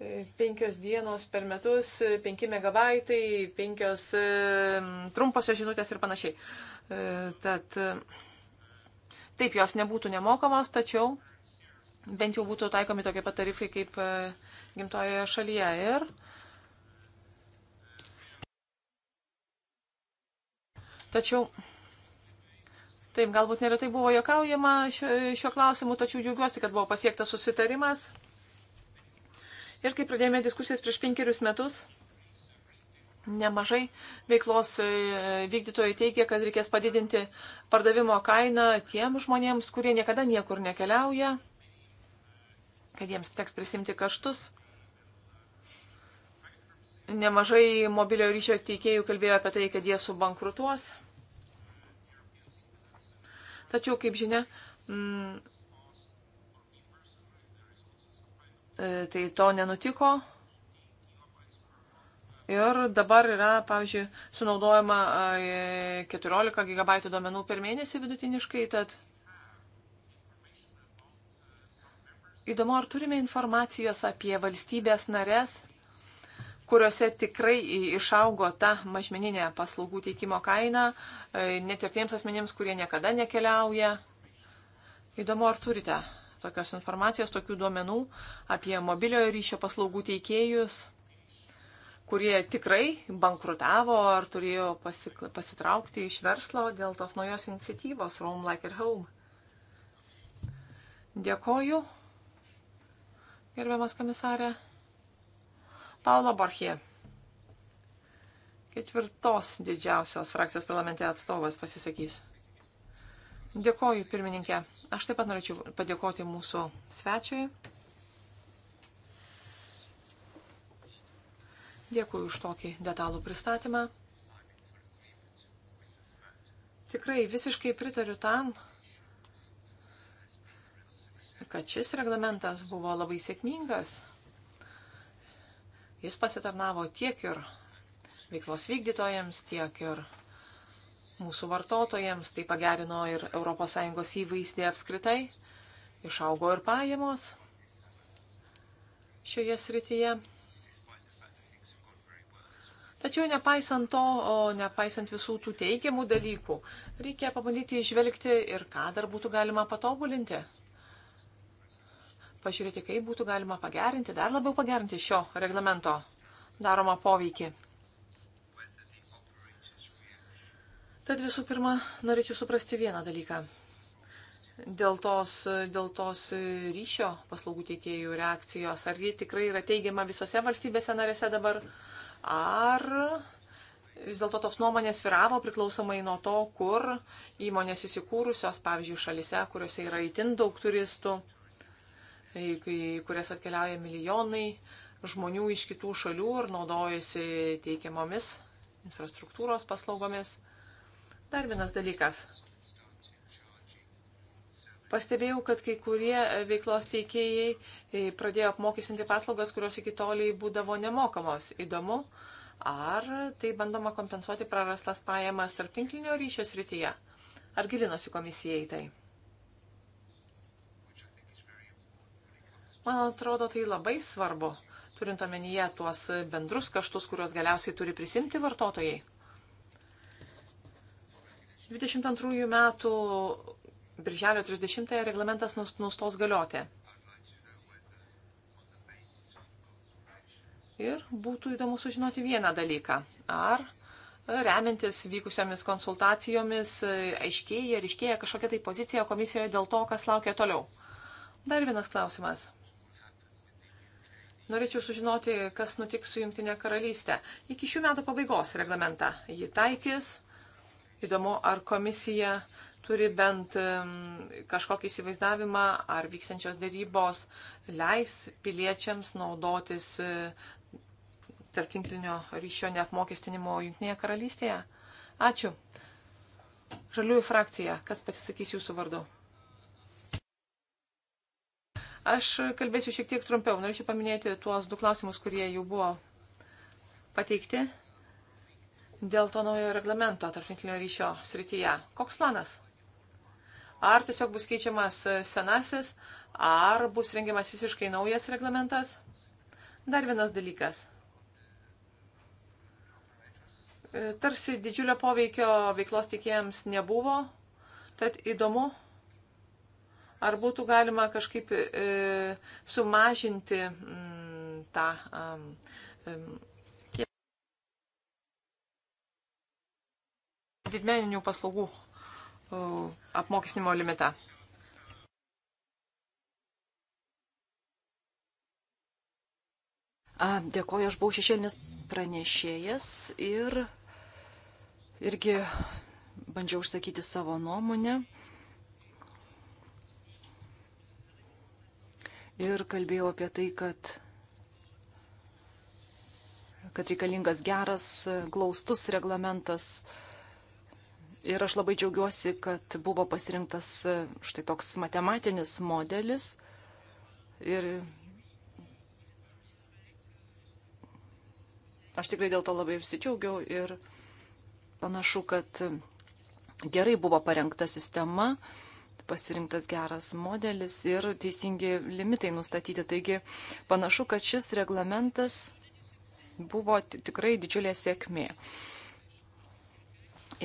e penkios dienos per metus, 5 megabaitai, penkios e, trumposios žinutės ir panašiai. E, tad e, taip jos nebūtų nemokamos, tačiau bent jau būtų taikomi tokie pat tarifai kaip e, gimtojoje šalyje. Ir Tačiau Taip, galbūt neretai buvo jokaujama šiuo, šiuo klausimu, tačiau džiaugiuosi, kad buvo pasiektas susitarimas. Ir kai pradėjome diskusijas prieš penkerius metus, nemažai veiklos e, vykdytojų teigia, kad reikės padidinti pardavimo kainą tiem žmonėms, kurie niekada niekur nekeliauja, kad jiems teks prisimti kaštus. Nemažai mobilio ryšio teikėjų kalbėjo apie tai, kad jie subankrutuos. Tačiau, kaip žinia, m, mm, e, tai to nenutiko. Ir dabar yra, pavyzdžiui, sunaudojama 14 e, GB duomenų per mėnesį vidutiniškai, tad įdomu, ar turime informacijos apie valstybės narės, kuriuose tikrai išaugo ta mažmeninė paslaugų teikimo kaina, e, net ir tiems asmenėms, kurie niekada nekeliauja. Įdomu, ar turite tokios informacijos, tokių duomenų apie mobiliojo ryšio paslaugų teikėjus, kurie tikrai bankrutavo ar turėjo pasitraukti iš verslo dėl tos naujos iniciatyvos Roam Like at Home. Dėkoju, gerbiamas komisarė. Paulo Borchė, ketvirtos didžiausios frakcijos parlamente atstovas, pasisakys. Dėkoju, pirmininkė. Aš taip pat norėčiau padėkoti mūsų svečiui. Dėkui už tokį detalų pristatymą. Tikrai visiškai pritariu tam, kad šis reglamentas buvo labai sėkmingas. Jis pasitarnavo tiek ir veiklos vykdytojams, tiek ir mūsų vartotojams, tai pagerino ir ES įvaizdį apskritai, išaugo ir pajamos šioje srityje. Tačiau nepaisant to, o nepaisant visų tų teigiamų dalykų, reikia pabandyti išvelgti ir ką dar būtų galima patobulinti pažiūrėti, kaip būtų galima pagerinti, dar labiau pagerinti šio reglamento daromą poveikį. Tad visų pirma, norėčiau suprasti vieną dalyką. Dėl tos, dėl tos ryšio paslaugų teikėjų reakcijos, ar ji tikrai yra teigiama visose valstybėse narėse dabar, ar vis dėlto tos nuomonės viravo priklausomai nuo to, kur įmonės įsikūrusios, pavyzdžiui, šalise, kuriuose yra itin daug turistų į kurias atkeliauja milijonai žmonių iš kitų šalių ir naudojasi teikiamomis infrastruktūros paslaugomis. Dar vienas dalykas. Pastebėjau, kad kai kurie veiklos teikėjai e, pradėjo apmokestinti paslaugas, kurios iki toliai būdavo nemokamos. Įdomu, ar tai bandoma kompensuoti prarastas pajamas tarp tinklinio ryšio srityje. Ar gilinosi komisija į tai? Man atrodo, tai labai svarbu, turint omenyje tuos bendrus kaštus, kuriuos galiausiai turi prisimti vartotojai. 22 metų birželio 30 reglamentas nustos galioti. Ir būtų įdomu sužinoti vieną dalyką. Ar remiantis vykusiamis konsultacijomis aiškėja ir iškėja kažkokia tai pozicija komisijoje dėl to, kas laukia toliau? Dar vienas klausimas. Norėčiau sužinoti, kas nutiks su Junktinė karalystė. Iki šių metų pabaigos reglamentą jį taikys. Įdomu, ar komisija turi bent kažkokį įsivaizdavimą, ar vyksiančios dėrybos leis piliečiams naudotis e, tarptinklinio ryšio neapmokestinimo Junktinėje karalystėje. Ačiū. Žaliųjų frakcija, kas pasisakys jūsų vardu? Aš kalbėsiu šiek tiek trumpiau. Norėčiau paminėti tuos du klausimus, kurie jau buvo pateikti dėl to naujo reglamento tarptinklinio ryšio srityje. Koks planas? Ar tiesiog bus keičiamas senasis, ar bus rengiamas visiškai naujas reglamentas? Dar vienas dalykas. Tarsi didžiulio poveikio veiklos tikėjams nebuvo, tad įdomu, Ar būtų galima kažkaip e, sumažinti m, mm, tą. M, didmeninių paslaugų e, apmokestinimo limitą. Dėkoju, aš buvau šešėlinis pranešėjas ir irgi bandžiau užsakyti savo nuomonę. ir kalbėjau apie tai, kad, kad reikalingas geras, glaustus reglamentas. Ir aš labai džiaugiuosi, kad buvo pasirinktas e, štai toks matematinis modelis. Ir aš tikrai dėl to labai apsidžiaugiau ir panašu, kad e, gerai buvo parengta sistema pasirinktas geras modelis ir teisingi limitai nustatyti. Taigi panašu, kad šis reglamentas buvo tikrai didžiulė sėkmė.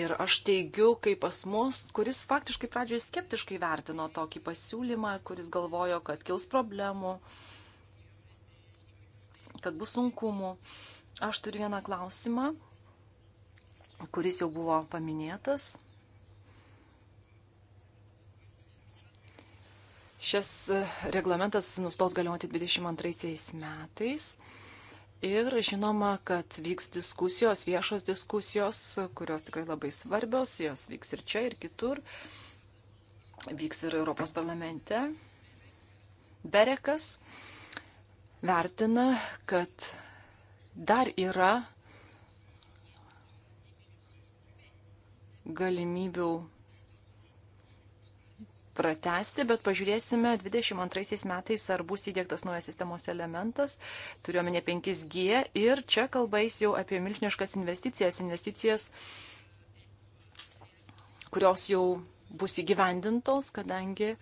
Ir aš teigiu, kaip pas mus, kuris faktiškai pradžioje skeptiškai vertino tokį pasiūlymą, kuris galvojo, kad kils problemų, kad bus sunkumų. Aš turiu vieną klausimą, kuris jau buvo paminėtas. Šis e, reglamentas nustos galioti 22 metais. Ir žinoma, kad vyks diskusijos, viešos diskusijos, kurios tikrai labai svarbios, jos vyks ir čia, ir kitur, vyks ir Europos parlamente. Berekas vertina, kad dar yra galimybių pratesti, bet pažiūrėsime 22 metais, ar bus įdėktas naujas sistemos elementas, turiuomenė 5G ir čia kalbais jau apie milžiniškas investicijas, investicijas, kurios jau bus įgyvendintos, kadangi,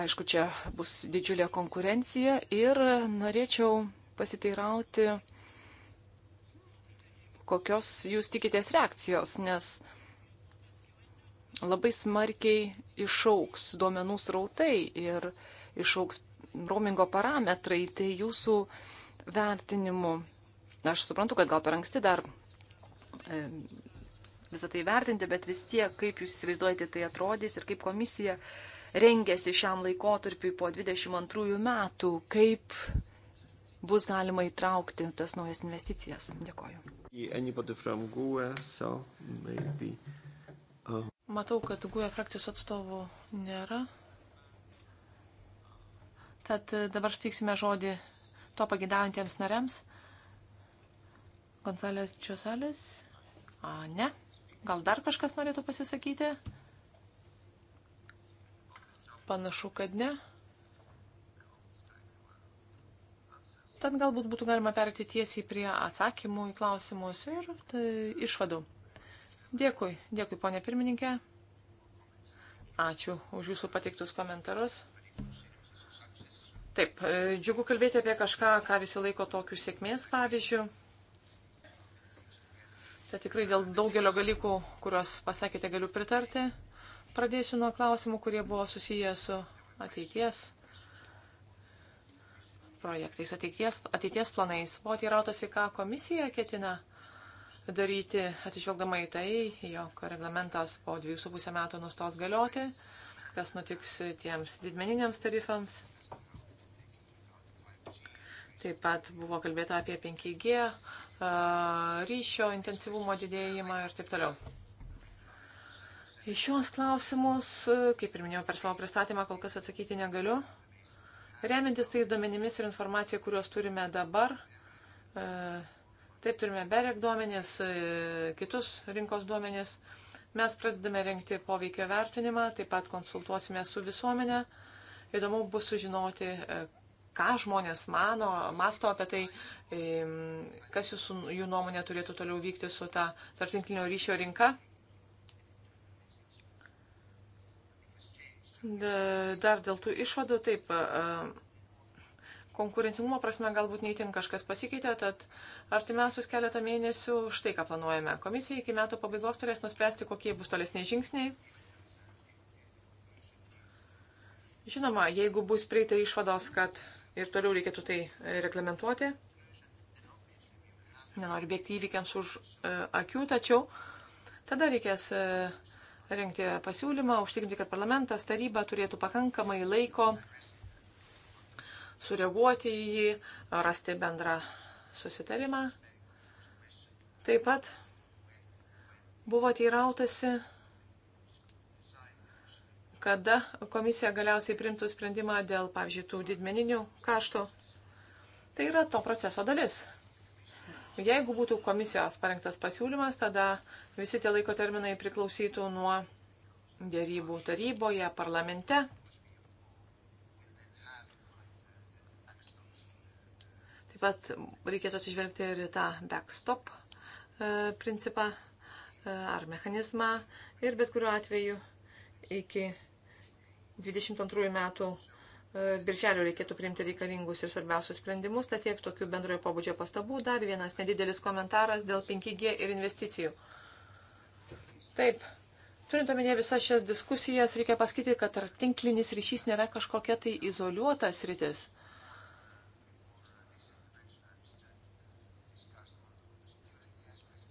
aišku, čia bus didžiulė konkurencija ir norėčiau pasiteirauti, kokios jūs tikitės reakcijos, nes labai smarkiai išauks duomenų srautai ir išauks roamingo parametrai, tai jūsų vertinimu, aš suprantu, kad gal per anksti dar e, visą tai vertinti, bet vis tiek, kaip jūs įsivaizduojate, tai atrodys ir kaip komisija rengėsi šiam laikotarpiu po 22 metų, kaip bus galima įtraukti tas naujas investicijas. Dėkoju. Anybody from GUE, so maybe. Oh. Matau, kad GUE frakcijos atstovų nėra. Tad dabar steiksime žodį to pagidaujantiems nariams. Gonzalės Čiosalis. A, ne. Gal dar kažkas norėtų pasisakyti? Panašu, kad ne. Tad galbūt būtų galima perėti tiesiai prie atsakymų į klausimus ir tai išvadų. Dėkui, dėkui, ponė pirmininkė. Ačiū už jūsų pateiktus komentarus. Taip, e, džiugu kalbėti apie kažką, ką visi laiko tokiu sėkmės pavyzdžiu. Tai tikrai dėl daugelio dalykų, kuriuos pasakėte, galiu pritarti. Pradėsiu nuo klausimų, kurie buvo susiję su ateities projektais, ateities, ateities planais. Buvo teirautas į ką komisija ketina daryti atsižvelgdama į tai, jog reglamentas po 2,5 metų nustos galioti, kas nutiks tiems didmeniniams tarifams. Taip pat buvo kalbėta apie 5G, e, ryšio intensyvumo didėjimą ir taip toliau. Į šios klausimus, e, kaip ir minėjau per savo pristatymą, kol kas atsakyti negaliu. Remiantis tais duomenimis ir informacija, kuriuos turime dabar, e, Taip turime BEREK duomenis, e, kitus rinkos duomenis. Mes pradedame renkti poveikio vertinimą, taip pat konsultuosime su visuomenė. Įdomu bus sužinoti, e, ką žmonės mano, masto apie tai, e, kas jūsų, jų nuomonė turėtų toliau vykti su ta tartinklinio ryšio rinka. Dar dėl tų išvadų, taip, konkurencingumo prasme galbūt neįtin kažkas pasikeitė, tad artimiausius keletą mėnesių štai ką planuojame. Komisija iki metų pabaigos turės nuspręsti, kokie bus tolesni žingsniai. Žinoma, jeigu bus prieita išvados, kad ir toliau reikėtų tai e, reglamentuoti, nenoriu bėgti įvykiams už e, akių, tačiau tada reikės e, rengti pasiūlymą, užtikrinti, kad parlamentas, taryba turėtų pakankamai laiko sureaguoti į jį, rasti bendrą susitarimą. Taip pat buvo teirautasi, kada komisija galiausiai primtų sprendimą dėl, pavyzdžiui, tų didmeninių kaštų. Tai yra to proceso dalis. Jeigu būtų komisijos parengtas pasiūlymas, tada visi tie laiko terminai priklausytų nuo dėrybų taryboje, parlamente. pat reikėtų atsižvelgti ir į tą backstop e, principą e, ar mechanizmą ir bet kuriuo atveju iki 22 metų e, birželio reikėtų priimti reikalingus ir svarbiausius sprendimus, tad tiek tokių bendrojo pobūdžio pastabų. Dar vienas nedidelis komentaras dėl 5G ir investicijų. Taip, turint omenyje visas šias diskusijas, reikia pasakyti, kad ar tinklinis ryšys nėra kažkokia tai izoliuotas rytis.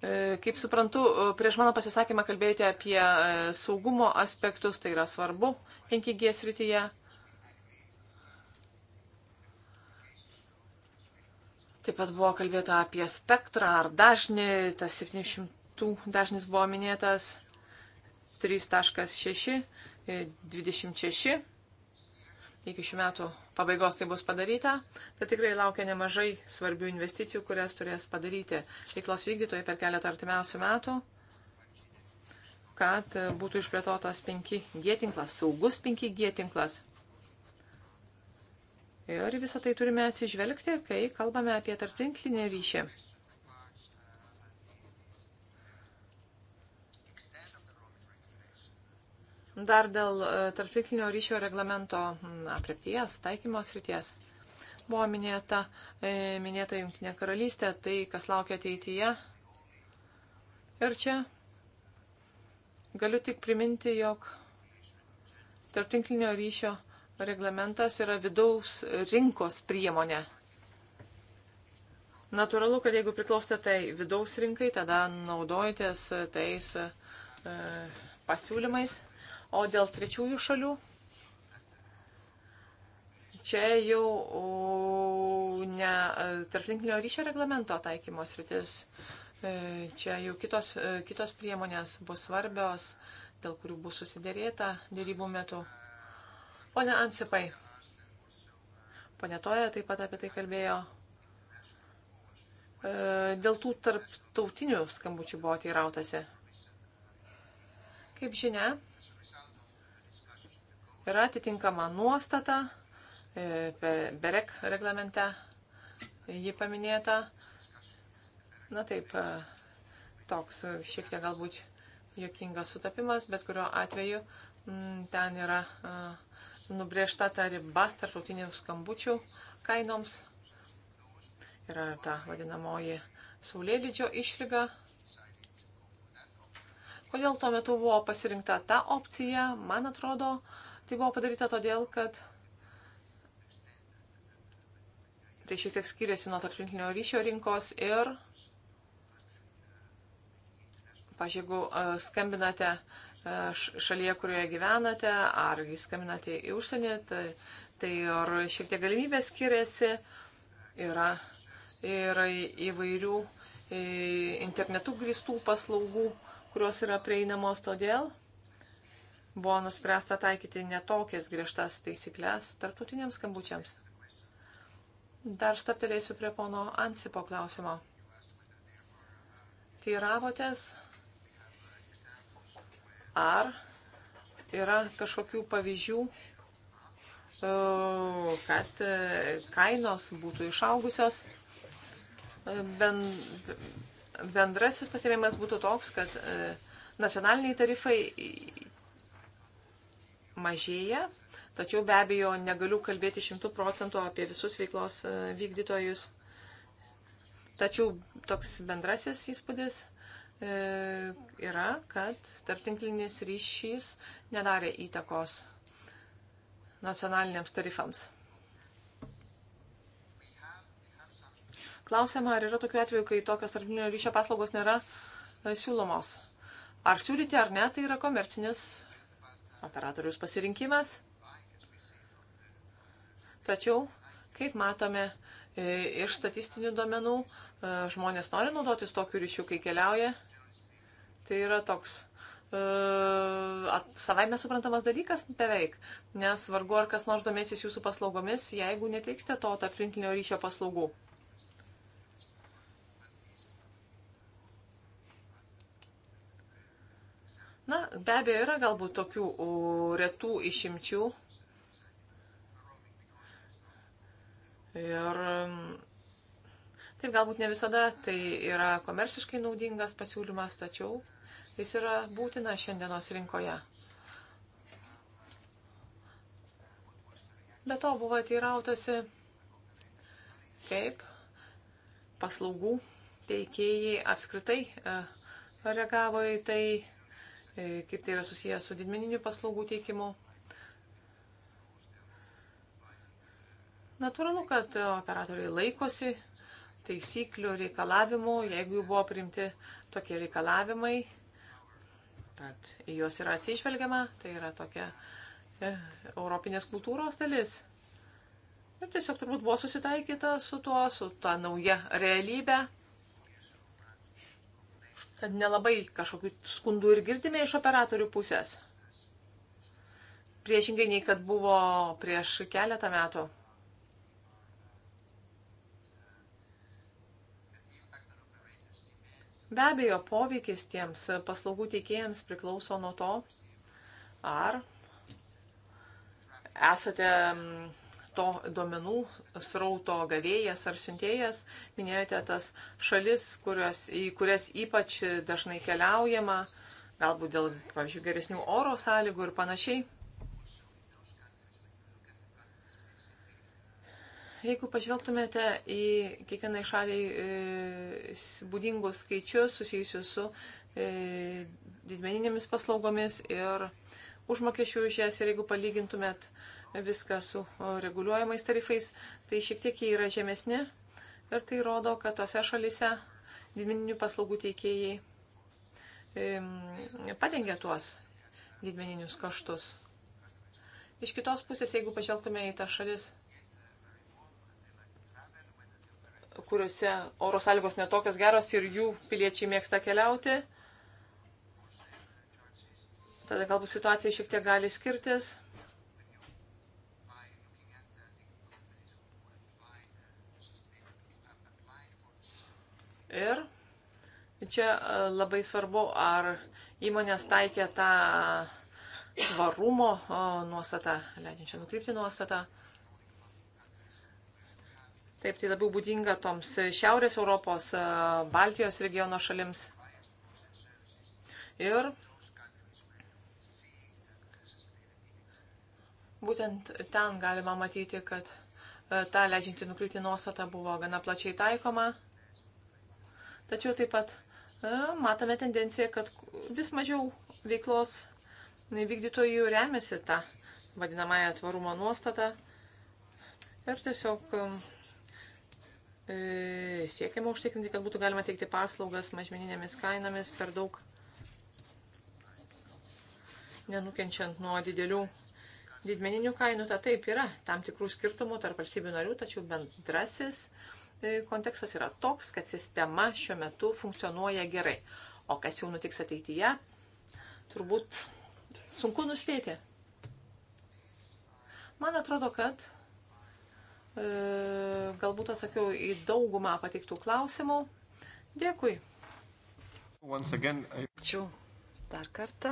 E, kaip suprantu, e, prieš mano pasisakymą kalbėjote apie e, saugumo aspektus, tai yra svarbu 5G srityje. Taip pat buvo kalbėta apie spektrą ar dažnį, tas 700 dažnis buvo minėtas 3.6, 26 iki šių metų pabaigos tai bus padaryta, tai tikrai laukia nemažai svarbių investicijų, kurias turės padaryti veiklos vykdytojai per keletą artimiausių metų, kad būtų išplėtotas 5G tinklas, saugus 5G tinklas. Ir visą tai turime atsižvelgti, kai kalbame apie tarptinklinį ryšį. Dar dėl e, tarptinklinio ryšio reglamento apriepties, taikymos ryties. Buvo minėta, e, minėta Junktinė karalystė, tai kas laukia ateityje. Ir čia galiu tik priminti, jog tarptinklinio ryšio reglamentas yra vidaus rinkos priemonė. Natūralu, kad jeigu priklausote tai vidaus rinkai, tada naudojatės tais e, pasiūlymais. O dėl trečiųjų šalių, čia jau o, ne e, tarptinklinio ryšio reglamento taikymos rytis. E, čia jau kitos, e, kitos priemonės bus svarbios, dėl kurių bus susidėrėta dėrybų metu. Pone Ansipai, pone Toja taip pat apie tai kalbėjo. Dėl tų tarptautinių skambučių buvo teirautasi. Kaip žinia, Yra atitinkama nuostata, e, BEREK reglamente jį paminėta. Na taip, e, toks šiek tiek galbūt jokingas sutapimas, bet kurio atveju mm, ten yra e, nubriežta ta riba tarptautinių skambučių kainoms. Yra ta vadinamoji saulėlydžio išlyga. Kodėl tuo metu buvo pasirinkta ta opcija, man atrodo, Tai buvo padaryta todėl, kad tai šiek tiek skiriasi nuo tarptinklinio ryšio rinkos ir, pažiūrėjau, jeigu e, skambinate e, šalyje, kurioje gyvenate, ar skambinate į užsienį, tai, tai ir šiek tiek galimybės skiriasi, yra ir įvairių e, internetu grįstų paslaugų, kurios yra prieinamos todėl buvo nuspręsta taikyti netokias griežtas taisyklės tarptautiniams skambučiams. Dar staptelėsiu prie pono Ansipo klausimo. Teiravotės, ar yra kažkokių pavyzdžių, e, kad e, kainos būtų išaugusios. E, ben, bendrasis pasirėmimas būtų toks, kad nacionaliniai tarifai mažėja, tačiau be abejo negaliu kalbėti šimtų procentų apie visus veiklos e, vykdytojus. Tačiau toks bendrasis įspūdis e, yra, kad tarptinklinis ryšys nedarė įtakos nacionaliniams tarifams. Klausiama, ar yra tokių atvejų, kai tokios tarptautinio ryšio paslaugos nėra e, siūlomos. Ar siūlyti ar ne, tai yra komercinis operatorius pasirinkimas. Tačiau, kaip matome e, iš statistinių duomenų, e, žmonės nori naudotis tokiu ryšiu, kai keliauja. Tai yra toks e, savaime suprantamas dalykas beveik, nes vargu ar kas nors domėsis jūsų paslaugomis, jeigu neteiksite to tarp rinklinio ryšio paslaugų. Na, be abejo, yra galbūt tokių retų išimčių. Ir um, taip galbūt ne visada tai yra komerciškai naudingas pasiūlymas, tačiau jis yra būtina šiandienos rinkoje. Be to buvo teirautasi, kaip paslaugų teikėjai apskritai e, reagavo į tai, E, kaip tai yra susijęs su didmeniniu paslaugų teikimu. Natūralu, kad operatoriai laikosi taisyklių, reikalavimų, jeigu jų buvo priimti tokie reikalavimai, tad į juos yra atsižvelgiama, tai yra tokia e, europinės kultūros dalis. Ir tiesiog turbūt buvo susitaikyta su tuo, su ta nauja realybė. Tad nelabai kažkokių skundų ir girdime iš operatorių pusės. Priešingai nei kad buvo prieš keletą metų. Be abejo, poveikis tiems paslaugų teikėjams priklauso nuo to, ar esate mm, to duomenų srauto gavėjas ar siuntėjas. Minėjote tas šalis, kurios, į kurias ypač dažnai keliaujama, galbūt dėl, pavyzdžiui, geresnių oro sąlygų ir panašiai. Jeigu pažvelgtumėte į kiekvienai šaliai e, būdingus skaičius susijusius su e, didmeninėmis paslaugomis ir užmokesčių už jas, ir jeigu palygintumėt viską su reguliuojamais tarifais, tai šiek tiek jie yra žemesni ir tai rodo, kad tose šalise didmeninių paslaugų teikėjai padengia tuos didmeninius kaštus. Iš kitos pusės, jeigu pažvelgtume į tą šalis, kuriuose oro sąlygos netokios geros ir jų piliečiai mėgsta keliauti, tada galbūt situacija šiek tiek gali skirtis. Ir čia e, labai svarbu, ar įmonės taikė tą tvarumo nuostatą, leidžiančią nukrypti nuostatą. Taip, tai labiau būdinga toms Šiaurės Europos, e, Baltijos regiono šalims. Ir būtent ten galima matyti, kad e, ta leidžianti nukrypti nuostata buvo gana plačiai taikoma. Tačiau taip pat e, matome tendenciją, kad vis mažiau veiklos vykdytojų remiasi tą vadinamąją tvarumo nuostatą ir tiesiog e, siekiama užtikrinti, kad būtų galima teikti paslaugas mažmeninėmis kainomis per daug nenukenčiant nuo didelių didmeninių kainų. Ta taip yra tam tikrų skirtumų tarp valstybių narių, tačiau bendrasis Tai kontekstas yra toks, kad sistema šiuo metu funkcionuoja gerai. O kas jau nutiks ateityje, turbūt sunku nuspėti. Man atrodo, kad e, galbūt atsakiau į daugumą pateiktų klausimų. Dėkui. Again, I... Ačiū dar kartą.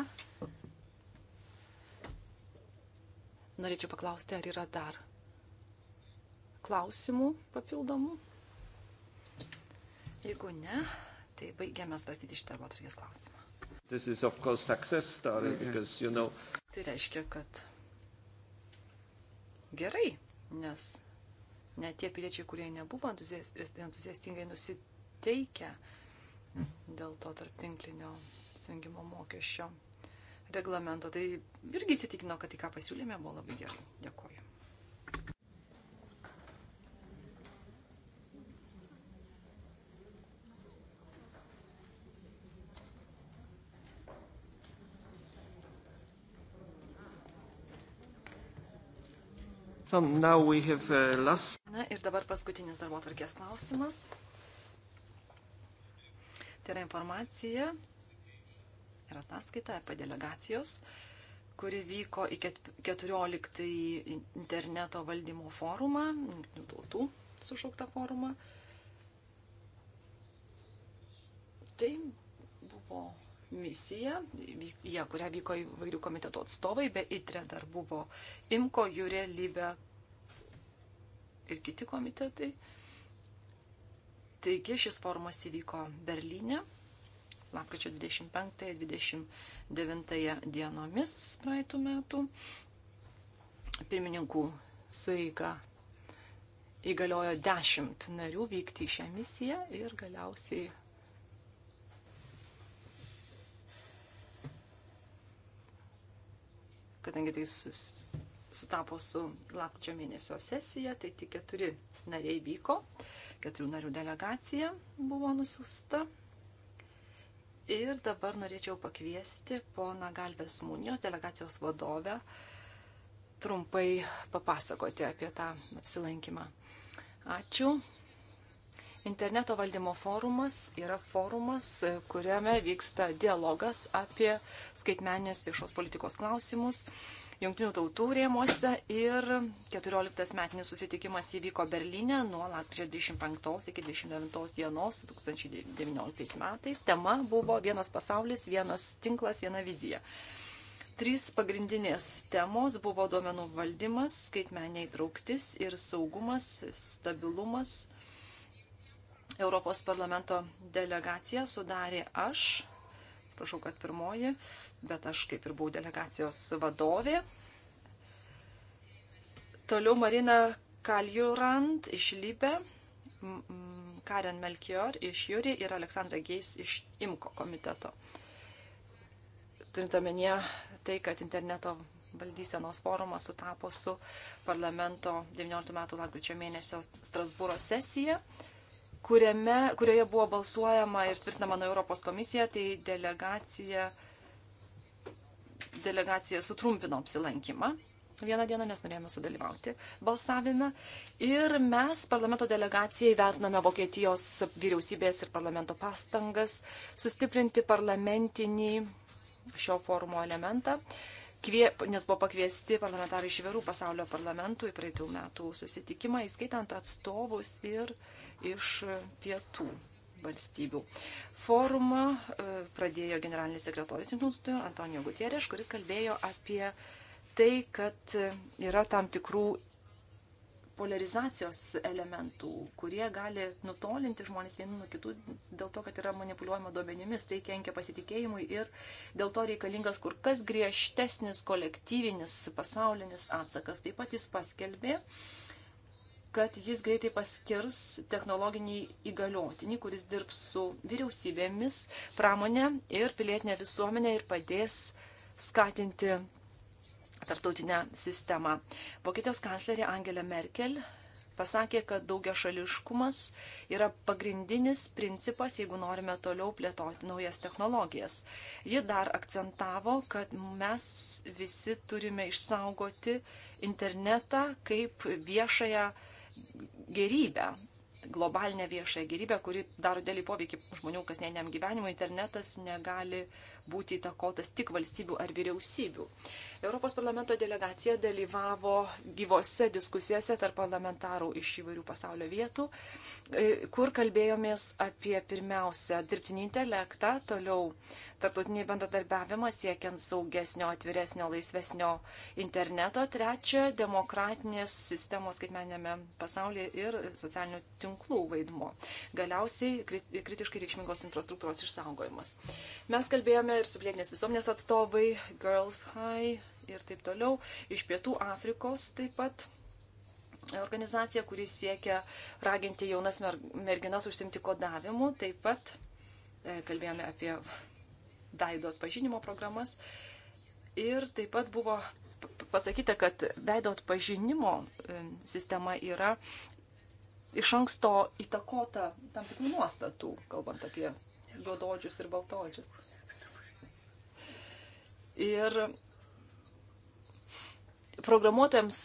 Norėčiau paklausti, ar yra dar klausimų papildomų. Jeigu ne, tai baigiame svarstyti šitą darbotvarkės klausimą. Is, course, story, because, you know... Tai reiškia, kad gerai, nes net tie piliečiai, kurie nebuvo entuziastingai nusiteikę dėl to tarptinklinio sujungimo mokesčio reglamento, tai irgi įsitikino, kad tai, ką pasiūlėme, buvo labai gerai. Dėkuoju. So uh, last... Na ir dabar paskutinis darbo atvarkės klausimas. Tai yra informacija ir ataskaita apie delegacijos, kuri vyko į 14 interneto valdymo forumą, tautų sušauktą forumą. Tai buvo misiją, jie, kurią vyko įvairių komiteto atstovai, be ITRE dar buvo IMKO, JURE, LIBE ir kiti komitetai. Taigi šis formas įvyko Berlyne, lapkričio 25-29 dienomis praeitų metų. Pirmininkų suiga įgaliojo dešimt narių vykti į šią misiją ir galiausiai kadangi tai sutapo su lapkričio mėnesio sesija, tai tik keturi nariai vyko, keturių narių delegacija buvo nusiusta. Ir dabar norėčiau pakviesti poną Galvės Munijos delegacijos vadovę trumpai papasakoti apie tą apsilankymą. Ačiū. Interneto valdymo forumas yra forumas, e, kuriame vyksta dialogas apie skaitmenės viešos politikos klausimus. Junktinių tautų rėmuose ir 14 metinis susitikimas įvyko Berlyne nuo lapkričio 25 iki 29 dienos 2019 metais. Tema buvo vienas pasaulis, vienas tinklas, viena vizija. Trys pagrindinės temos buvo duomenų valdymas, skaitmeniai trauktis ir saugumas, stabilumas Europos parlamento delegaciją sudarė aš, atsiprašau, kad pirmoji, bet aš kaip ir buvau delegacijos vadovė. Toliau Marina Kaljurand iš Libe, Karen Melchior iš Jūri ir Aleksandra Geis iš Imko komiteto. Turint omenyje tai, kad interneto valdysenos forumas sutapo su parlamento 19 metų lakryčio mėnesio Strasbūro sesija kuriame, kurioje buvo balsuojama ir tvirtinama nuo Europos komisija, tai delegacija, delegacija sutrumpino apsilankimą vieną dieną, nes norėjome sudalyvauti balsavime. Ir mes parlamento delegacijai vertiname Vokietijos vyriausybės ir parlamento pastangas sustiprinti parlamentinį šio forumo elementą. Kvie, nes buvo pakviesti parlamentarai iš įvairių pasaulio parlamentų į praeitų metų susitikimą, įskaitant atstovus ir uh, iš pietų valstybių. Forumą e, pradėjo generalinis sekretorius Junktinių Antonijo Gutierėš, kuris kalbėjo apie tai, kad e, yra tam tikrų polarizacijos elementų, kurie gali nutolinti žmonės vieni nuo kitų dėl to, kad yra manipuliuojama duomenimis, tai kenkia pasitikėjimui ir dėl to reikalingas kur kas griežtesnis kolektyvinis pasaulinis atsakas. Taip pat jis paskelbė, kad jis greitai paskirs technologinį įgaliotinį, kuris dirbs su vyriausybėmis, pramonė ir pilietinė visuomenė ir padės skatinti tarptautinę sistemą. Vokietijos kanclerė Angelė Merkel pasakė, kad daugia šališkumas yra pagrindinis principas, jeigu norime toliau plėtoti naujas technologijas. Ji dar akcentavo, kad mes visi turime išsaugoti internetą kaip viešąją gerybę, globalinę viešąją gerybę, kuri daro dėlį poveikį žmonių kasdieniam gyvenimui. Internetas negali būti įtakotas tik valstybių ar vyriausybių. Europos parlamento delegacija dalyvavo gyvose diskusijose tarp parlamentarų iš įvairių pasaulio vietų, e, kur kalbėjomės apie pirmiausia dirbtinį intelektą, toliau tarptautinį bendradarbiavimą siekiant saugesnio, atviresnio, laisvesnio interneto, trečia demokratinės sistemos skaitmenėme pasaulyje ir socialinių tinklų vaidmo. Galiausiai kritiškai reikšmingos infrastruktūros išsaugojimas. Mes kalbėjome ir su plėtinės visuomenės atstovai, Girls High ir taip toliau, iš Pietų Afrikos taip pat organizacija, kuri siekia raginti jaunas merginas užsimti kodavimu, taip pat e, kalbėjome apie veido atpažinimo programas ir taip pat buvo pasakyta, kad veido atpažinimo e, sistema yra iš anksto įtakota tam tikrų nuostatų, kalbant apie juododžius ir baltodžius. Ir programuotojams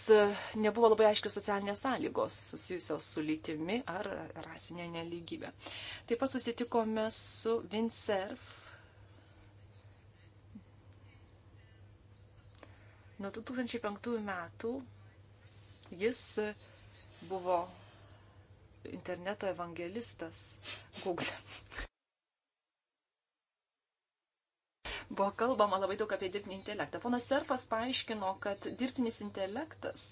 nebuvo labai aiškios socialinės sąlygos susijusios su lytimi ar rasinė neligybė. Taip pat susitikome su Vinserf. Nuo 2005 metų jis buvo interneto evangelistas Google. Buvo kalbama labai daug apie dirbtinį intelektą. Ponas Serfas paaiškino, kad dirbtinis intelektas,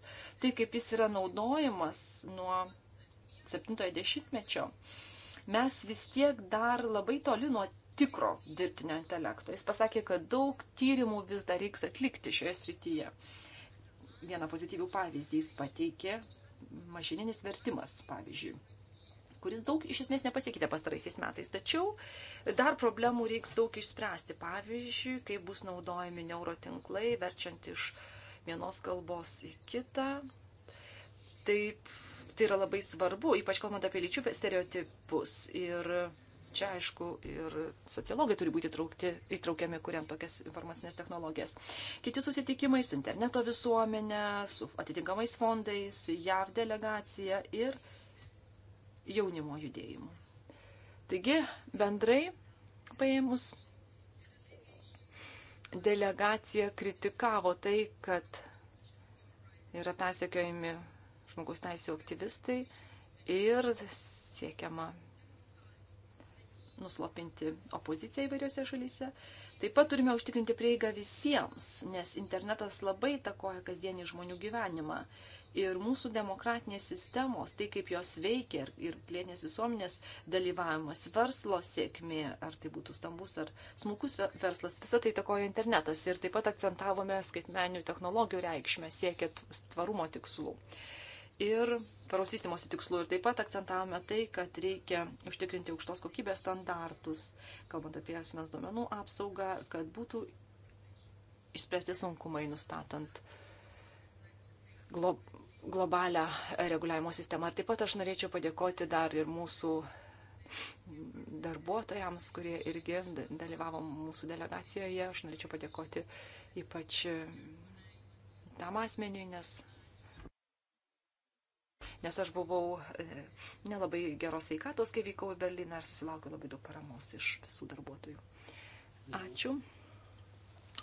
tai kaip jis yra naudojamas nuo 70-mečio, mes vis tiek dar labai toli nuo tikro dirbtinio intelekto. Jis pasakė, kad daug tyrimų vis dar reiks atlikti šioje srityje. Vieną pozityvių pavyzdį jis pateikė mašininis vertimas, pavyzdžiui kuris daug iš esmės nepasikeitė pastaraisiais metais. Tačiau dar problemų reiks daug išspręsti. Pavyzdžiui, kai bus naudojami neurotinklai, verčiant iš vienos kalbos į kitą. Taip, tai yra labai svarbu, ypač kalbant apie lyčių stereotipus. Ir čia, aišku, ir sociologai turi būti traukti, įtraukiami, kuriant tokias informacinės technologijas. Kiti susitikimai su interneto visuomenė, su atitinkamais fondais, JAV delegacija ir jaunimo judėjimu. Taigi, bendrai paėmus, delegacija kritikavo tai, kad yra persekiojami žmogus teisų aktyvistai ir siekiama nuslopinti opoziciją įvairiose šalyse. Taip pat turime užtikrinti prieigą visiems, nes internetas labai takoja kasdienį žmonių gyvenimą ir mūsų demokratinės sistemos, tai kaip jos veikia ir plėtinės visuomenės dalyvavimas, verslo sėkmė, ar tai būtų stambus ar smulkus verslas, visą tai takojo internetas ir taip pat akcentavome skaitmeninių technologijų reikšmę siekiant tvarumo tikslų. Ir paros vystimosi tikslų ir taip pat akcentavome tai, kad reikia užtikrinti aukštos kokybės standartus, kalbant apie asmens duomenų apsaugą, kad būtų išspręsti sunkumai nustatant glob globalią reguliavimo sistemą. Ir taip pat aš norėčiau padėkoti dar ir mūsų darbuotojams, kurie irgi dalyvavo mūsų delegacijoje. Aš norėčiau padėkoti ypač tam asmeniui, nes, nes aš buvau e, nelabai geros veikatos, kai vykau į Berliną ir susilaukiau labai daug paramos iš visų darbuotojų. Ačiū.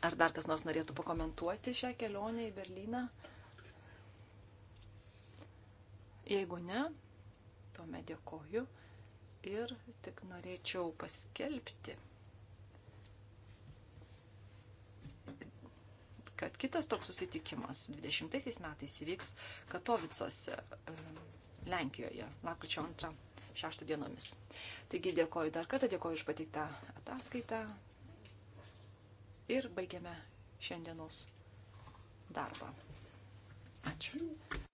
Ar dar kas nors norėtų pakomentuoti šią kelionę į Berliną? Jeigu ne, tuomet dėkoju ir tik norėčiau paskelbti, kad kitas toks susitikimas 20 metais įvyks Katovicuose, Lenkijoje, lakryčio 2-6 dienomis. Taigi dėkoju dar kartą, dėkoju už pateiktą ataskaitą ir baigiame šiandienos darbą. Ačiū.